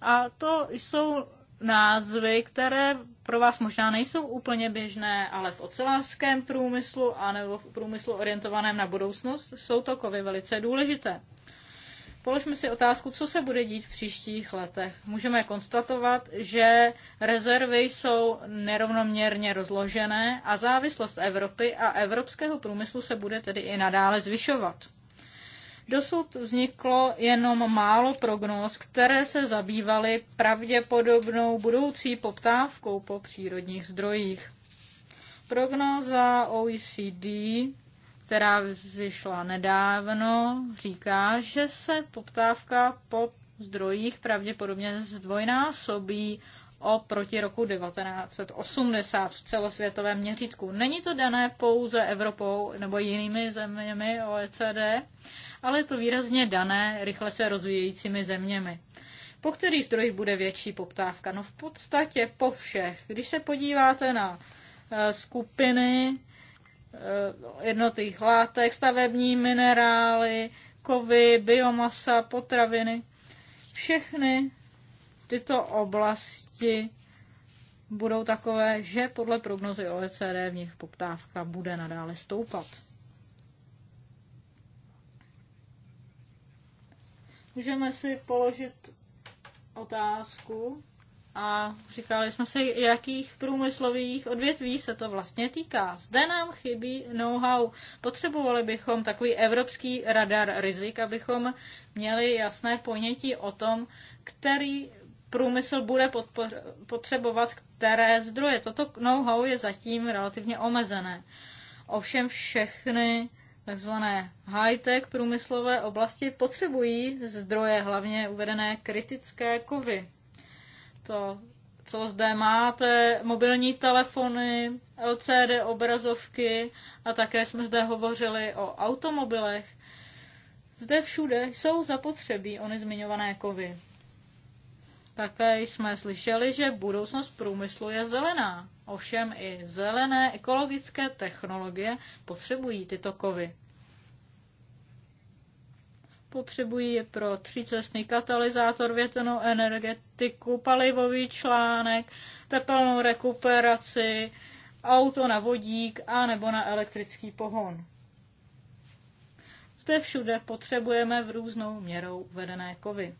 S1: A to jsou názvy, které pro vás možná nejsou úplně běžné, ale v ocelářském průmyslu a nebo v průmyslu orientovaném na budoucnost jsou to kovy velice důležité. Položme si otázku, co se bude dít v příštích letech. Můžeme konstatovat, že rezervy jsou nerovnoměrně rozložené a závislost Evropy a evropského průmyslu se bude tedy i nadále zvyšovat. Dosud vzniklo jenom málo prognóz, které se zabývaly pravděpodobnou budoucí poptávkou po přírodních zdrojích. Prognóza OECD která vyšla nedávno, říká, že se poptávka po zdrojích pravděpodobně zdvojnásobí oproti roku 1980 v celosvětovém měřítku. Není to dané pouze Evropou nebo jinými zeměmi OECD, ale je to výrazně dané rychle se rozvíjejícími zeměmi. Po kterých zdrojích bude větší poptávka? No v podstatě po všech. Když se podíváte na eh, skupiny Eh, jednotých látek, stavební minerály, kovy, biomasa, potraviny. Všechny tyto oblasti budou takové, že podle prognozy OECD v nich poptávka bude nadále stoupat. Můžeme si položit otázku, a říkali jsme si, jakých průmyslových odvětví se to vlastně týká. Zde nám chybí know-how. Potřebovali bychom takový evropský radar rizik, abychom měli jasné ponětí o tom, který průmysl bude potřebovat které zdroje. Toto know-how je zatím relativně omezené. Ovšem všechny takzvané high-tech průmyslové oblasti potřebují zdroje, hlavně uvedené kritické kovy to, co zde máte, mobilní telefony, LCD obrazovky a také jsme zde hovořili o automobilech. Zde všude jsou zapotřebí ony zmiňované kovy. Také jsme slyšeli, že budoucnost průmyslu je zelená. Ovšem i zelené ekologické technologie potřebují tyto kovy potřebují je pro třícestný katalyzátor, větrnou energetiku, palivový článek, tepelnou rekuperaci, auto na vodík a nebo na elektrický pohon. Zde všude potřebujeme v různou měrou vedené kovy.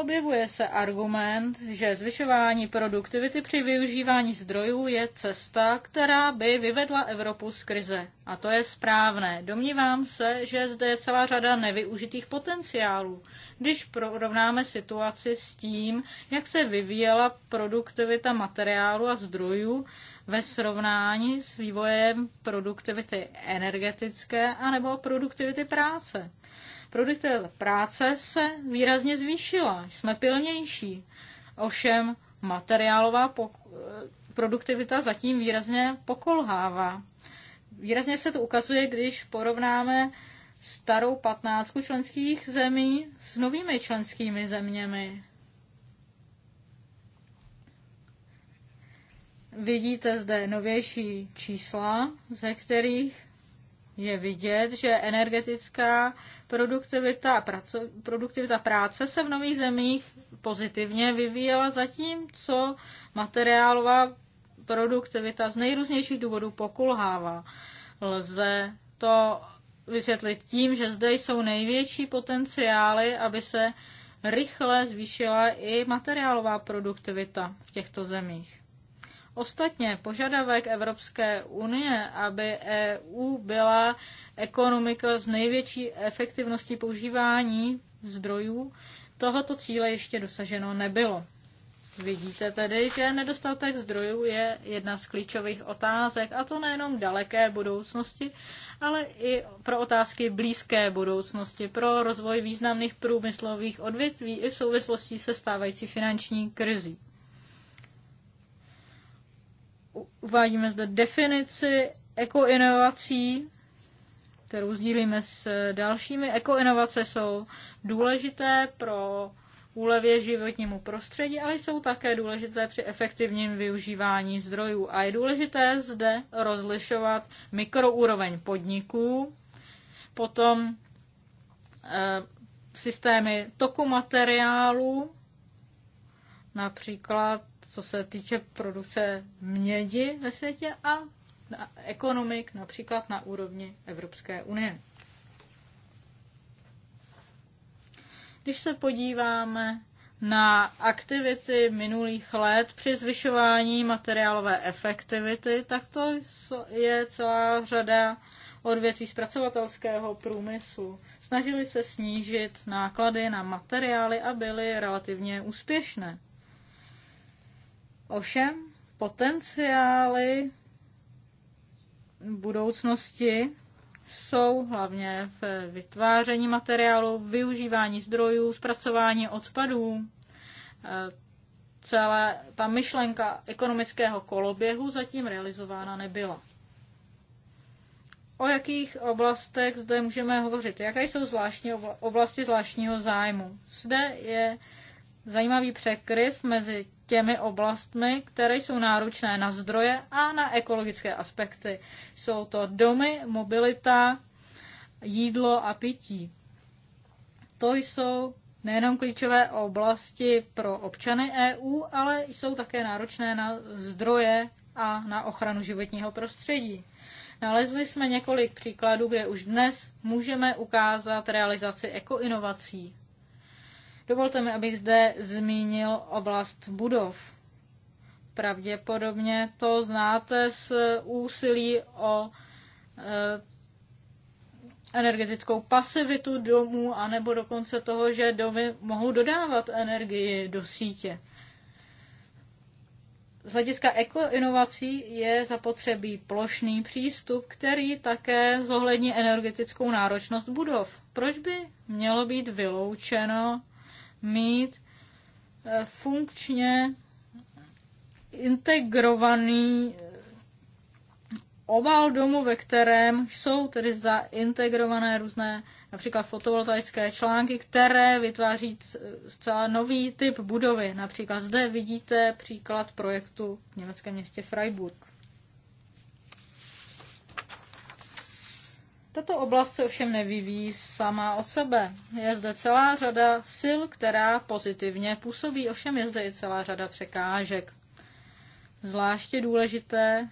S1: Objevuje se argument, že zvyšování produktivity při využívání zdrojů je cesta, která by vyvedla Evropu z krize. A to je správné. Domnívám se, že zde je celá řada nevyužitých potenciálů. Když porovnáme situaci s tím, jak se vyvíjela produktivita materiálu a zdrojů ve srovnání s vývojem produktivity energetické anebo produktivity práce produktivita práce se výrazně zvýšila, jsme pilnější. Ovšem materiálová produktivita zatím výrazně pokolhává. Výrazně se to ukazuje, když porovnáme starou patnáctku členských zemí s novými členskými zeměmi. Vidíte zde novější čísla, ze kterých je vidět, že energetická produktivita a praco, produktivita práce se v nových zemích pozitivně vyvíjela, zatímco materiálová produktivita z nejrůznějších důvodů pokulhává. Lze to vysvětlit tím, že zde jsou největší potenciály, aby se rychle zvýšila i materiálová produktivita v těchto zemích. Ostatně požadavek Evropské unie, aby EU byla ekonomika s největší efektivností používání zdrojů, tohoto cíle ještě dosaženo nebylo. Vidíte tedy, že nedostatek zdrojů je jedna z klíčových otázek, a to nejenom daleké budoucnosti, ale i pro otázky blízké budoucnosti, pro rozvoj významných průmyslových odvětví i v souvislosti se stávající finanční krizí. Uvádíme zde definici ekoinovací, kterou sdílíme s dalšími. Ekoinovace jsou důležité pro úlevě životnímu prostředí, ale jsou také důležité při efektivním využívání zdrojů. A je důležité zde rozlišovat mikroúroveň podniků, potom e, systémy toku materiálu například co se týče produkce mědi ve světě a ekonomik například na úrovni Evropské unie. Když se podíváme na aktivity minulých let při zvyšování materiálové efektivity, tak to je celá řada odvětví zpracovatelského průmyslu. Snažili se snížit náklady na materiály a byly relativně úspěšné. Ovšem, potenciály budoucnosti jsou hlavně v vytváření materiálu, využívání zdrojů, zpracování odpadů. E, Celá ta myšlenka ekonomického koloběhu zatím realizována nebyla. O jakých oblastech zde můžeme hovořit? Jaké jsou zvláštní oblasti zvláštního zájmu? Zde je zajímavý překryv mezi těmi oblastmi, které jsou náročné na zdroje a na ekologické aspekty. Jsou to domy, mobilita, jídlo a pití. To jsou nejenom klíčové oblasti pro občany EU, ale jsou také náročné na zdroje a na ochranu životního prostředí. Nalezli jsme několik příkladů, kde už dnes můžeme ukázat realizaci ekoinovací Dovolte mi, abych zde zmínil oblast budov. Pravděpodobně to znáte z úsilí o eh, energetickou pasivitu domů, anebo dokonce toho, že domy mohou dodávat energii do sítě. Z hlediska ekoinovací je zapotřebí plošný přístup, který také zohlední energetickou náročnost budov. Proč by mělo být vyloučeno mít eh, funkčně integrovaný eh, obal domu, ve kterém jsou tedy zaintegrované různé například fotovoltaické články, které vytváří zcela nový typ budovy. Například zde vidíte příklad projektu v německém městě Freiburg. Tato oblast se ovšem nevyvíjí sama od sebe. Je zde celá řada sil, která pozitivně působí, ovšem je zde i celá řada překážek. Zvláště důležité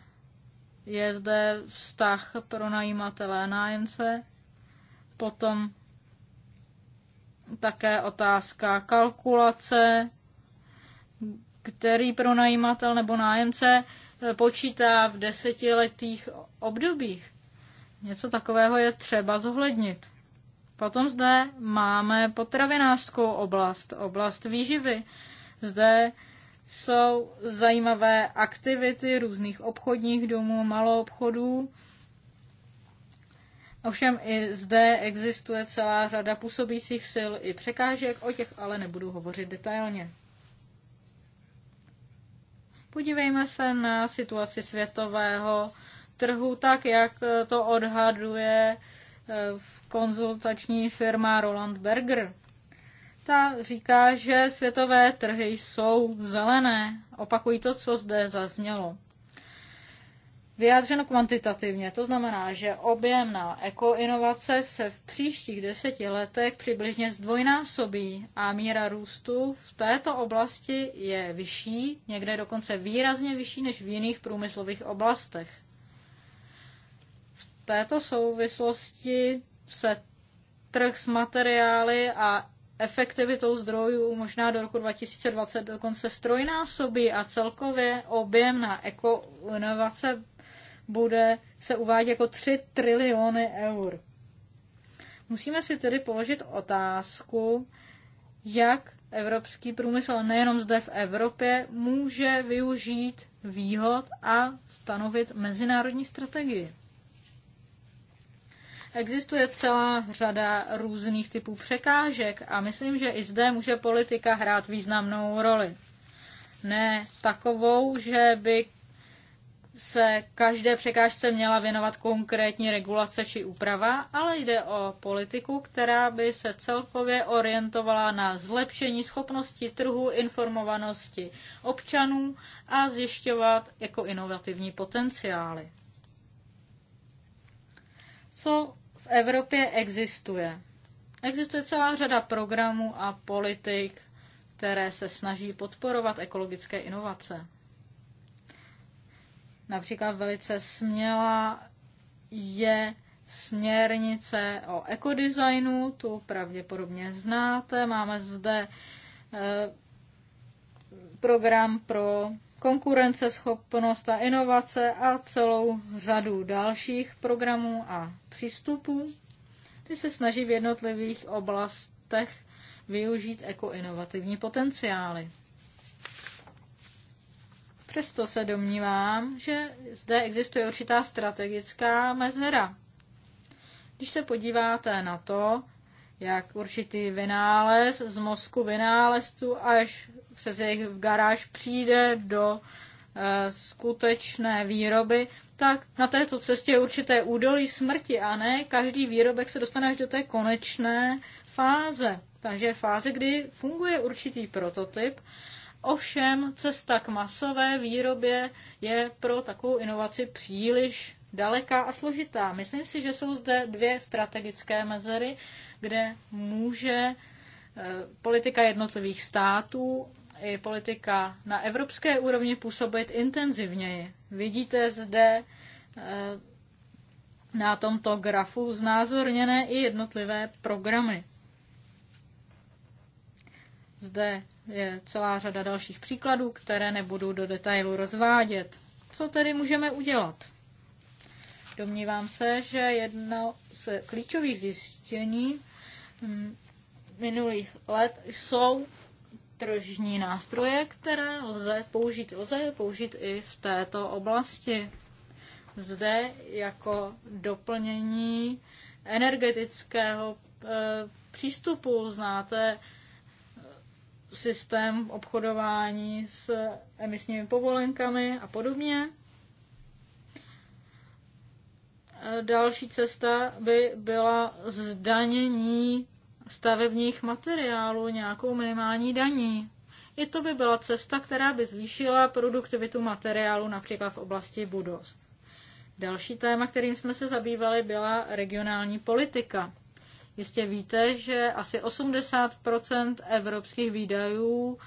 S1: je zde vztah pro najímatele nájemce, potom také otázka kalkulace, který pronajímatel nebo nájemce počítá v desetiletých obdobích. Něco takového je třeba zohlednit. Potom zde máme potravinářskou oblast, oblast výživy. Zde jsou zajímavé aktivity různých obchodních domů, obchodů. Ovšem i zde existuje celá řada působících sil i překážek, o těch ale nebudu hovořit detailně. Podívejme se na situaci světového trhu, tak jak to odhaduje eh, konzultační firma Roland Berger. Ta říká, že světové trhy jsou zelené. Opakují to, co zde zaznělo. Vyjádřeno kvantitativně, to znamená, že objem na ekoinovace se v příštích deseti letech přibližně zdvojnásobí a míra růstu v této oblasti je vyšší, někde dokonce výrazně vyšší než v jiných průmyslových oblastech této souvislosti se trh s materiály a efektivitou zdrojů možná do roku 2020 dokonce strojnásobí a celkově objem na ekoinovace bude se uvádět jako 3 triliony eur. Musíme si tedy položit otázku, jak evropský průmysl nejenom zde v Evropě může využít výhod a stanovit mezinárodní strategii. Existuje celá řada různých typů překážek a myslím, že i zde může politika hrát významnou roli. Ne takovou, že by se každé překážce měla věnovat konkrétní regulace či úprava, ale jde o politiku, která by se celkově orientovala na zlepšení schopnosti trhu, informovanosti občanů a zjišťovat jako inovativní potenciály. Co v Evropě existuje. Existuje celá řada programů a politik, které se snaží podporovat ekologické inovace. Například velice smělá je směrnice o ekodesignu, tu pravděpodobně znáte. Máme zde eh, program pro konkurenceschopnost a inovace a celou řadu dalších programů a přístupů. Ty se snaží v jednotlivých oblastech využít ekoinovativní potenciály. Přesto se domnívám, že zde existuje určitá strategická mezera. Když se podíváte na to, jak určitý vynález z mozku vynálezců až přes jejich garáž přijde do eh, skutečné výroby, tak na této cestě je určité údolí smrti a ne každý výrobek se dostane až do té konečné fáze. Takže fáze, kdy funguje určitý prototyp, ovšem cesta k masové výrobě je pro takovou inovaci příliš daleká a složitá. Myslím si, že jsou zde dvě strategické mezery, kde může eh, politika jednotlivých států i politika na evropské úrovni působit intenzivněji. Vidíte zde eh, na tomto grafu znázorněné i jednotlivé programy. Zde je celá řada dalších příkladů, které nebudu do detailu rozvádět. Co tedy můžeme udělat? Domnívám se, že jedno z klíčových zjištění hm, minulých let jsou tržní nástroje, které lze použít. Lze je použít i v této oblasti. Zde jako doplnění energetického eh, přístupu znáte eh, systém obchodování s emisními povolenkami a podobně. Eh, další cesta by byla zdanění stavebních materiálů nějakou minimální daní. I to by byla cesta, která by zvýšila produktivitu materiálu například v oblasti budov. Další téma, kterým jsme se zabývali, byla regionální politika. Jistě víte, že asi 80 evropských výdajů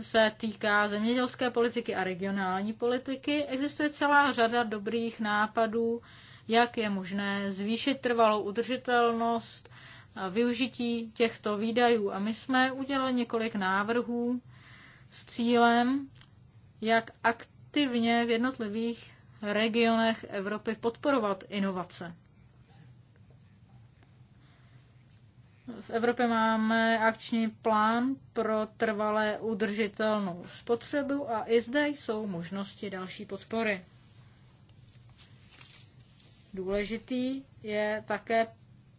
S1: se týká zemědělské politiky a regionální politiky. Existuje celá řada dobrých nápadů, jak je možné zvýšit trvalou udržitelnost využití těchto výdajů. A my jsme udělali několik návrhů s cílem, jak aktivně v jednotlivých regionech Evropy podporovat inovace. V Evropě máme akční plán pro trvalé udržitelnou spotřebu a i zde jsou možnosti další podpory. Důležitý je také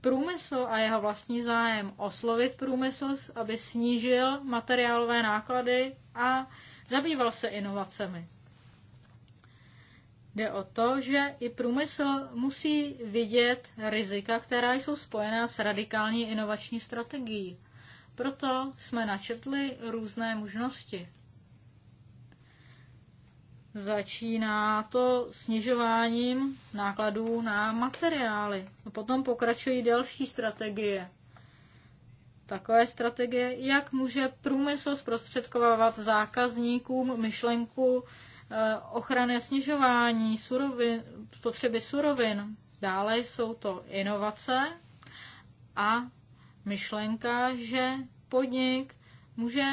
S1: průmysl a jeho vlastní zájem oslovit průmysl, aby snížil materiálové náklady a zabýval se inovacemi. Jde o to, že i průmysl musí vidět rizika, která jsou spojená s radikální inovační strategií. Proto jsme načetli různé možnosti. Začíná to snižováním nákladů na materiály. Potom pokračují další strategie. Takové strategie, jak může průmysl zprostředkovávat zákazníkům myšlenku eh, ochrany a snižování surovin, potřeby surovin. Dále jsou to inovace a myšlenka, že podnik může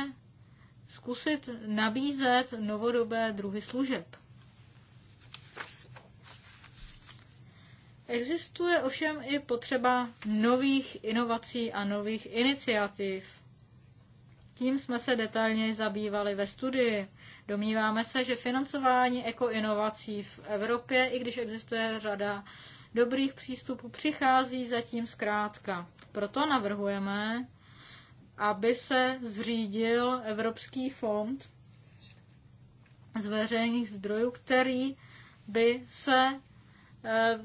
S1: zkusit nabízet novodobé druhy služeb. Existuje ovšem i potřeba nových inovací a nových iniciativ. Tím jsme se detailně zabývali ve studii. Domníváme se, že financování ekoinovací v Evropě, i když existuje řada dobrých přístupů, přichází zatím zkrátka. Proto navrhujeme, aby se zřídil Evropský fond z veřejných zdrojů, který by se eh,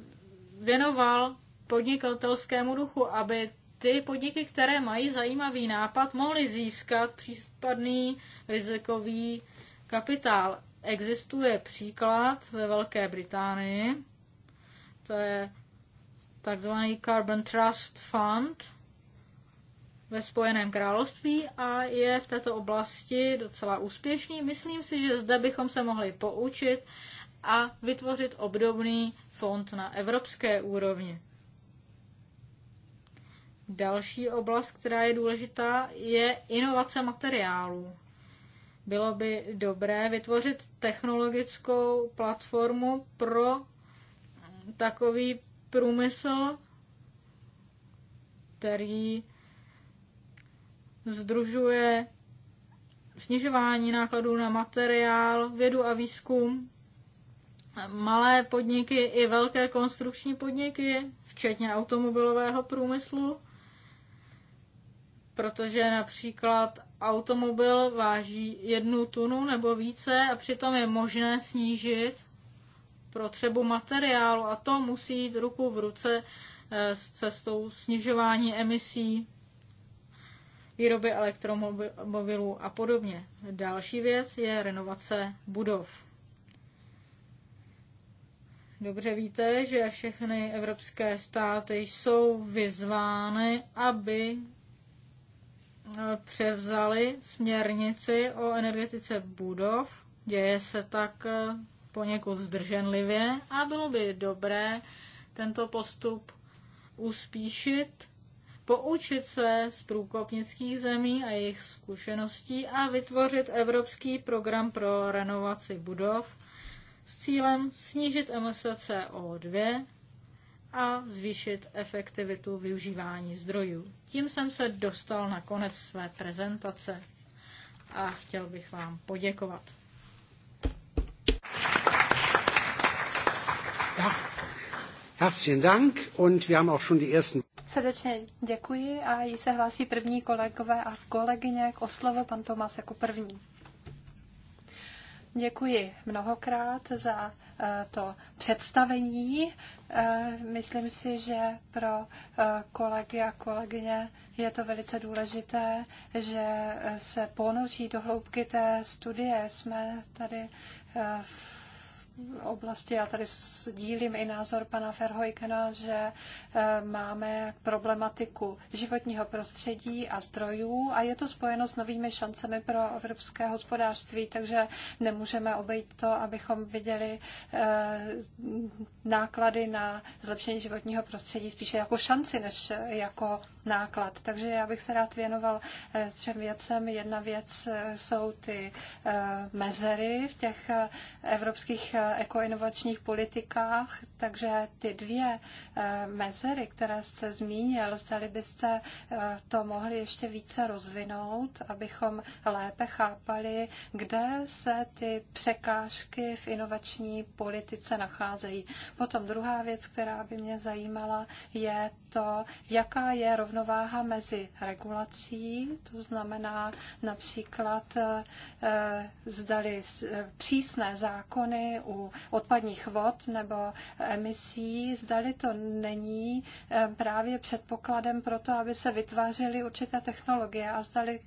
S1: věnoval podnikatelskému duchu, aby ty podniky, které mají zajímavý nápad, mohly získat případný rizikový kapitál. Existuje příklad ve Velké Británii, to je takzvaný Carbon Trust Fund, ve Spojeném království a je v této oblasti docela úspěšný. Myslím si, že zde bychom se mohli poučit a vytvořit obdobný fond na evropské úrovni. Další oblast, která je důležitá, je inovace materiálů. Bylo by dobré vytvořit technologickou platformu pro takový průmysl, který združuje snižování nákladů na materiál, vědu a výzkum, malé podniky i velké konstrukční podniky, včetně automobilového průmyslu, protože například automobil váží jednu tunu nebo více a přitom je možné snížit potřebu materiálu a to musí jít ruku v ruce eh, s cestou snižování emisí výroby elektromobilů a podobně. Další věc je renovace budov. Dobře víte, že všechny evropské státy jsou vyzvány, aby eh, převzali směrnici o energetice budov. Děje se tak eh, poněkud zdrženlivě a bylo by dobré tento postup uspíšit poučit se z průkopnických zemí a jejich zkušeností a vytvořit evropský program pro renovaci budov s cílem snížit emise CO2 a zvýšit efektivitu využívání zdrojů. Tím jsem se dostal na konec své prezentace a chtěl bych vám poděkovat. Ja, herzlichen Dank und wir haben auch schon die ersten Srdečně
S3: děkuji a ji se hlásí první kolegové a kolegyně k oslovu pan Tomas jako první. Děkuji mnohokrát za eh, to představení. Eh, myslím si, že pro eh, kolegy a kolegyně je to velice důležité, že se ponoří do hloubky té studie. Jsme tady v oblasti. Já tady sdílím i názor pana Ferhojkena, že eh, máme problematiku životního prostředí a zdrojů a je to spojeno s novými šancemi pro evropské hospodářství, takže nemůžeme obejít to, abychom viděli eh, náklady na zlepšení životního prostředí spíše jako šanci, než jako náklad. Takže já bych se rád věnoval eh, třem věcem. Jedna věc eh, jsou ty eh, mezery v těch evropských ekoinovačních politikách, takže ty dvě mezery, které jste zmínil, zdali byste to mohli ještě více rozvinout, abychom lépe chápali, kde se ty překážky v inovační politice nacházejí. Potom druhá věc, která by mě zajímala, je to, jaká je rovnost rovnováha mezi regulací, to znamená například eh, zdali eh, přísné zákony u odpadních vod nebo emisí, zdali to není eh, právě předpokladem pro to, aby se vytvářely určité technologie a zdali,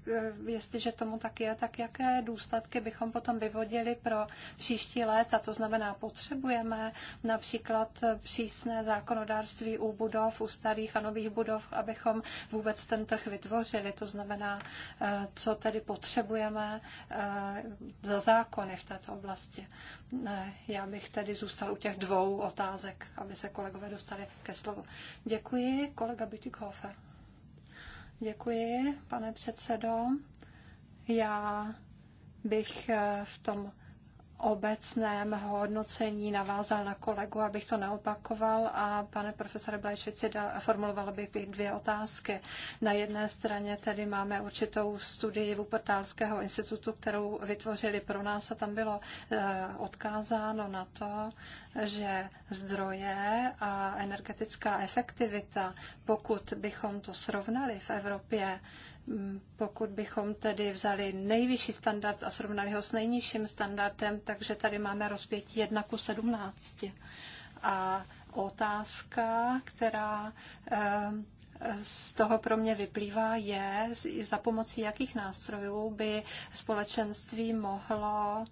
S3: jestliže tomu tak je, tak jaké důsledky bychom potom vyvodili pro příští léta. To znamená, potřebujeme například přísné zákonodárství u budov, u starých a nových budov, abychom abychom vůbec ten trh vytvořili. To znamená, eh, co tedy potřebujeme eh, za zákony v této oblasti. Eh, já bych tedy zůstal u těch dvou otázek, aby se kolegové dostali ke slovu. Děkuji, kolega Bütikhofer. Děkuji, pane předsedo. Já bych v tom obecném hodnocení navázal na kolegu, abych to neopakoval a pane profesore Blajčici, formulovala bych dvě otázky. Na jedné straně tedy máme určitou studii Vupertálského institutu, kterou vytvořili pro nás a tam bylo eh, odkázáno na to, že zdroje a energetická efektivita, pokud bychom to srovnali v Evropě, pokud bychom tedy vzali nejvyšší standard a srovnali ho s nejnižším standardem, takže tady máme rozpětí 1 ku 17. A otázka, která eh, z toho pro mě vyplývá, je, za pomocí jakých nástrojů by společenství mohlo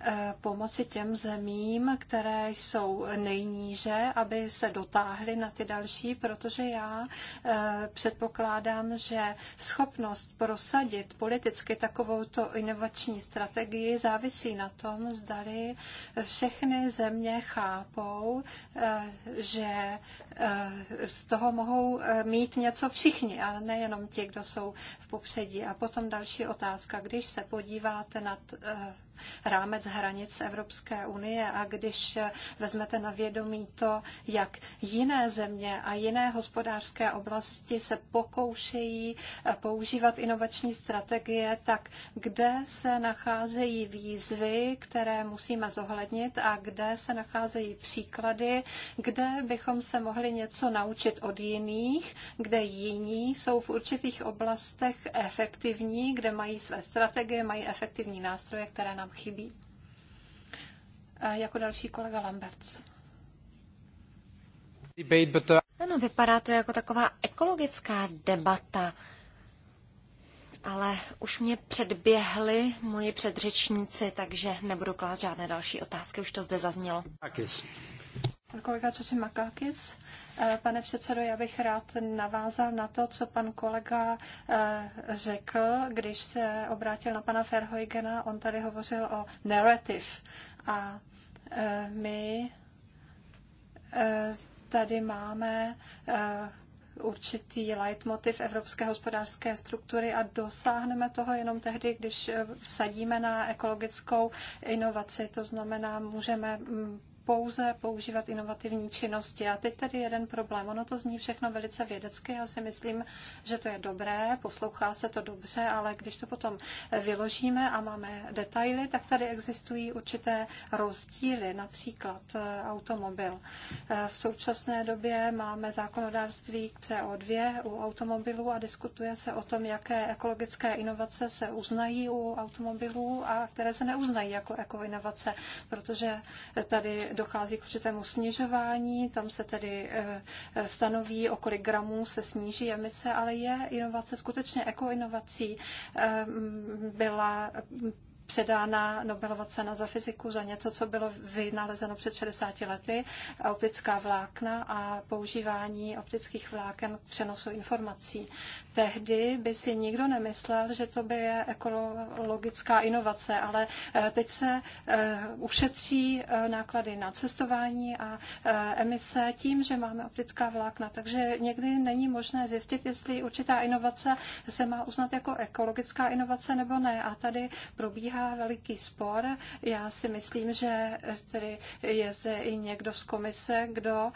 S3: Eh, pomoci těm zemím, které jsou nejníže, aby se dotáhly na ty další, protože já eh, předpokládám, že schopnost prosadit politicky takovouto inovační strategii závisí na tom, zdali všechny země chápou, eh, že z toho mohou mít něco všichni, ale nejenom ti, kdo jsou v popředí. A potom další otázka. Když se podíváte na rámec hranic Evropské unie a když vezmete na vědomí to, jak jiné země a jiné hospodářské oblasti se pokoušejí eh, používat inovační strategie, tak kde se nacházejí výzvy, které musíme zohlednit a kde se nacházejí příklady, kde bychom se mohli něco naučit od jiných, kde jiní jsou v určitých oblastech efektivní, kde mají své strategie, mají efektivní nástroje, které nám nám chybí. A jako další kolega
S2: Lamberts. Ano, vypadá to jako taková ekologická debata, ale už mě předběhli moji předřečníci, takže nebudu klást žádné další otázky, už to zde zaznělo. Pan kolega Čoči Makakis.
S3: Eh, pane předsedo, já bych rád navázal na to, co pan kolega eh, řekl, když se obrátil na pana Ferhojgena. On tady hovořil o narrative. A eh, my tady máme určitý leitmotiv evropské hospodářské struktury a dosáhneme toho jenom tehdy, když vsadíme na ekologickou inovaci. To znamená, můžeme mm, pouze používat inovativní činnosti. A teď tady jeden problém. Ono to zní všechno velice vědecky. Já si myslím, že to je dobré, poslouchá se to dobře, ale když to potom vyložíme a máme detaily, tak tady existují určité rozdíly, například eh, automobil. Eh, v současné době máme zákonodárství CO2 u automobilů a diskutuje se o tom, jaké ekologické inovace se uznají u automobilů a které se neuznají jako ekoinovace, protože tady dochází k určitému snižování, tam se tedy eh, eh, stanoví, o kolik gramů se sníží emise, ale je inovace skutečně ekoinovací, jako eh, byla předána Nobelova cena za fyziku za něco, co bylo vynalezeno před 60 lety, optická vlákna a používání optických vláken k přenosu informací. Tehdy by si nikdo nemyslel, že to by je ekologická inovace, ale eh, teď se eh, ušetří eh, náklady na cestování a emise tím, že máme optická vlákna. Takže někdy není možné zjistit, jestli určitá inovace se má uznat jako ekologická inovace nebo ne. A tady probíhá veliký spor. Já si myslím, že tedy je zde i někdo z komise, kdo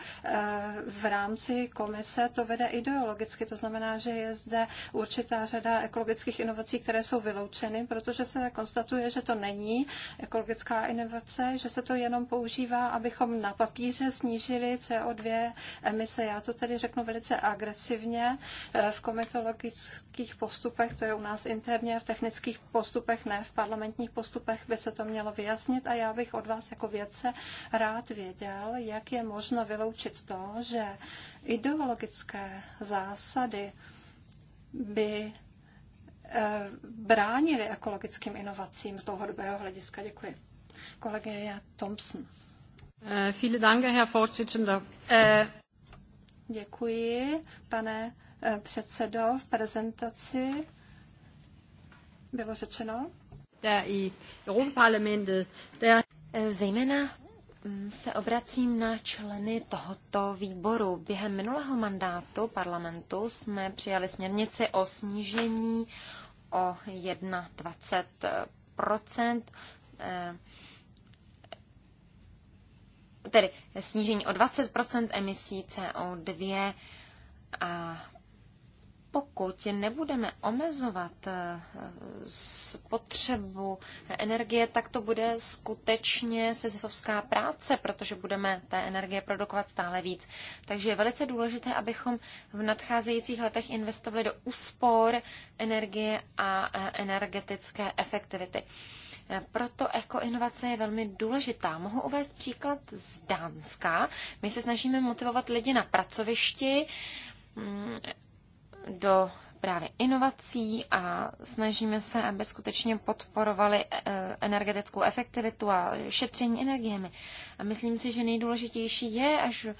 S3: v rámci komise to vede ideologicky. To znamená, že je zde zde určitá řada ekologických inovací, které jsou vyloučeny, protože se konstatuje, že to není ekologická inovace, že se to jenom používá, abychom na papíře snížili CO2 emise. Já to tedy řeknu velice agresivně. Eh, v komitologických postupech, to je u nás interně, v technických postupech, ne v parlamentních postupech by se to mělo vyjasnit a já bych od vás jako vědce rád věděl, jak je možno vyloučit to, že ideologické zásady, by eh, bránili ekologickým inovacím z dlouhodobého hlediska. Děkuji. Kolegyně Thompson. Eh, Viele Danke, Herr Vorsitzender. Eh, Děkuji, pane předsedo, v prezentaci bylo řečeno.
S2: Der i Europaparlamentet, der... Zejména Mm, se obracím na členy tohoto výboru. Během minulého mandátu parlamentu jsme přijali směrnici o snížení o 21 eh, tedy snížení o 20 emisí CO2 a pokud nebudeme omezovat eh, spotřebu energie, tak to bude skutečně sezifovská práce, protože budeme té energie produkovat stále víc. Takže je velice důležité, abychom v nadcházejících letech investovali do úspor energie a eh, energetické efektivity. Eh, proto ekoinovace je velmi důležitá. Mohu uvést příklad z Dánska. My se snažíme motivovat lidi na pracovišti, mm, do právě inovací a snažíme se, aby skutečně podporovali eh, energetickou efektivitu a šetření energiemi. A myslím si, že nejdůležitější je, až eh,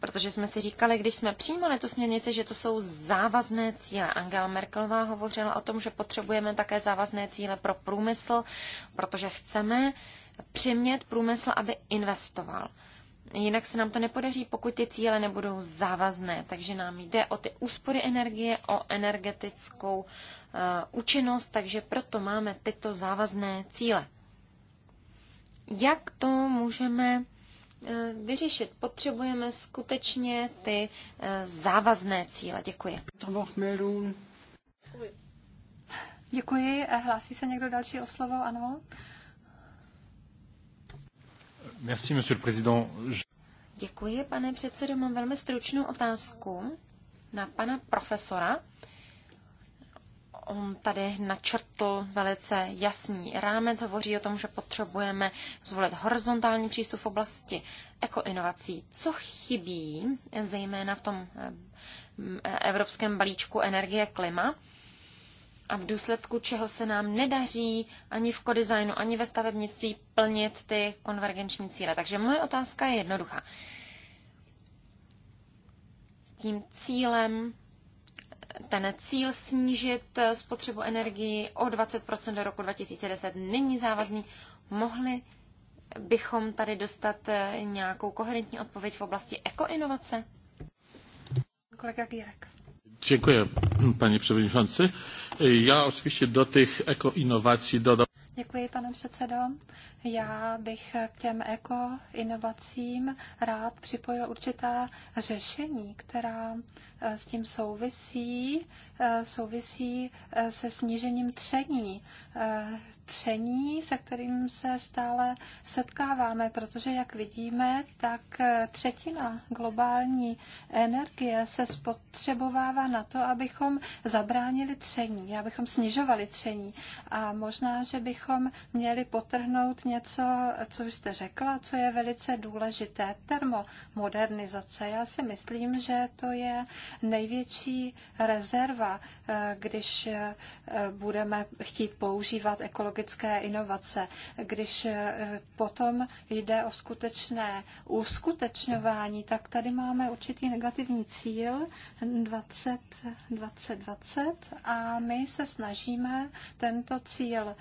S2: protože jsme si říkali, když jsme přijímali tu směrnici, že to jsou závazné cíle. Angela Merkelová hovořila o tom, že potřebujeme také závazné cíle pro průmysl, protože chceme přimět průmysl, aby investoval. Jinak se nám to nepodaří, pokud ty cíle nebudou závazné. Takže nám jde o ty úspory energie, o energetickou uh, účinnost, takže proto máme tyto závazné cíle. Jak to můžeme eh, vyřešit. Potřebujeme skutečně ty eh, závazné cíle. Děkuji.
S3: Děkuji. Hlásí se někdo další o slovo? Ano.
S1: Merci, monsieur le président.
S2: Děkuji, pane předsedo. Mám velmi stručnou otázku na pana profesora. On tady načrtl velice jasný rámec, hovoří o tom, že potřebujeme zvolit horizontální přístup v oblasti ekoinovací. Co chybí, zejména v tom eh, eh, evropském balíčku energie klima? a v důsledku čeho se nám nedaří ani v kodizajnu, ani ve stavebnictví plnit ty konvergenční cíle. Takže moje otázka je jednoduchá. S tím cílem, ten cíl snížit spotřebu energii o 20% do roku 2010 není závazný. Mohli bychom tady dostat nějakou koherentní odpověď v oblasti ekoinovace? Kolega Gírek.
S3: Dziękuję panie przewodniczący. Já oczywiście do těch ekoinovací dodám. Děkuji, pane předsedo. Já bych k těm ekoinovacím rád připojil určitá řešení, která eh, s tím souvisí, eh, souvisí eh, se snížením tření. Tření, se kterým se stále setkáváme, protože, jak vidíme, tak třetina globální energie se spotřebovává na to, abychom zabránili tření, abychom snižovali tření. A možná, že bychom měli potrhnout něco, co jste řekla, co je velice důležité. Termomodernizace. Já si myslím, že to je největší rezerva, eh, když eh, budeme chtít používat ekologické inovace, když eh, potom jde o skutečné uskutečňování, tak tady máme určitý negativní cíl 2020 20, 20 a my se snažíme tento cíl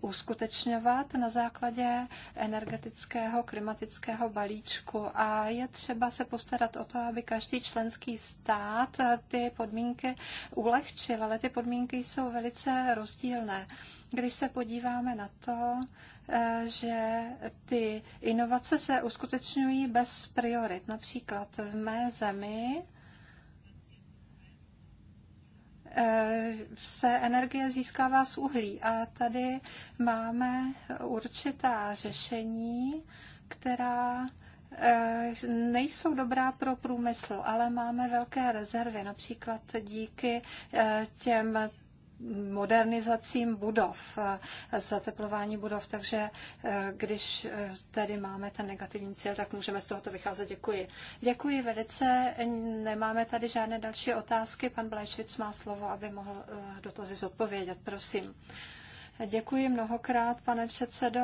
S3: uskutečňovat na základě energetického klimatického balíčku a je třeba se postarat o to, aby každý členský stát ty podmínky ulehčil, ale ty podmínky jsou velice rozdílné. Když se podíváme na to, eh, že ty inovace se uskutečňují bez priorit, například v mé zemi, se energie získává z uhlí. A tady máme určitá řešení, která eh, nejsou dobrá pro průmysl, ale máme velké rezervy, například díky eh, těm modernizacím budov, eh, zateplování budov, takže eh, když eh, tady máme ten negativní cíl, tak můžeme z tohoto vycházet. Děkuji. Děkuji velice. Nemáme tady žádné další otázky. Pan Blešvic má slovo, aby mohl dotazy zodpovědět. Prosím. Děkuji mnohokrát, pane předsedo.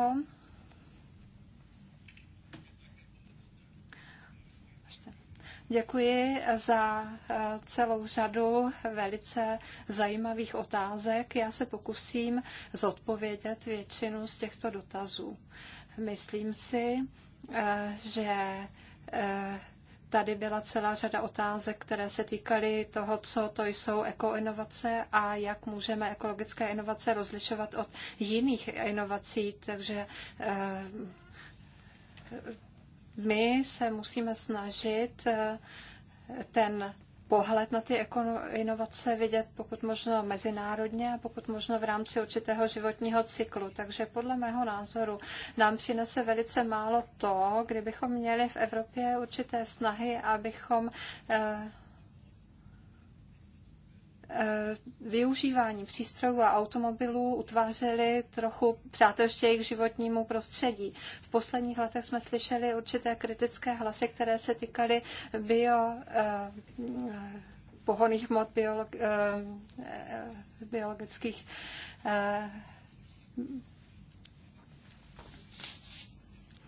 S3: Děkuji za eh, celou řadu velice zajímavých otázek. Já se pokusím zodpovědět většinu z těchto dotazů. Myslím si, eh, že eh, tady byla celá řada otázek, které se týkaly toho, co to jsou ekoinovace a jak můžeme ekologické inovace rozlišovat od jiných inovací. Takže my se musíme snažit eh, ten pohled na ty inovace vidět pokud možno mezinárodně a pokud možno v rámci určitého životního cyklu. Takže podle mého názoru nám přinese velice málo to, kdybychom měli v Evropě určité snahy, abychom eh, Eh, využívání přístrojů a automobilů utvářely trochu přátelštěji k životnímu prostředí. V posledních letech jsme slyšeli určité kritické hlasy, které se týkaly bio eh, pohoných hmot biolog, eh, biologických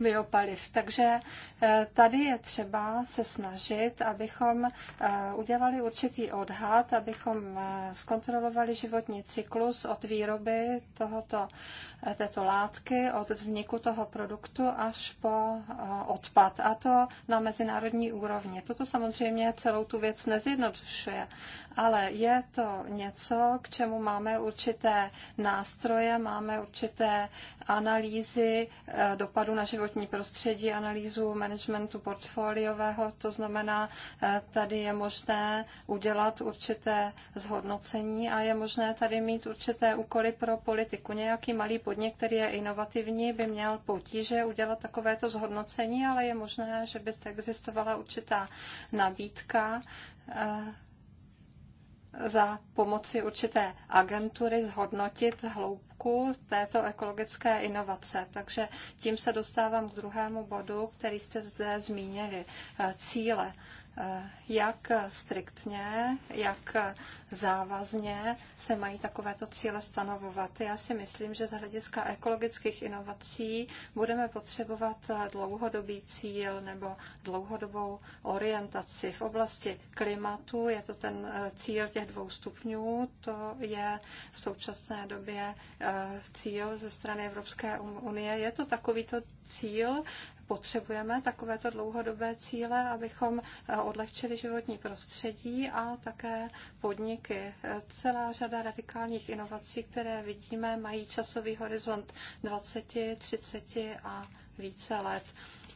S3: biopaliv. Takže eh, tady je třeba se snažit, abychom eh, udělali určitý odhad, abychom eh, zkontrolovali životní cyklus od výroby tohoto, této látky, od vzniku toho produktu až po odpad. A to na mezinárodní úrovni. Toto samozřejmě celou tu věc nezjednodušuje, ale je to něco, k čemu máme určité nástroje, máme určité analýzy dopadu na životní životní prostředí, analýzu managementu portfoliového. To znamená, eh, tady je možné udělat určité zhodnocení a je možné tady mít určité úkoly pro politiku. Nějaký malý podnik, který je inovativní, by měl potíže udělat takovéto zhodnocení, ale je možné, že by existovala určitá nabídka eh, za pomoci určité agentury zhodnotit hloubku této ekologické inovace. Takže tím se dostávám k druhému bodu, který jste zde zmínili. Eh, cíle jak striktně, jak závazně se mají takovéto cíle stanovovat. Já si myslím, že z hlediska ekologických inovací budeme potřebovat dlouhodobý cíl nebo dlouhodobou orientaci. V oblasti klimatu je to ten eh, cíl těch dvou stupňů, to je v současné době eh, cíl ze strany Evropské unie. Je to takovýto cíl, potřebujeme takovéto dlouhodobé cíle, abychom eh, odlehčili životní prostředí a také podniky. Celá řada radikálních inovací, které vidíme, mají časový horizont 20, 30 a více let.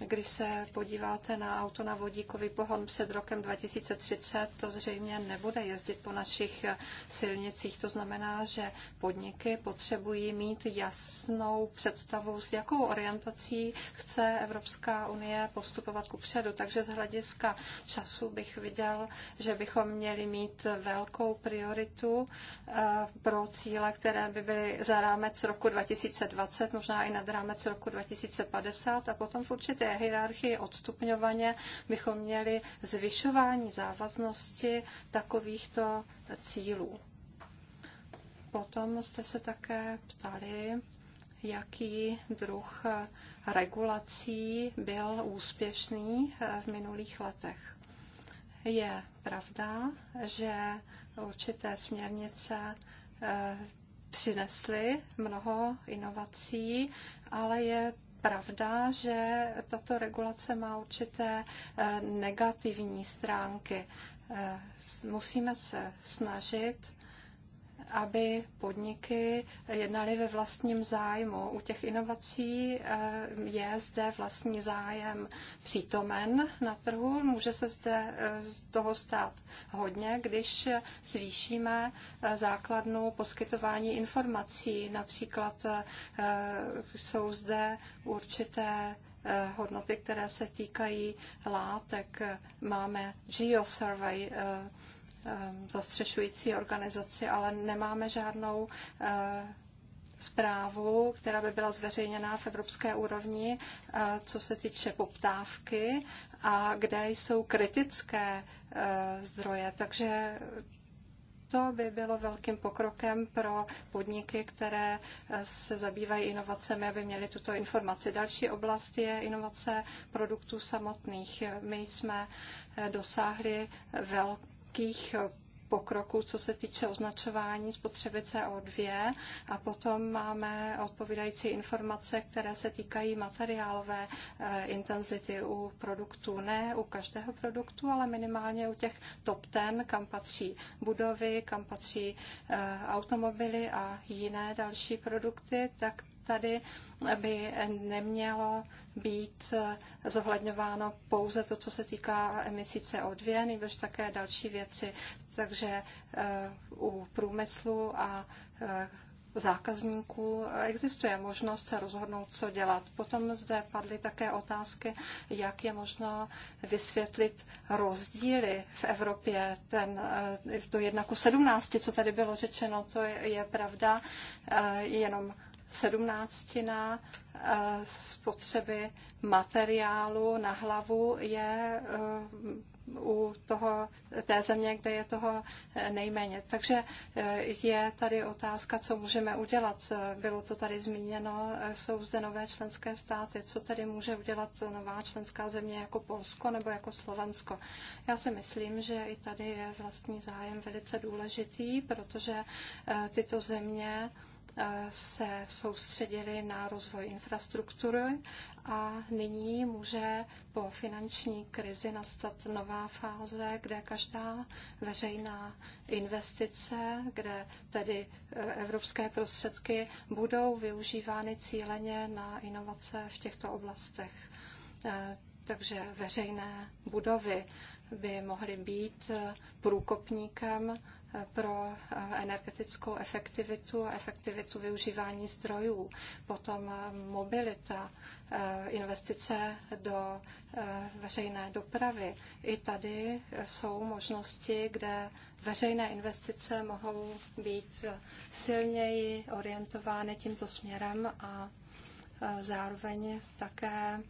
S3: Když se podíváte na auto na vodíkový pohon před rokem 2030, to zřejmě nebude jezdit po našich silnicích. To znamená, že podniky potřebují mít jasnou představu, s jakou orientací chce Evropská unie postupovat ku předu. Takže z hlediska času bych viděl, že bychom měli mít velkou prioritu eh, pro cíle, které by byly za rámec roku 2020, možná i nad rámec roku 2050 a potom v určité hierarchii odstupňovaně bychom měli zvyšování závaznosti takovýchto cílů. Potom jste se také ptali, jaký druh regulací byl úspěšný v minulých letech. Je pravda, že určité směrnice eh, přinesly mnoho inovací, ale je pravda, že tato regulace má určité eh, negativní stránky. Eh, musíme se snažit aby podniky jednaly ve vlastním zájmu. U těch inovací eh, je zde vlastní zájem přítomen na trhu. Může se zde eh, z toho stát hodně, když zvýšíme eh, základnu poskytování informací. Například jsou zde určité hodnoty, které se týkají látek. Máme geosurvey, Ehm, zastřešující organizaci, ale nemáme žádnou eh, zprávu, která by byla zveřejněná v evropské úrovni, eh, co se týče poptávky a kde jsou kritické eh, zdroje. Takže to by bylo velkým pokrokem pro podniky, které se zabývají inovacemi, aby měly tuto informaci. Další oblast je inovace produktů samotných. My jsme dosáhli velký velkých eh, pokroku, co se týče označování spotřeby CO2 a potom máme odpovídající informace, které se týkají materiálové eh, intenzity u produktů. Ne u každého produktu, ale minimálně u těch top ten, kam patří budovy, kam patří eh, automobily a jiné další produkty, tak tady by nemělo být zohledňováno pouze to, co se týká emisí CO2, nebož také další věci. Takže eh, u průmyslu a eh, zákazníků existuje možnost se rozhodnout, co dělat. Potom zde padly také otázky, jak je možno vysvětlit rozdíly v Evropě. Ten, eh, to 1 ku 17, co tady bylo řečeno, to je, je pravda, jenom sedmnáctina eh, spotřeby materiálu na hlavu je eh, u toho, té země, kde je toho nejméně. Takže eh, je tady otázka, co můžeme udělat. Bylo to tady zmíněno, jsou zde nové členské státy. Co tady může udělat nová členská země jako Polsko nebo jako Slovensko? Já si myslím, že i tady je vlastní zájem velice důležitý, protože tyto země Eh, se soustředili na rozvoj infrastruktury a nyní může po finanční krizi nastat nová fáze, kde každá veřejná investice, kde tedy eh, evropské prostředky budou využívány cíleně na inovace v těchto oblastech. Eh, takže veřejné budovy by mohly být průkopníkem pro energetickou efektivitu a efektivitu využívání zdrojů. Potom mobilita, eh, investice do eh, veřejné dopravy. I tady jsou možnosti, kde veřejné investice mohou být silněji orientovány tímto směrem a eh, zároveň také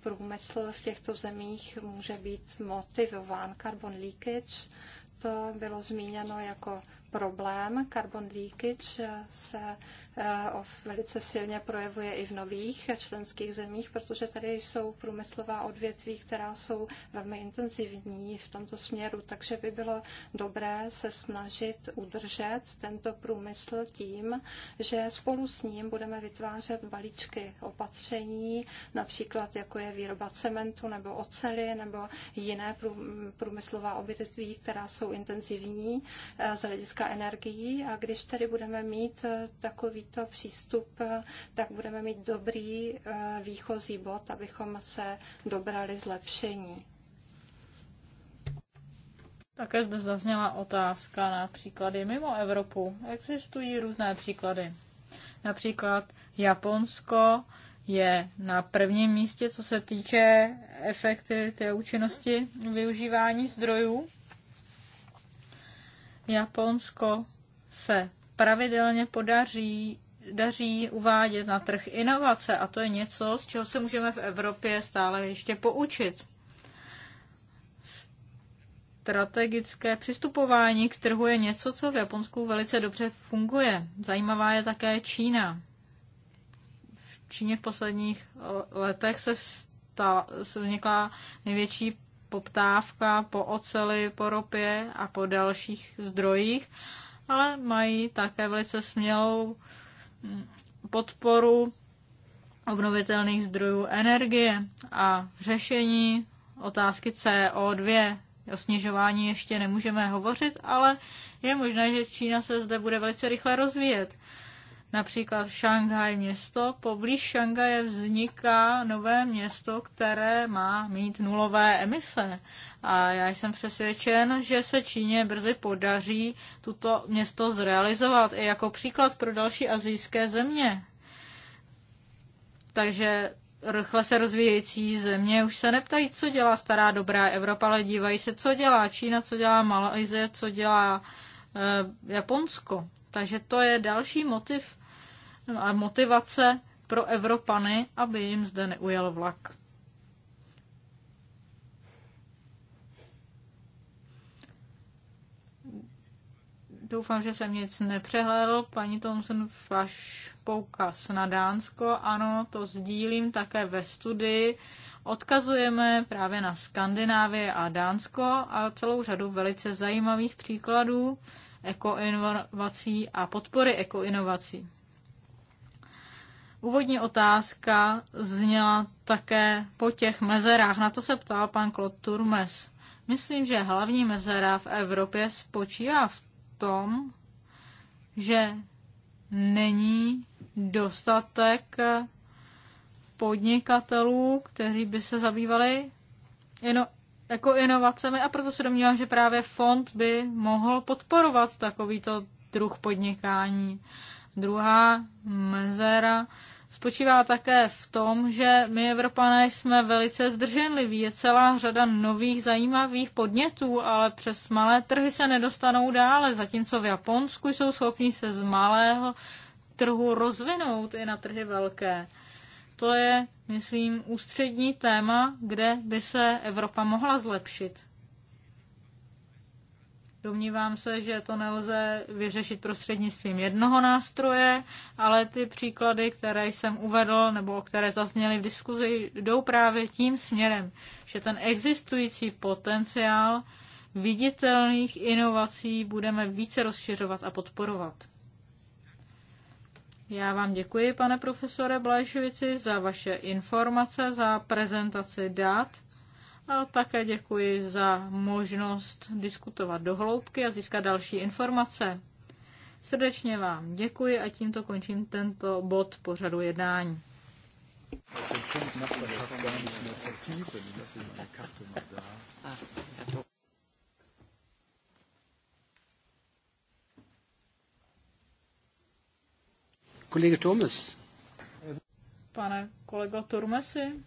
S3: průmysl v těchto zemích může být motivován. Carbon leakage bylo zmíněno jako problém. Carbon leakage se eh, velice silně projevuje i v nových členských zemích, protože tady jsou průmyslová odvětví, která jsou velmi intenzivní v tomto směru, takže by bylo dobré se snažit udržet tento průmysl tím, že spolu s ním budeme vytvářet balíčky opatření, například jako je výroba cementu nebo ocely nebo jiné průmyslová odvětví, která jsou intenzivní eh, z hlediska hlediska energií a když tady budeme mít eh, takovýto přístup, eh, tak budeme mít dobrý eh, výchozí bod, abychom se dobrali zlepšení.
S1: Také zde zazněla otázka na příklady mimo Evropu. Existují různé příklady. Například Japonsko je na prvním místě, co se týče efektivity a účinnosti využívání zdrojů Japonsko se pravidelně podaří daří uvádět na trh inovace a to je něco, z čeho se můžeme v Evropě stále ještě poučit. Strategické přistupování k trhu je něco, co v Japonsku velice dobře funguje. Zajímavá je také Čína. V Číně v posledních letech se stala, se vznikla největší poptávka po oceli, po ropě a po dalších zdrojích, ale mají také velice smělou mm, podporu obnovitelných zdrojů energie a řešení otázky CO2. O snižování ještě nemůžeme hovořit, ale je možné, že Čína se zde bude velice rychle rozvíjet. Například Šanghaj město, poblíž Šanghaje vzniká nové město, které má mít nulové emise. A já jsem přesvědčen, že se Číně brzy podaří tuto město zrealizovat i jako příklad pro další azijské země. Takže rychle se rozvíjející země už se neptají, co dělá stará dobrá Evropa, ale dívají se, co dělá Čína, co dělá Malajzie, co dělá e, Japonsko. Takže to je další motiv a motivace pro Evropany, aby jim zde neujel vlak. Doufám, že jsem nic nepřehlédl. Paní Thompson, váš poukaz na Dánsko, ano, to sdílím také ve studii. Odkazujeme právě na Skandinávie a Dánsko a celou řadu velice zajímavých příkladů ekoinovací a podpory ekoinovací. Úvodní otázka zněla také po těch mezerách. Na to se ptal pan Claude Turmes. Myslím, že hlavní mezera v Evropě spočívá v tom, že není dostatek podnikatelů, kteří by se zabývali jenom jako inovacemi a proto se domnívám, že právě fond by mohl podporovat takovýto druh podnikání. Druhá mezera spočívá také v tom, že my Evropané jsme velice zdrženliví. Je celá řada nových zajímavých podnětů, ale přes malé trhy se nedostanou dále, zatímco v Japonsku jsou schopni se z malého trhu rozvinout i na trhy velké. To je, myslím, ústřední téma, kde by se Evropa mohla zlepšit. Domnívám se, že to nelze vyřešit prostřednictvím jednoho nástroje, ale ty příklady, které jsem uvedl nebo které zazněly v diskuzi, jdou právě tím směrem, že ten existující potenciál viditelných inovací budeme více rozšiřovat a podporovat. Já vám děkuji, pane profesore Blažovici, za vaše informace, za prezentaci dat a také děkuji za možnost diskutovat do hloubky a získat další informace. Srdečně vám děkuji a tímto končím tento bod pořadu jednání. Kolega Thomas. Pane kolego Turmesi,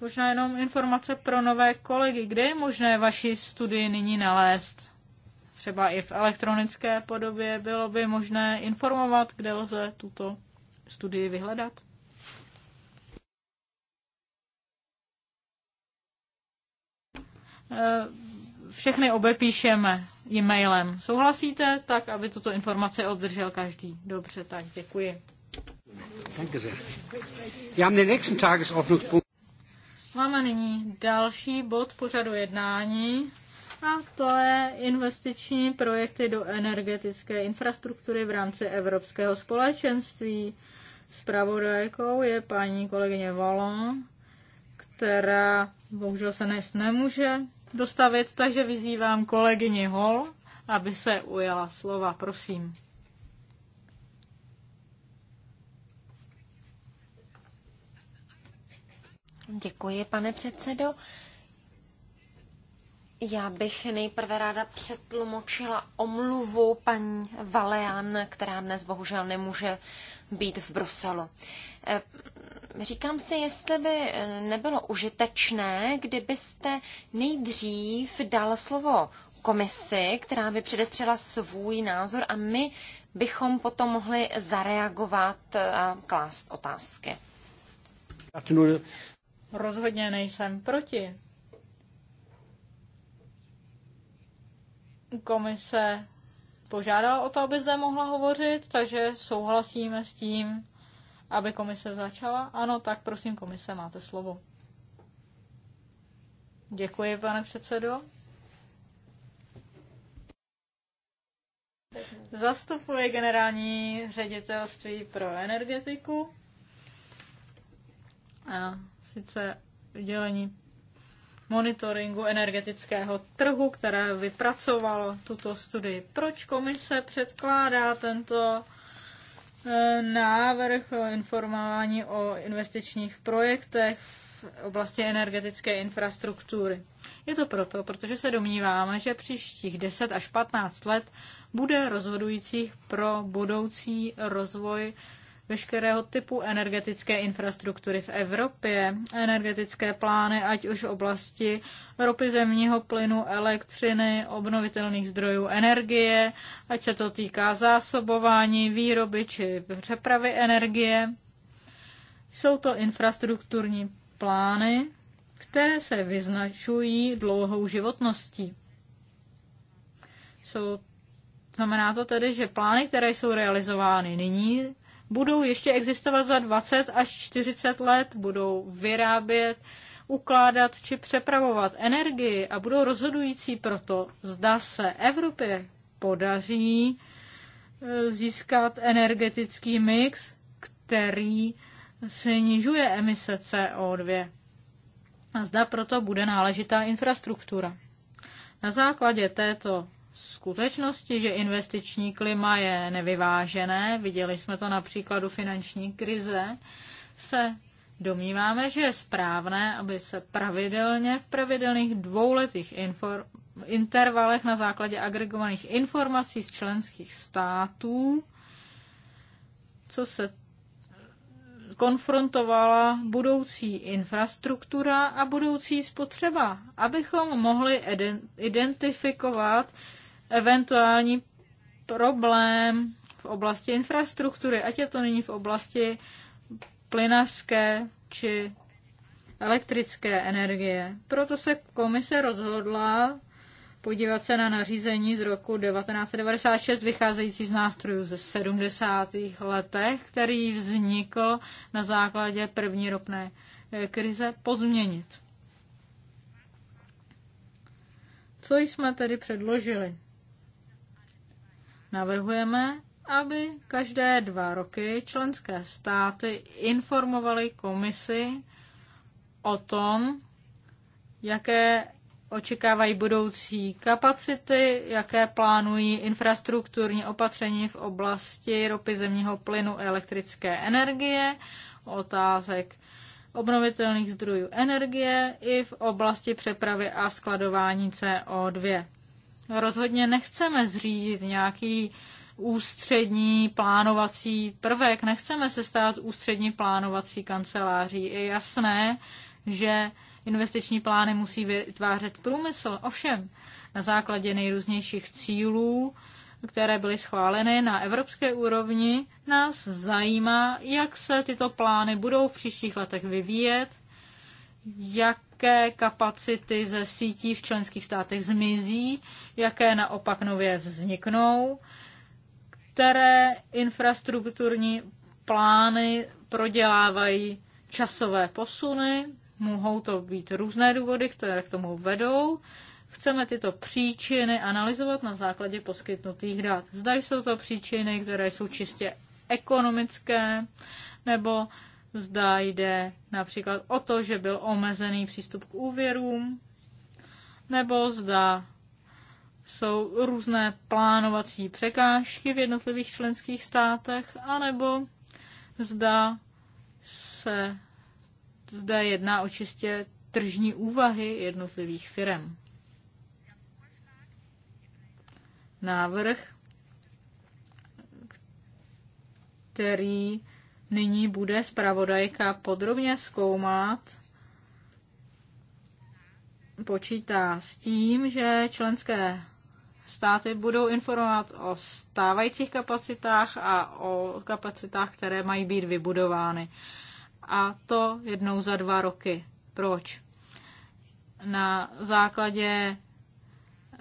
S1: Možná jenom informace pro nové kolegy. Kde je možné vaši studii nyní nalézt? Třeba i v elektronické podobě bylo by možné informovat, kde lze tuto studii vyhledat? Eh, všechny obepíšeme e-mailem. Souhlasíte? Tak, aby tuto informaci obdržel každý. Dobře, tak děkuji. Danke sehr. Wir haben den nächsten Tagesordnungspunkt. Máme nyní další bod pořadu jednání a to je investiční projekty do energetické infrastruktury v rámci Evropského společenství. Spravodajkou je paní kolegyně Valon, která bohužel se dnes nemůže dostavit, takže vyzývám kolegyni Hol, aby se ujala slova. Prosím.
S2: Děkuji, pane předsedo. Já bych nejprve ráda přetlumočila omluvu paní Valean, která dnes bohužel nemůže být v Bruselu. Eh, říkám si, jestli by nebylo užitečné, kdybyste nejdřív dal slovo komisi, která by předestřela svůj názor a my bychom potom mohli zareagovat a klást otázky
S1: rozhodně nejsem proti. Komise požádala o to, aby zde mohla hovořit, takže souhlasíme s tím, aby komise začala. Ano, tak prosím, komise, máte slovo. Děkuji, pane předsedo. Zastupuje generální ředitelství pro energetiku. Ano sice dělení monitoringu energetického trhu, které vypracovalo tuto studii. Proč komise předkládá tento eh, návrh o informování o investičních projektech v oblasti energetické infrastruktury? Je to proto, protože se domníváme, že příštích 10 až 15 let bude rozhodujících pro budoucí rozvoj veškerého typu energetické infrastruktury v Evropě, energetické plány, ať už v oblasti ropy zemního plynu, elektřiny, obnovitelných zdrojů energie, ať se to týká zásobování, výroby či přepravy energie. Jsou to infrastrukturní plány, které se vyznačují dlouhou životností. Jsou, znamená to tedy, že plány, které jsou realizovány nyní, budou ještě existovat za 20 až 40 let, budou vyrábět, ukládat či přepravovat energii a budou rozhodující pro to, zda se Evropě podaří e, získat energetický mix, který snižuje emise CO2. A zda proto bude náležitá infrastruktura. Na základě této skutečnosti, že investiční klima je nevyvážené, viděli jsme to na příkladu finanční krize, se domníváme, že je správné, aby se pravidelně v pravidelných dvouletých intervalech na základě agregovaných informací z členských států, co se konfrontovala budoucí infrastruktura a budoucí spotřeba, abychom mohli identifikovat eventuální problém v oblasti infrastruktury, ať je to nyní v oblasti plynařské či elektrické energie. Proto se komise rozhodla podívat se na nařízení z roku 1996, vycházející z nástrojů ze 70. letech, který vznikl na základě první ropné eh, krize, pozměnit. Co jsme tedy předložili? Navrhujeme, aby každé dva roky členské státy informovaly komisi o tom, jaké očekávají budoucí kapacity, jaké plánují infrastrukturní opatření v oblasti ropy zemního plynu a elektrické energie, otázek obnovitelných zdrojů energie i v oblasti přepravy a skladování CO2 rozhodně nechceme zřídit nějaký ústřední plánovací prvek, nechceme se stát ústřední plánovací kanceláří. Je jasné, že investiční plány musí vytvářet průmysl. Ovšem, na základě nejrůznějších cílů, které byly schváleny na evropské úrovni, nás zajímá, jak se tyto plány budou v příštích letech vyvíjet, jak jaké kapacity ze sítí v členských státech zmizí, jaké naopak nově vzniknou, které infrastrukturní plány prodělávají časové posuny, mohou to být různé důvody, které k tomu vedou. Chceme tyto příčiny analyzovat na základě poskytnutých dat. Zda jsou to příčiny, které jsou čistě ekonomické, nebo Zda jde například o to, že byl omezený přístup k úvěrům, nebo zda jsou různé plánovací překážky v jednotlivých členských státech, anebo zda se zde jedná o čistě tržní úvahy jednotlivých firm. Návrh, který nyní bude zpravodajka podrobně zkoumat, počítá s tím, že členské státy budou informovat o stávajících kapacitách a o kapacitách, které mají být vybudovány. A to jednou za dva roky. Proč? Na základě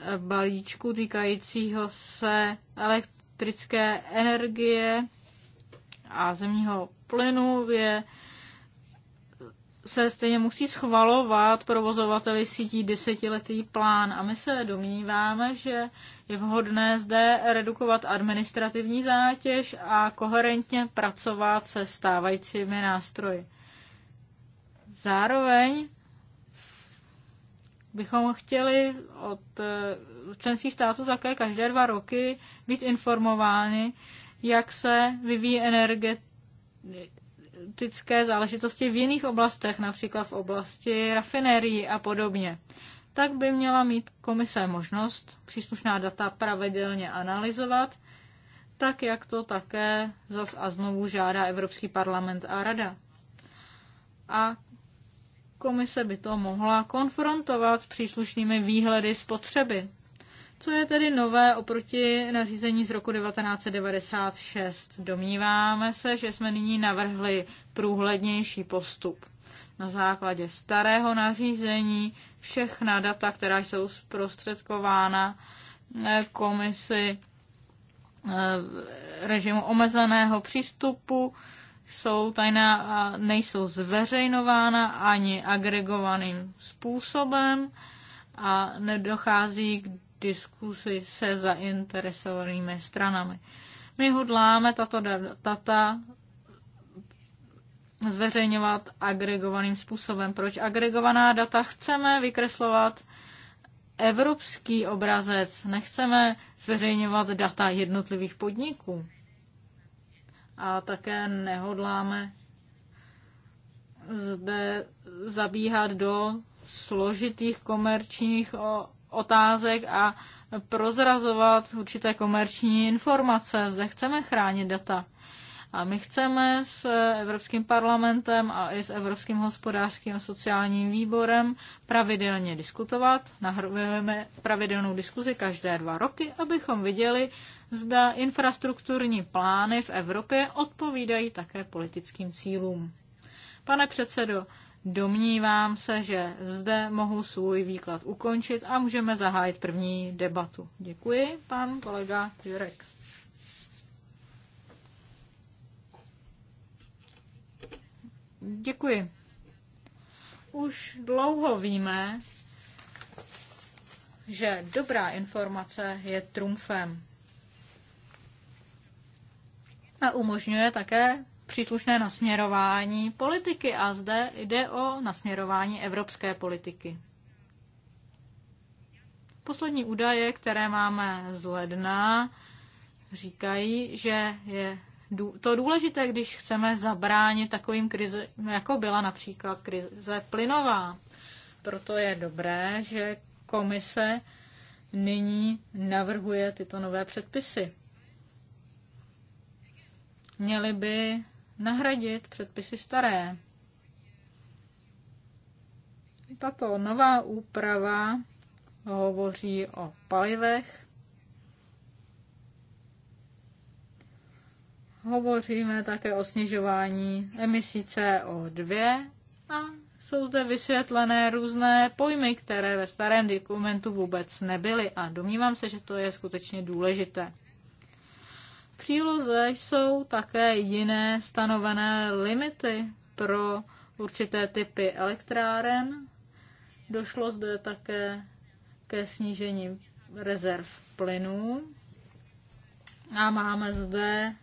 S1: eh, balíčku týkajícího se elektrické energie a zemního plynu je se stejně musí schvalovat provozovateli sítí desetiletý plán a my se domníváme, že je vhodné zde redukovat administrativní zátěž a koherentně pracovat se stávajícími nástroji. Zároveň bychom chtěli od eh, členských států také každé dva roky být informováni, jak se vyvíjí energetické záležitosti v jiných oblastech, například v oblasti rafinerií a podobně. Tak by měla mít komise možnost příslušná data pravidelně analyzovat, tak jak to také zas a znovu žádá Evropský parlament a Rada. A komise by to mohla konfrontovat s příslušnými výhledy spotřeby co je tedy nové oproti nařízení z roku 1996. Domníváme se, že jsme nyní navrhli průhlednější postup. Na základě starého nařízení všechna data, která jsou zprostředkována eh, komisi eh, režimu omezeného přístupu, jsou tajná a nejsou zveřejnována ani agregovaným způsobem a nedochází k diskusi se zainteresovanými stranami. My hodláme tato data zveřejňovat agregovaným způsobem. Proč agregovaná data chceme vykreslovat evropský obrazec, nechceme zveřejňovat data jednotlivých podniků. A také nehodláme zde zabíhat do složitých komerčních otázek a prozrazovat určité komerční informace. Zde chceme chránit data. A my chceme s Evropským parlamentem a i s Evropským hospodářským a sociálním výborem pravidelně diskutovat. Nahrujeme pravidelnou diskuzi každé dva roky, abychom viděli, zda infrastrukturní plány v Evropě odpovídají také politickým cílům. Pane předsedo, Domnívám se, že zde mohu svůj výklad ukončit a můžeme zahájit první debatu. Děkuji, pan kolega Jurek. Děkuji. Už dlouho víme, že dobrá informace je trumfem. A umožňuje také příslušné nasměrování politiky a zde jde o nasměrování evropské politiky. Poslední údaje, které máme z ledna, říkají, že je to důležité, když chceme zabránit takovým krize, jako byla například krize plynová. Proto je dobré, že komise nyní navrhuje tyto nové předpisy. Měly by nahradit předpisy staré. Tato nová úprava hovoří o palivech. Hovoříme také o snižování emisí CO2 a jsou zde vysvětlené různé pojmy, které ve starém dokumentu vůbec nebyly a domnívám se, že to je skutečně důležité příloze jsou také jiné stanovené limity pro určité typy elektráren. Došlo zde také ke snížení rezerv plynů. A máme zde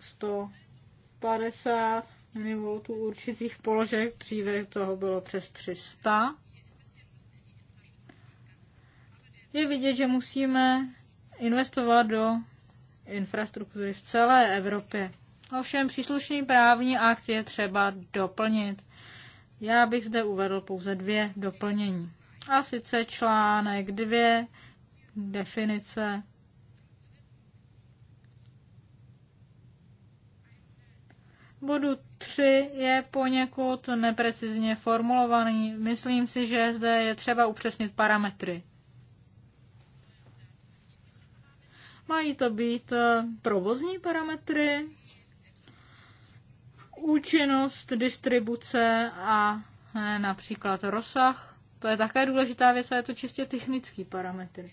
S1: 150 mV určitých položek, dříve toho bylo přes 300 je vidět, že musíme investovat do infrastruktury v celé Evropě. Ovšem příslušný právní akt je třeba doplnit. Já bych zde uvedl pouze dvě doplnění. A sice článek dvě definice bodu 3 je poněkud neprecizně formulovaný. Myslím si, že zde je třeba upřesnit parametry. Mají to být eh, provozní parametry, účinnost distribuce a eh, například rozsah. To je také důležitá věc a je to čistě technický parametr.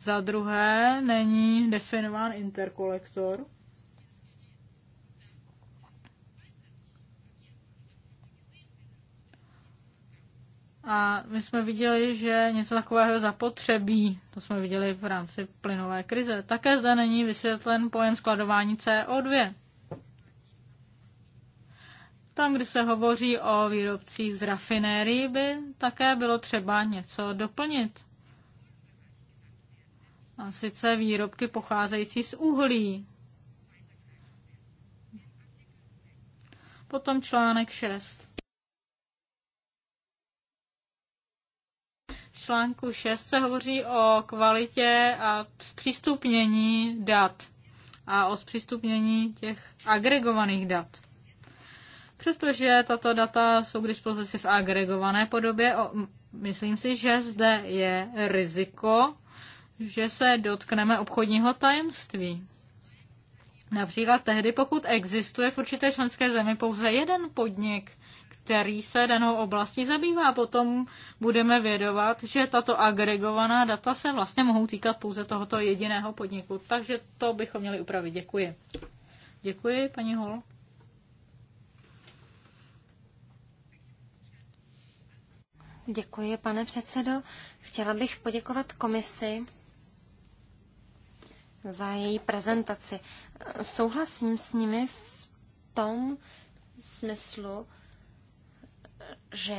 S1: Za druhé není definován interkolektor. A my jsme viděli, že něco takového zapotřebí. To jsme viděli v rámci plynové krize. Také zde není vysvětlen pojem skladování CO2. Tam, kdy se hovoří o výrobcích z rafinérií, by také bylo třeba něco doplnit. A sice výrobky pocházející z uhlí. Potom článek 6. článku 6 se hovoří o kvalitě a zpřístupnění dat a o zpřístupnění těch agregovaných dat. Přestože tato data jsou k dispozici v agregované podobě, myslím si, že zde je riziko, že se dotkneme obchodního tajemství. Například tehdy, pokud existuje v určité členské zemi pouze jeden podnik, který se danou oblastí zabývá. Potom budeme vědovat, že tato agregovaná data se vlastně mohou týkat pouze tohoto jediného podniku. Takže to bychom měli upravit. Děkuji. Děkuji, paní Hol. Děkuji, pane předsedo.
S2: Chtěla bych poděkovat komisi za její prezentaci. Souhlasím s nimi v tom smyslu, že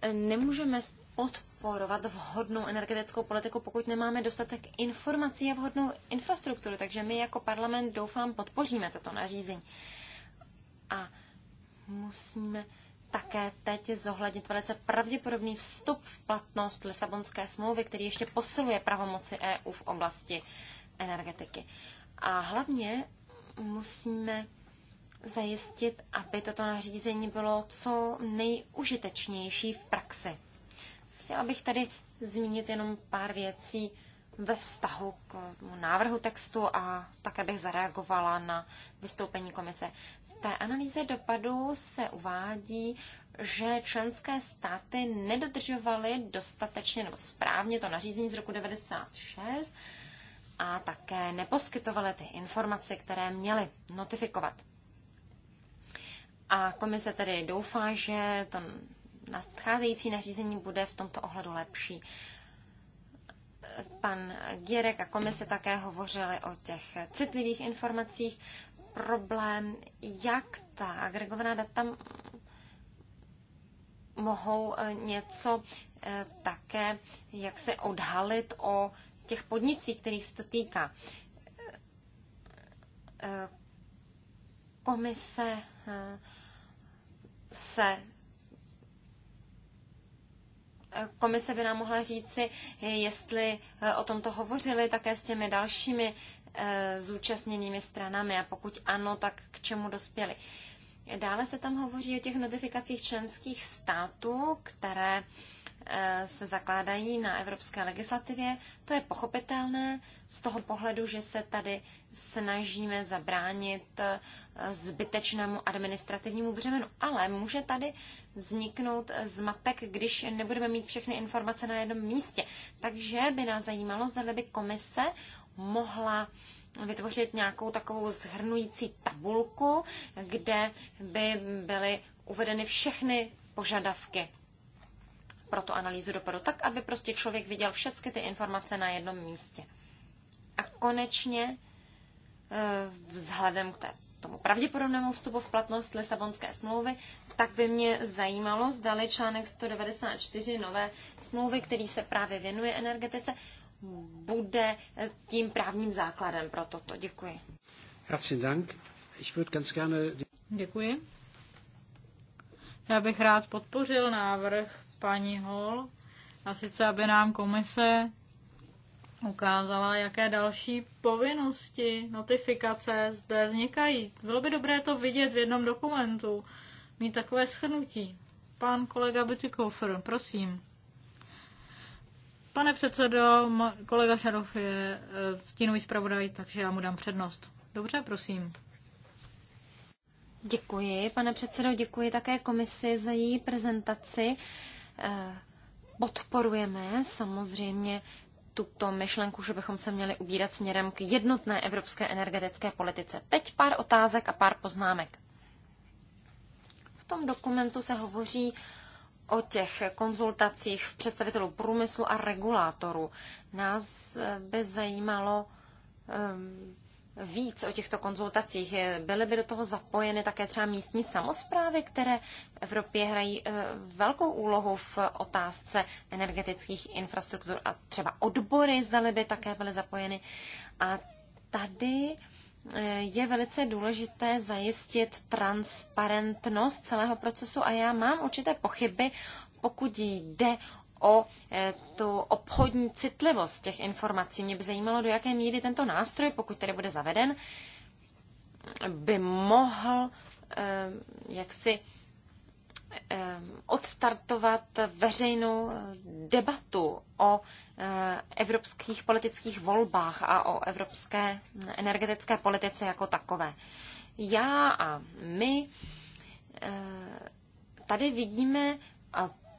S2: eh, nemůžeme podporovat vhodnou energetickou politiku, pokud nemáme dostatek informací a vhodnou infrastrukturu. Takže my jako parlament doufám podpoříme toto nařízení. A musíme také teď zohlednit velice pravděpodobný vstup v platnost Lisabonské smlouvy, který ještě posiluje pravomoci EU v oblasti energetiky. A hlavně musíme zajistit, aby toto nařízení bylo co nejužitečnější v praxi. Chtěla bych tady zmínit jenom pár věcí ve vztahu k návrhu textu a také bych zareagovala na vystoupení komise. V té analýze dopadu se uvádí, že členské státy nedodržovaly dostatečně nebo správně to nařízení z roku 96 a také neposkytovaly ty informace, které měly notifikovat. A komise tedy doufá, že to nadcházející nařízení bude v tomto ohledu lepší. Pan Gierek a komise také hovořili o těch citlivých informacích. Problém, jak ta agregovaná data mohou eh, něco eh, také, jak se odhalit o těch podnicích, kterých se to týká. Eh, komise se komise by nám mohla říci, jestli eh, o tomto hovořili také s těmi dalšími eh, zúčastněnými stranami a pokud ano, tak k čemu dospěli. Dále se tam hovoří o těch notifikacích členských států, které eh, se zakládají na evropské legislativě. To je pochopitelné z toho pohledu, že se tady snažíme zabránit eh, zbytečnému administrativnímu břemenu. Ale může tady vzniknout eh, zmatek, když nebudeme mít všechny informace na jednom místě. Takže by nás zajímalo, zda by komise mohla vytvořit nějakou takovou zhrnující tabulku, kde by byly uvedeny všechny požadavky pro tu analýzu dopadu, tak aby prostě člověk viděl všechny ty informace na jednom místě. A konečně Eh, vzhledem k té, tomu pravděpodobnému vstupu v platnost Lisabonské smlouvy, tak by mě zajímalo, zdali článek 194 nové smlouvy, který se právě věnuje energetice, bude eh, tím právním základem
S1: pro toto. Děkuji. Herzlichen Dank. Ich würde ganz gerne... Děkuji. Já bych rád podpořil návrh paní Hol, a sice, aby nám komise ukázala, jaké další povinnosti, notifikace zde vznikají. Bylo by dobré to vidět v jednom dokumentu, mít takové schrnutí. Pán kolega Bytikofer, prosím. Pane předsedo, kolega Šarov je eh, stínový zpravodaj, takže já mu dám přednost. Dobře, prosím.
S2: Děkuji, pane předsedo, děkuji také komisi za její prezentaci. Eh, podporujeme samozřejmě tuto myšlenku, že bychom se měli ubírat směrem k jednotné evropské energetické politice. Teď pár otázek a pár poznámek. V tom dokumentu se hovoří o těch konzultacích představitelů průmyslu a regulátorů. Nás by zajímalo, ehm, víc o těchto konzultacích? Byly by do toho zapojeny také třeba místní samozprávy, které v Evropě hrají e, velkou úlohu v otázce energetických infrastruktur a třeba odbory zdali by také byly zapojeny. A tady e, je velice důležité zajistit transparentnost celého procesu a já mám určité pochyby, pokud jde o eh, tu obchodní citlivost těch informací. Mě by zajímalo, do jaké míry tento nástroj, pokud tedy bude zaveden, by mohl eh, jaksi eh, odstartovat veřejnou debatu o evropských politických volbách a o evropské energetické politice jako takové. Já a my tady vidíme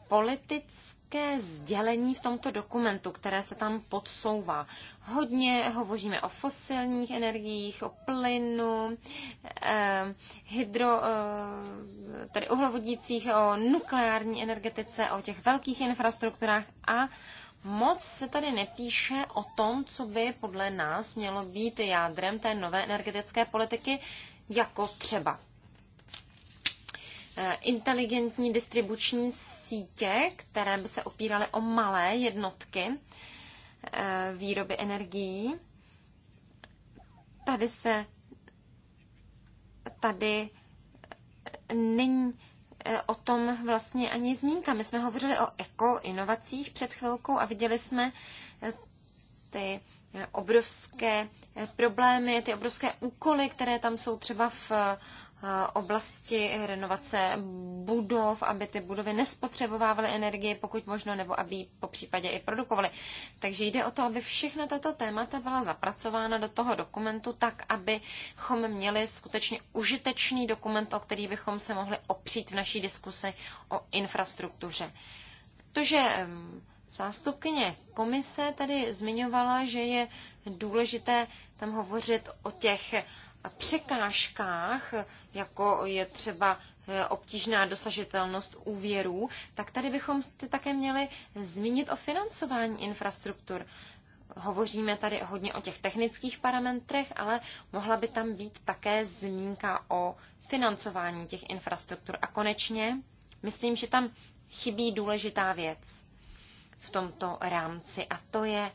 S2: politické velké sdělení v tomto dokumentu, které se tam podsouvá. Hodně hovoříme o fosilních energiích, o plynu, eh, hydro, eh, tedy uhlovodících, o nukleární energetice, o těch velkých infrastrukturách a Moc se tady nepíše o tom, co by podle nás mělo být jádrem té nové energetické politiky, jako třeba eh, inteligentní distribuční sítě, které by se opíraly o malé jednotky eh, výroby energií. Tady se tady eh, není eh, o tom vlastně ani zmínka. My jsme hovořili o eko-inovacích před chvilkou a viděli jsme ty obrovské problémy, ty obrovské úkoly, které tam jsou třeba v Eh, oblasti renovace budov, aby ty budovy nespotřebovávaly energii pokud možno, nebo aby ji po případě i produkovaly. Takže jde o to, aby všechna tato témata byla zapracována do toho dokumentu tak, abychom měli skutečně užitečný dokument, o který bychom se mohli opřít v naší diskusi o infrastruktuře. Protože zástupkyně komise tady zmiňovala, že je důležité tam hovořit o těch překážkách, jako je třeba eh, obtížná dosažitelnost úvěrů, tak tady bychom také měli zmínit o financování infrastruktur. Hovoříme tady hodně o těch technických parametrech, ale mohla by tam být také zmínka o financování těch infrastruktur. A konečně, myslím, že tam chybí důležitá věc v tomto rámci a to je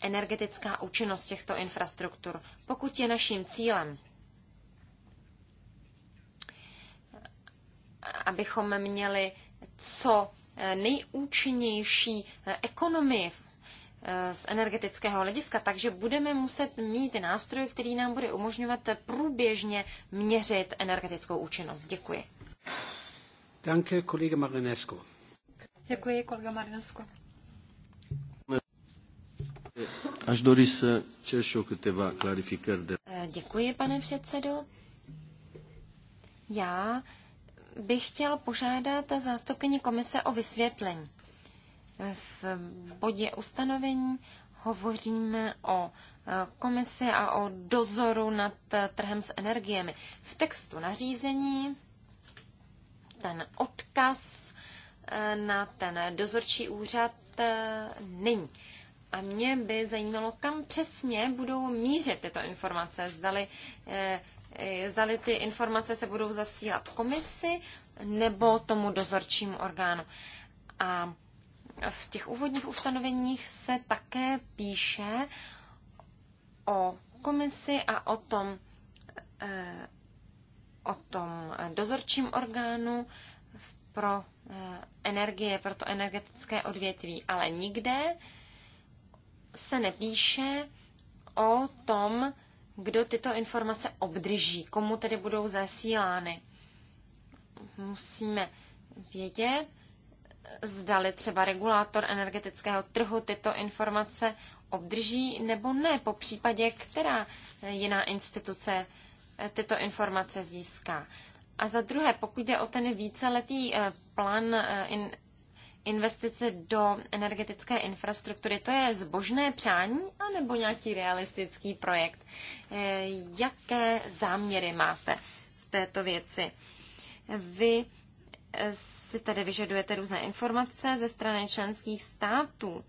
S2: energetická účinnost těchto infrastruktur. Pokud je naším cílem, abychom měli co eh, nejúčinnější eh, ekonomii eh, z energetického hlediska, takže budeme muset mít nástroj, který nám bude umožňovat průběžně měřit energetickou účinnost. Děkuji.
S1: Danke, kolega Marinesko.
S2: Děkuji, kolega Marinesko.
S1: Až dori câteva clarificări de...
S2: Eh, děkuji, pane předsedo. Já bych chtěl požádat zástupkyni komise o vysvětlení. V bodě ustanovení hovoříme o eh, komisi a o dozoru nad eh, trhem s energiemi. V textu nařízení ten odkaz na ten dozorčí úřad není. A mě by zajímalo, kam přesně budou mířit tyto informace. Zdali, eh, eh, zdali ty informace se budou zasílat komisi nebo tomu dozorčímu orgánu. A v těch úvodních ustanoveních se také píše o komisi a o tom, eh, o tom dozorčím orgánu pro energie, pro to energetické odvětví, ale nikde se nepíše o tom, kdo tyto informace obdrží, komu tedy budou zasílány. Musíme vědět, zdali třeba regulátor energetického trhu tyto informace obdrží nebo ne, po případě, která jiná instituce tyto informace získá. A za druhé, pokud jde o ten víceletý eh, plán eh, investice do energetické infrastruktury, to je zbožné přání anebo nějaký realistický projekt? Eh, jaké záměry máte v této věci? Vy eh, si tedy vyžadujete různé informace ze strany členských států.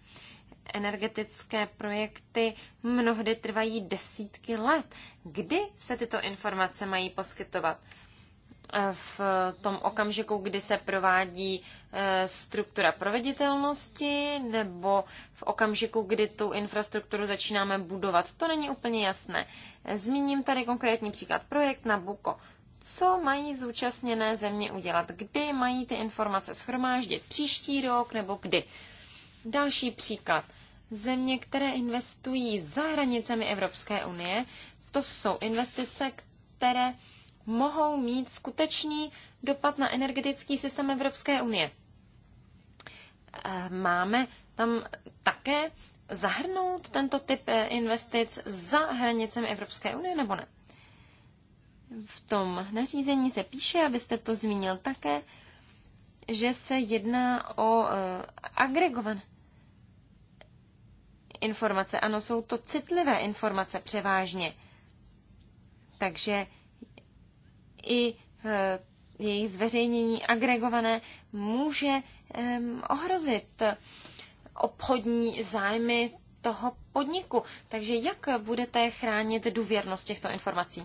S2: Energetické projekty mnohdy trvají desítky let. Kdy se tyto informace mají poskytovat? Eh, v tom okamžiku, kdy se provádí eh, struktura proveditelnosti nebo v okamžiku, kdy tu infrastrukturu začínáme budovat. To není úplně jasné. Zmíním tady konkrétní příklad. Projekt na Buko. Co mají zúčastněné země udělat? Kdy mají ty informace schromáždit? Příští rok nebo kdy? Další příklad. Země, které investují za hranicemi Evropské unie, to jsou investice, které mohou mít skutečný dopad na energetický systém Evropské unie. Eh, máme tam také zahrnout tento typ eh, investic za hranicemi Evropské unie nebo ne? V tom nařízení se píše, abyste to zmínil také, že se jedná o uh, agregované informace. Ano, jsou to citlivé informace převážně. Takže i eh, jejich zveřejnění agregované může ohrozit obchodní zájmy toho podniku. Takže jak budete chránit důvěrnost těchto informací?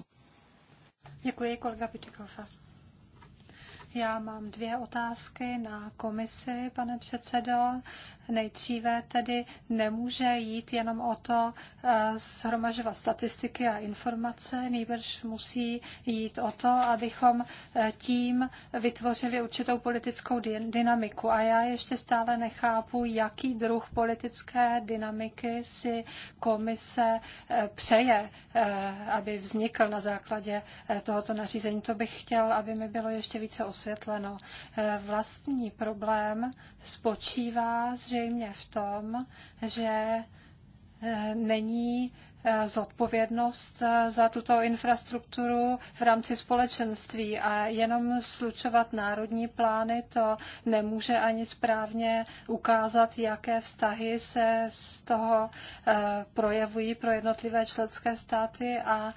S2: Děkuji, kolega Pitikosa.
S3: Já mám dvě otázky na komisi, pane předsedo nejdříve tedy nemůže jít jenom o to eh, shromažovat statistiky a informace, nejbrž musí jít o to, abychom eh, tím vytvořili určitou politickou dynamiku. A já ještě stále nechápu, jaký druh politické dynamiky si komise eh, přeje, aby vznikl na základě tohoto nařízení. To bych chtěl, aby mi bylo ještě více osvětleno. Vlastní problém spočívá, z samozřejmě v tom, že eh, není eh, zodpovědnost eh, za tuto infrastrukturu v rámci společenství a jenom slučovat národní plány to nemůže ani správně ukázat, jaké vztahy se z toho projevují pro jednotlivé členské státy a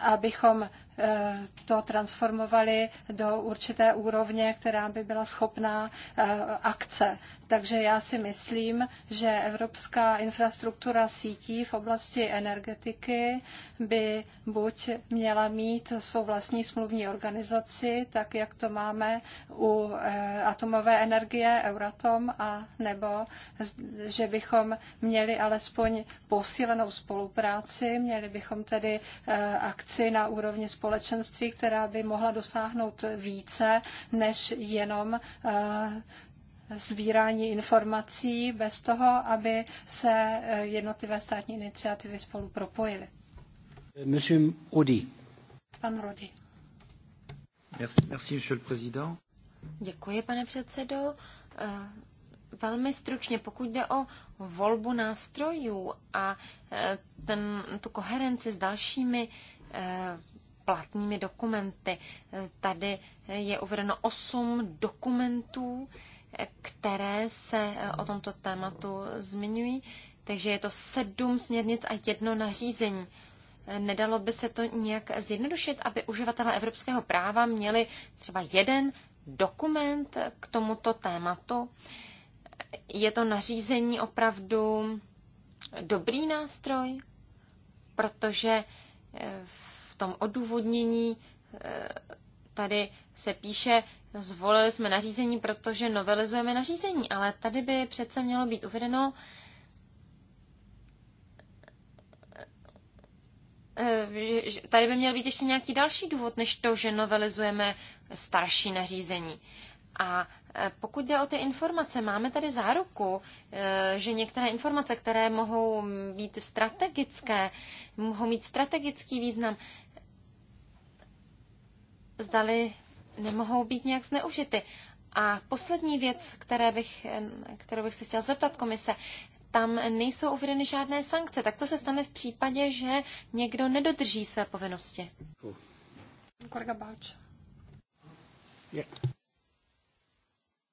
S3: abychom Eh, to transformovali do určité úrovně, která by byla schopná eh, akce. Takže já si myslím, že evropská infrastruktura sítí v oblasti energetiky by buď měla mít svou vlastní smluvní organizaci, tak jak to máme u eh, atomové energie Euratom, a nebo že bychom měli alespoň posílenou spolupráci, měli bychom tedy akci na úrovni spolupráce společenství, která by mohla dosáhnout více než jenom eh, sbírání informací bez toho, aby se eh, jednotlivé státní iniciativy spolu propojily.
S1: Monsieur Rodi.
S2: Pan Rodi.
S3: Merci, merci, monsieur le président.
S2: Děkuji, pane předsedo. Eh, velmi stručně, pokud jde o volbu nástrojů a ten, tu koherenci s dalšími platnými dokumenty. Tady je uvedeno osm dokumentů, které se o tomto tématu zmiňují, takže je to sedm směrnic a jedno nařízení. Nedalo by se to nějak zjednodušit, aby uživatelé evropského práva měli třeba jeden dokument k tomuto tématu? Je to nařízení opravdu dobrý nástroj, protože eh, v tom odůvodnění eh, tady se píše, zvolili jsme nařízení, protože novelizujeme nařízení, ale tady by přece mělo být uvedeno, eh, tady by měl být ještě nějaký další důvod, než to, že novelizujeme starší nařízení. A eh, pokud jde o ty informace, máme tady záruku, že některé informace, které mohou být strategické, mohou mít strategický význam, zdali nemohou být nějak zneužity. A poslední věc, které bych, kterou bych se chtěla zeptat komise, tam nejsou uvedeny žádné sankce. Tak co se stane v případě, že někdo nedodrží své povinnosti? Kolega Balč.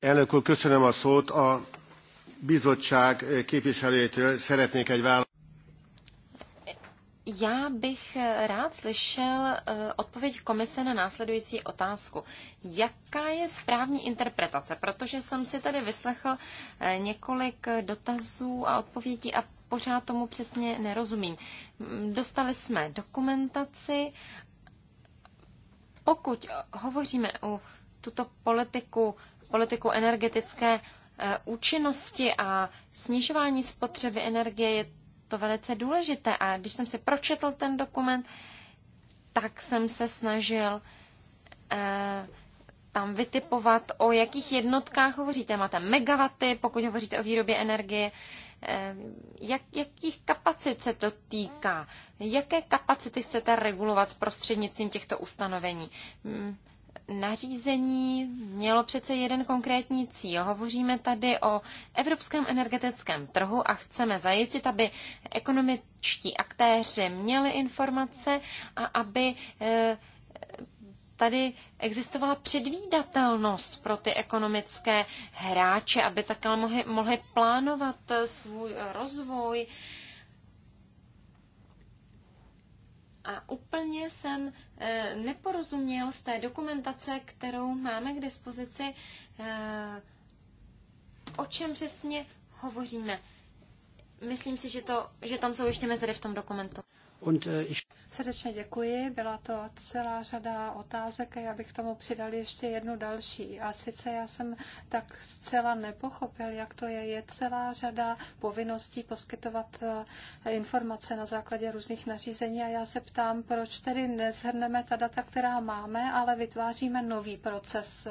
S1: Elnök úr, köszönöm a szót. A bizottság képviselőjétől szeretnék egy választ.
S2: Já bych eh, rád slyšel eh, odpověď komise na následující otázku. Jaká je správní interpretace? Protože jsem si tady vyslechl eh, několik dotazů a odpovědí a pořád tomu přesně nerozumím. Mm, dostali jsme dokumentaci. Pokud hovoříme o tuto politiku, politiku energetické účinnosti a snižování spotřeby energie, je to velice důležité. A když jsem si pročetl ten dokument, tak jsem se snažil eh, tam vytipovat, o jakých jednotkách hovoříte. Máte megawaty, pokud hovoříte o výrobě energie, eh, jak, jakých kapacit se to týká, jaké kapacity chcete regulovat prostřednictvím těchto ustanovení. Hmm, nařízení mělo přece jeden konkrétní cíl. Hovoříme tady o evropském energetickém trhu a chceme zajistit, aby ekonomičtí aktéři měli informace a aby e, tady existovala předvídatelnost pro ty ekonomické hráče, aby také mohli, mohli plánovat e, svůj rozvoj A úplně jsem eh, neporozuměl z té dokumentace, kterou máme k dispozici, eh, o čem přesně hovoříme. Myslím si, že, to, že tam jsou ještě mezery v tom dokumentu.
S1: Und, äh, ich...
S3: Srdečně děkuji. Byla to celá řada otázek a já bych k tomu přidal ještě jednu další. A sice já jsem tak zcela nepochopil, jak to je. Je celá řada povinností poskytovat eh, informace na základě různých nařízení a já se ptám, proč tedy nezhrneme ta data, která máme, ale vytváříme nový proces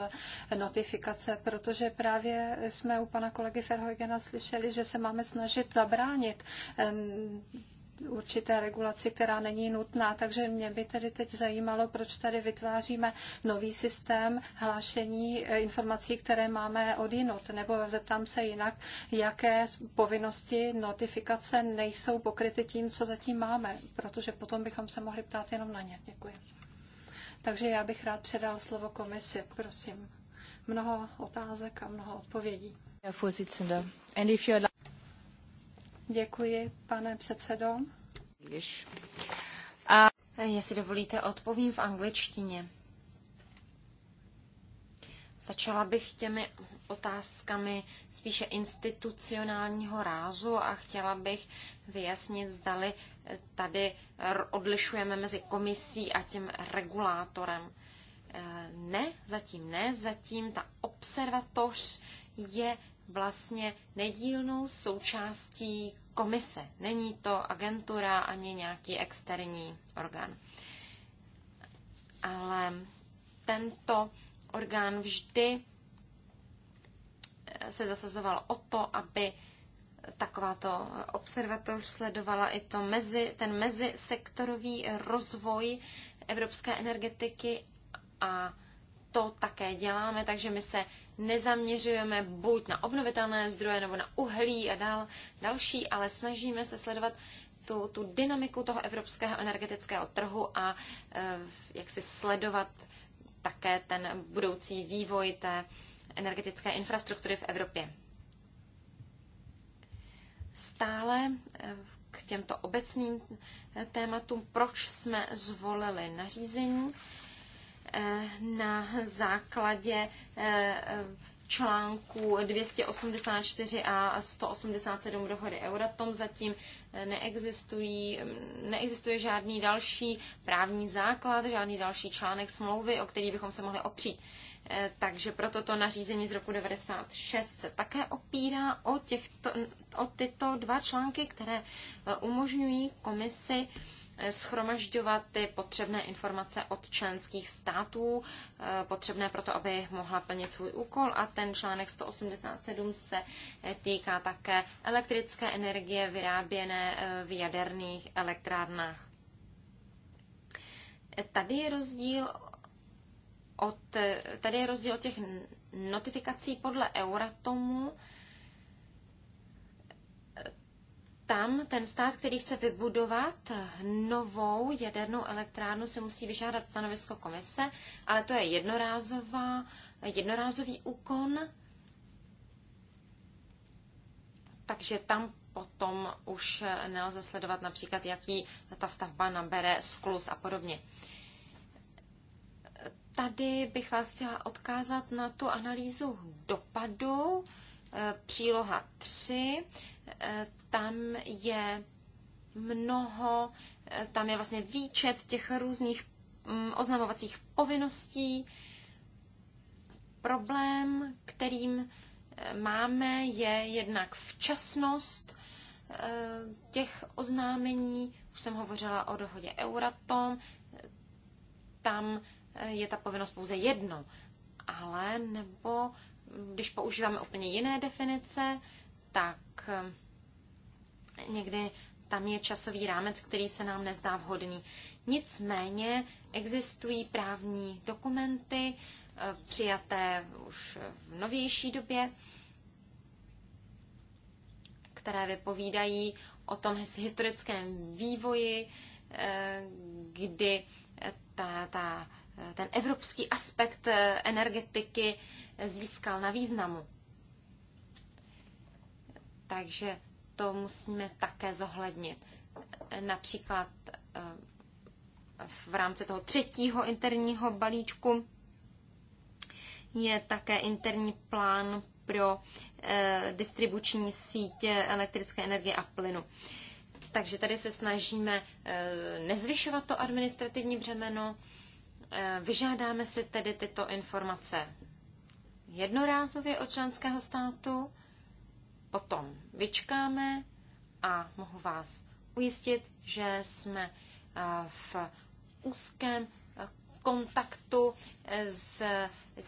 S3: eh, notifikace, protože právě jsme u pana kolegy Ferhojgena slyšeli, že se máme snažit zabránit určité regulaci, která není nutná. Takže mě by tedy teď zajímalo, proč tady vytváříme nový systém hlášení eh, informací, které máme od jinut. Nebo zeptám se jinak, jaké povinnosti notifikace nejsou pokryty tím, co zatím máme, protože potom bychom se mohli ptát jenom na ně. Děkuji. Takže já bych rád předal slovo komisi, prosím. Mnoho otázek a mnoho odpovědí. Herr Vorsitzender, and if Děkuji, pane předsedo.
S2: A jestli dovolíte, odpovím v angličtině. Začala bych těmi otázkami spíše institucionálního rázu a chtěla bych vyjasnit, zdali tady odlišujeme mezi komisí a tím regulátorem. E, ne, zatím ne, zatím ta observatoř je vlastně nedílnou součástí komise. Není to agentura ani nějaký externí orgán. Ale tento orgán vždy eh, se zasazoval o to, aby takováto observatoř sledovala i to mezi, ten mezisektorový rozvoj evropské energetiky a to také děláme, takže my se nezaměřujeme buď na obnovitelné zdroje nebo na uhlí a dál, další, ale snažíme se sledovat tu, tu dynamiku toho evropského energetického trhu a eh, jak si sledovat také ten budoucí vývoj té energetické infrastruktury v Evropě. Stále eh, k těmto obecným eh, tématům, proč jsme zvolili nařízení na základě článku 284 a 187 dohody Euratom zatím eh, neexistují, mm, neexistuje žádný další právní základ, žádný další článek smlouvy, o který bychom se mohli opřít. Eh, takže proto to nařízení z roku 96 se také opírá o, těchto, o tyto dva články, které eh, umožňují komisi schromažďovat ty potřebné informace od členských států, eh, potřebné proto, aby mohla plnit svůj úkol. A ten článek 187 se eh, týká také elektrické energie vyráběné eh, v jaderných elektrárnách. Tady je rozdíl od, tady je rozdíl od těch notifikací podle Euratomu, tam ten stát, který chce vybudovat novou jadernou elektrárnu, se musí vyžádat stanovisko komise, ale to je jednorázová, jednorázový úkon. Takže tam potom už nelze sledovat například, jaký ta stavba nabere sklus a podobně. Tady bych vás chtěla odkázat na tu analýzu dopadu, e, příloha 3. Eh, tam je mnoho, eh, tam je vlastně výčet těch různých mm, oznamovacích povinností. Problém, kterým eh, máme, je jednak včasnost těch oznámení. Už jsem hovořila o dohodě Euratom. Tam je ta povinnost pouze jedno, Ale nebo mm, když používáme úplně jiné definice, tak eh, někdy tam je časový rámec, který se nám nezdá vhodný. Nicméně existují právní dokumenty eh, přijaté už v novější době, které vypovídají o tom historickém vývoji, eh, kdy ta, ta, ten evropský aspekt energetiky získal na významu. Takže to musíme také zohlednit. Například eh, v rámci toho třetího interního balíčku je také interní plán pro eh, distribuční sítě elektrické energie a plynu. Takže tady se snažíme eh, nezvyšovat to administrativní břemeno, vyžádáme si tedy tyto informace jednorázově od členského státu o tom vyčkáme a mohu vás ujistit, že jsme eh, v úzkém eh, kontaktu eh, s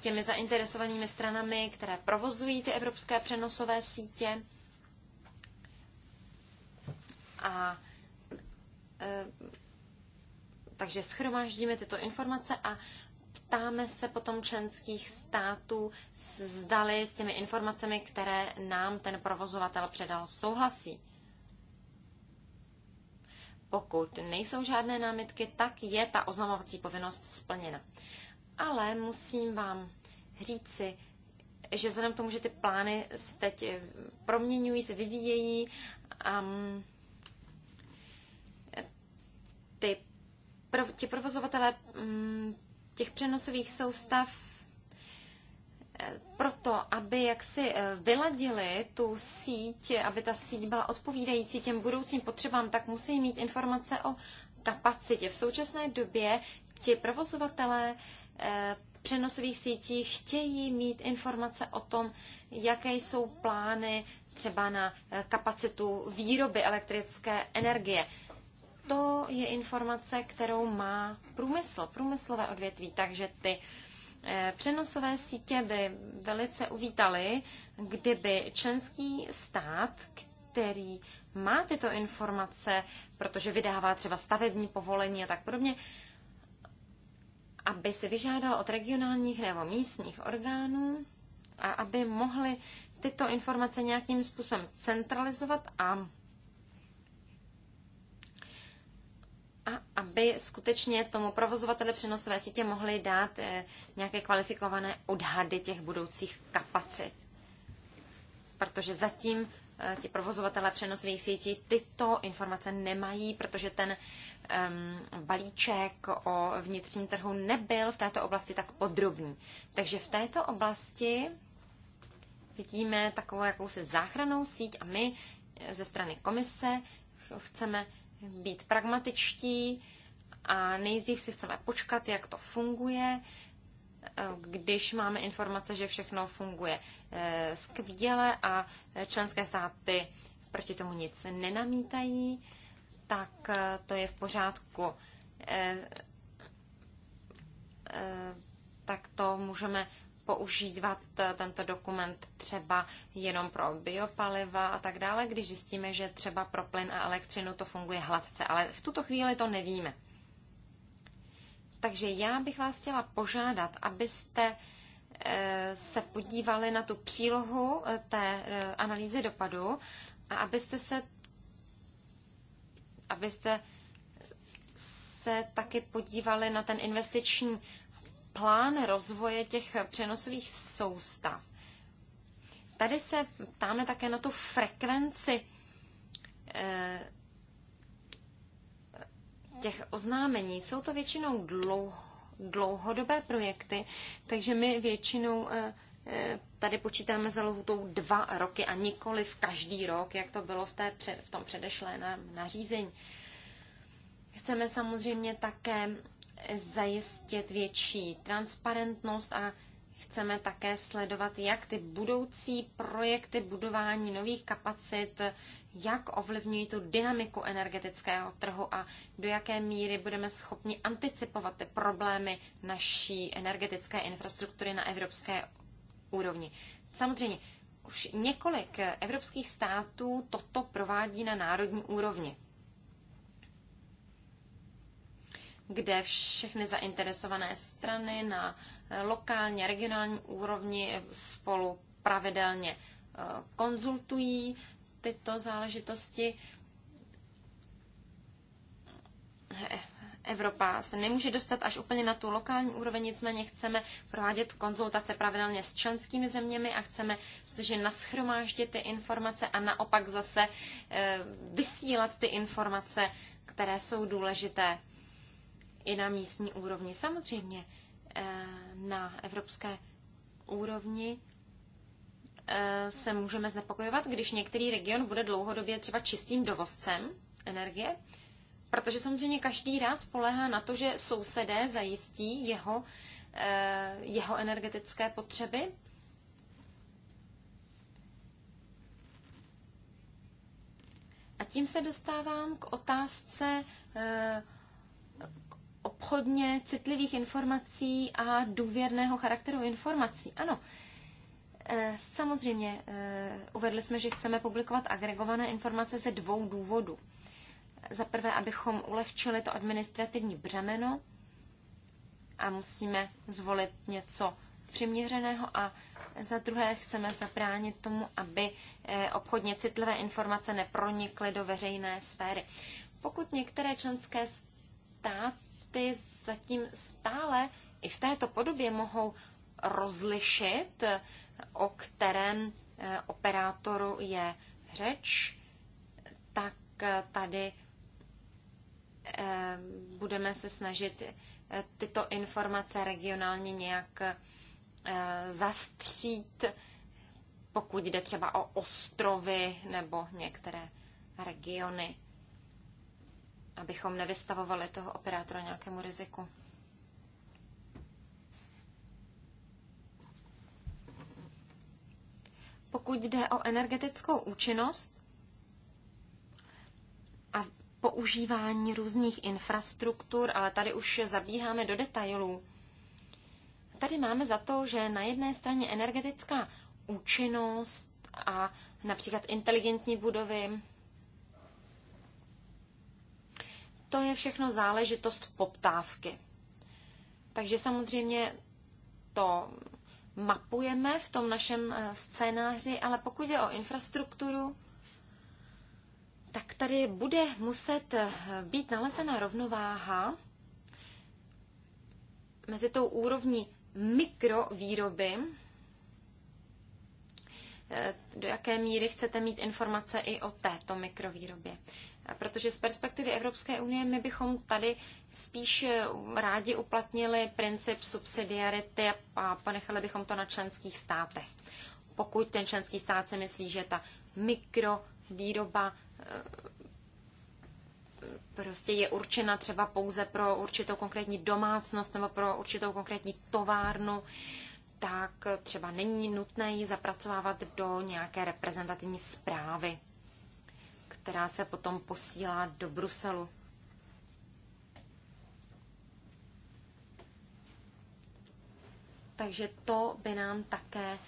S2: těmi zainteresovanými stranami, které provozují ty evropské přenosové sítě. A takže schromáždíme tyto informace a ptáme se potom členských států, zdali s těmi informacemi, které nám ten provozovatel předal, souhlasí. Pokud nejsou žádné námitky, tak je ta oznamovací povinnost splněna. Ale musím vám říci, že vzhledem k tomu, že ty plány se teď eh, proměňují, se vyvíjejí, um, ty pro, ti provozovatelé um, těch přenosových soustav eh, proto, aby jaksi eh, vyladili tu síť, aby ta síť byla odpovídající těm budoucím potřebám, tak musí mít informace o kapacitě. V současné době ti provozovatelé eh, přenosových sítí chtějí mít informace o tom, jaké jsou plány třeba na kapacitu výroby elektrické energie to je informace, kterou má průmysl, průmyslové odvětví, takže ty eh, Přenosové sítě by velice uvítali, kdyby členský stát, který má tyto informace, protože vydává třeba stavební povolení a tak podobně, aby si vyžádal od regionálních nebo místních orgánů a aby mohli tyto informace nějakým způsobem centralizovat a a aby skutečně tomu provozovateli přenosové sítě mohli dát eh, nějaké kvalifikované odhady těch budoucích kapacit. Protože zatím eh, ti provozovatelé přenosových sítí tyto informace nemají, protože ten um, balíček o vnitřním trhu nebyl v této oblasti tak podrobný. Takže v této oblasti vidíme takovou jakousi záchranou síť a my eh, ze strany komise chceme být pragmatičtí a nejdřív si chceme počkat, jak to funguje, eh, když máme informace, že všechno funguje eh, skvěle a členské státy proti tomu nic nenamítají, tak eh, to je v pořádku. Tak to můžeme používat eh, tento dokument třeba jenom pro biopaliva a tak dále, když zjistíme, že třeba pro plyn a elektřinu to funguje hladce. Ale v tuto chvíli to nevíme. Takže já bych vás chtěla požádat, abyste eh, se podívali na tu přílohu eh, té analýzy dopadu a abyste se abyste se taky podívali na ten investiční plán rozvoje těch přenosových soustav. Tady se ptáme také na tu frekvenci eh, těch oznámení. Jsou to většinou dlouhodobé projekty, takže my většinou eh, eh, tady počítáme za lhutou dva roky a nikoli v každý rok, jak to bylo v, té, v tom předešlém nařízení. Chceme samozřejmě také zajistit větší transparentnost a chceme také sledovat, jak ty budoucí projekty budování nových kapacit, jak ovlivňují tu dynamiku energetického trhu a do jaké míry budeme schopni anticipovat ty problémy naší energetické infrastruktury na evropské úrovni. Samozřejmě, už několik evropských států toto provádí na národní úrovni. kde všechny zainteresované strany na lokální, regionální úrovni spolu pravidelně eh, konzultují tyto záležitosti. Evropa se nemůže dostat až úplně na tu lokální úroveň, nicméně chceme provádět konzultace pravidelně s členskými zeměmi a chceme že naschromáždit ty informace a naopak zase eh, vysílat ty informace, které jsou důležité i na místní úrovni. Samozřejmě eh, na evropské úrovni eh, se můžeme znepokojovat, když některý region bude dlouhodobě třeba čistým dovozcem energie, protože samozřejmě každý rád spolehá na to, že sousedé zajistí jeho, eh, jeho energetické potřeby. A tím se dostávám k otázce obchodně citlivých informací a důvěrného charakteru informací. Ano, eh, samozřejmě eh, uvedli jsme, že chceme publikovat agregované informace ze dvou důvodů. Za prvé, abychom ulehčili to administrativní břemeno a musíme zvolit něco přiměřeného a za druhé chceme zabránit tomu, aby eh, obchodně citlivé informace nepronikly do veřejné sféry. Pokud některé členské státy ty zatím stále i v této podobě mohou rozlišit, o kterém eh, operátoru je řeč, tak eh, tady eh, budeme se snažit tyto informace regionálně nějak zastřít, pokud jde třeba o ostrovy nebo některé regiony abychom nevystavovali toho operátora nějakému riziku. Pokud jde o energetickou účinnost a používání různých infrastruktur, ale tady už zabíháme do detailů. Tady máme za to, že na jedné straně energetická účinnost a například inteligentní budovy, to je všechno záležitost poptávky. Takže samozřejmě to mapujeme v tom našem eh, scénáři, ale pokud je o infrastrukturu, tak tady bude muset eh, být nalezena rovnováha mezi tou úrovní mikrovýroby, eh, do jaké míry chcete mít informace i o této mikrovýrobě. Protože z perspektivy Evropské unie my bychom tady spíš eh, rádi uplatnili princip subsidiarity a ponechali bychom to na členských státech. Pokud ten členský stát si myslí, že ta mikrovýroba eh, prostě je určena třeba pouze pro určitou konkrétní domácnost nebo pro určitou konkrétní továrnu, tak třeba není nutné ji zapracovávat do nějaké reprezentativní zprávy která se potom posílá do Bruselu. Takže to by nám také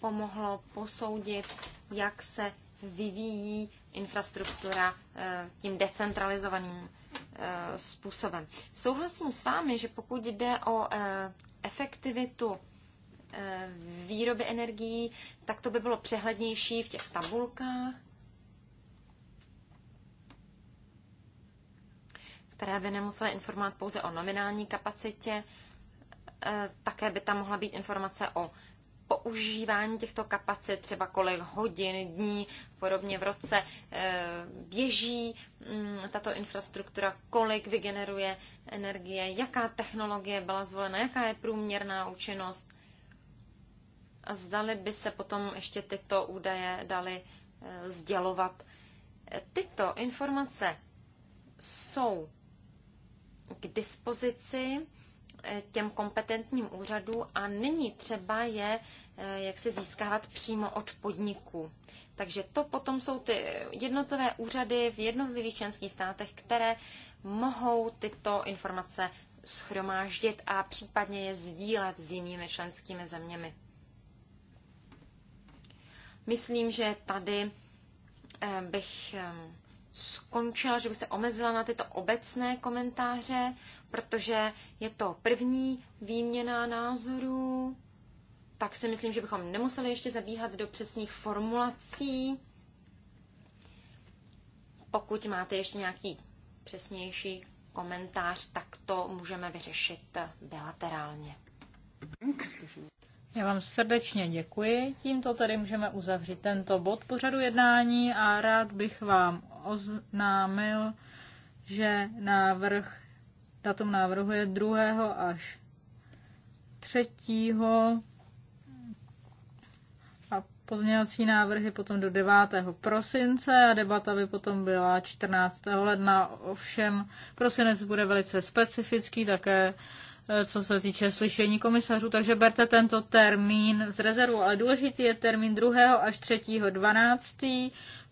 S2: pomohlo posoudit, jak se vyvíjí infrastruktura eh, tím decentralizovaným eh, způsobem. Souhlasím s vámi, že pokud jde o eh, efektivitu výroby energií, tak to by bylo přehlednější v těch tabulkách. které by nemusely informovat pouze o nominální kapacitě, e, také by tam mohla být informace o používání těchto kapacit, třeba kolik hodin, dní, podobně v roce e, běží mm, tato infrastruktura, kolik vygeneruje energie, jaká technologie byla zvolena, jaká je průměrná účinnost. A zdali by se potom ještě tyto údaje daly e, sdělovat. Tyto informace jsou k dispozici eh, těm kompetentním úřadům a není třeba je eh, jak se získávat přímo od podniků. Takže to potom jsou ty jednotlivé úřady v jednotlivých členských státech, které mohou tyto informace schromáždit a případně je sdílet s jinými členskými zeměmi. Myslím, že tady eh, bych skončila, že bych se omezila na tyto obecné komentáře, protože je to první výměna názorů, tak si myslím, že bychom nemuseli ještě zabíhat do přesných formulací. Pokud máte ještě nějaký přesnější komentář, tak to můžeme vyřešit bilaterálně.
S1: Já vám srdečně děkuji. Tímto tedy můžeme uzavřít tento bod pořadu jednání a rád bych vám oznámil, že návrh, datum návrhu je 2. až 3. a pozměňovací návrhy potom do 9. prosince a debata by potom byla 14. ledna. Ovšem prosinec bude velice specifický, také eh, co se týče slyšení komisařů, takže berte tento termín z rezervu, ale důležitý je termín 2. až 3. 12.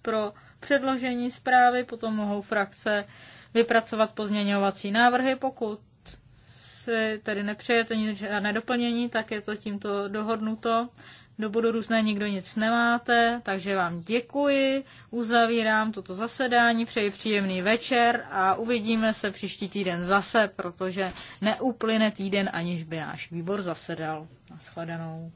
S1: pro předložení zprávy, potom mohou frakce vypracovat pozměňovací návrhy. Pokud si tedy nepřejete nic, žádné doplnění, tak je to tímto dohodnuto. Do bodu různé nikdo nic nemáte, takže vám děkuji, uzavírám toto zasedání, přeji příjemný večer a uvidíme se příští týden zase, protože neuplyne týden, aniž by náš výbor zasedal. Naschledanou.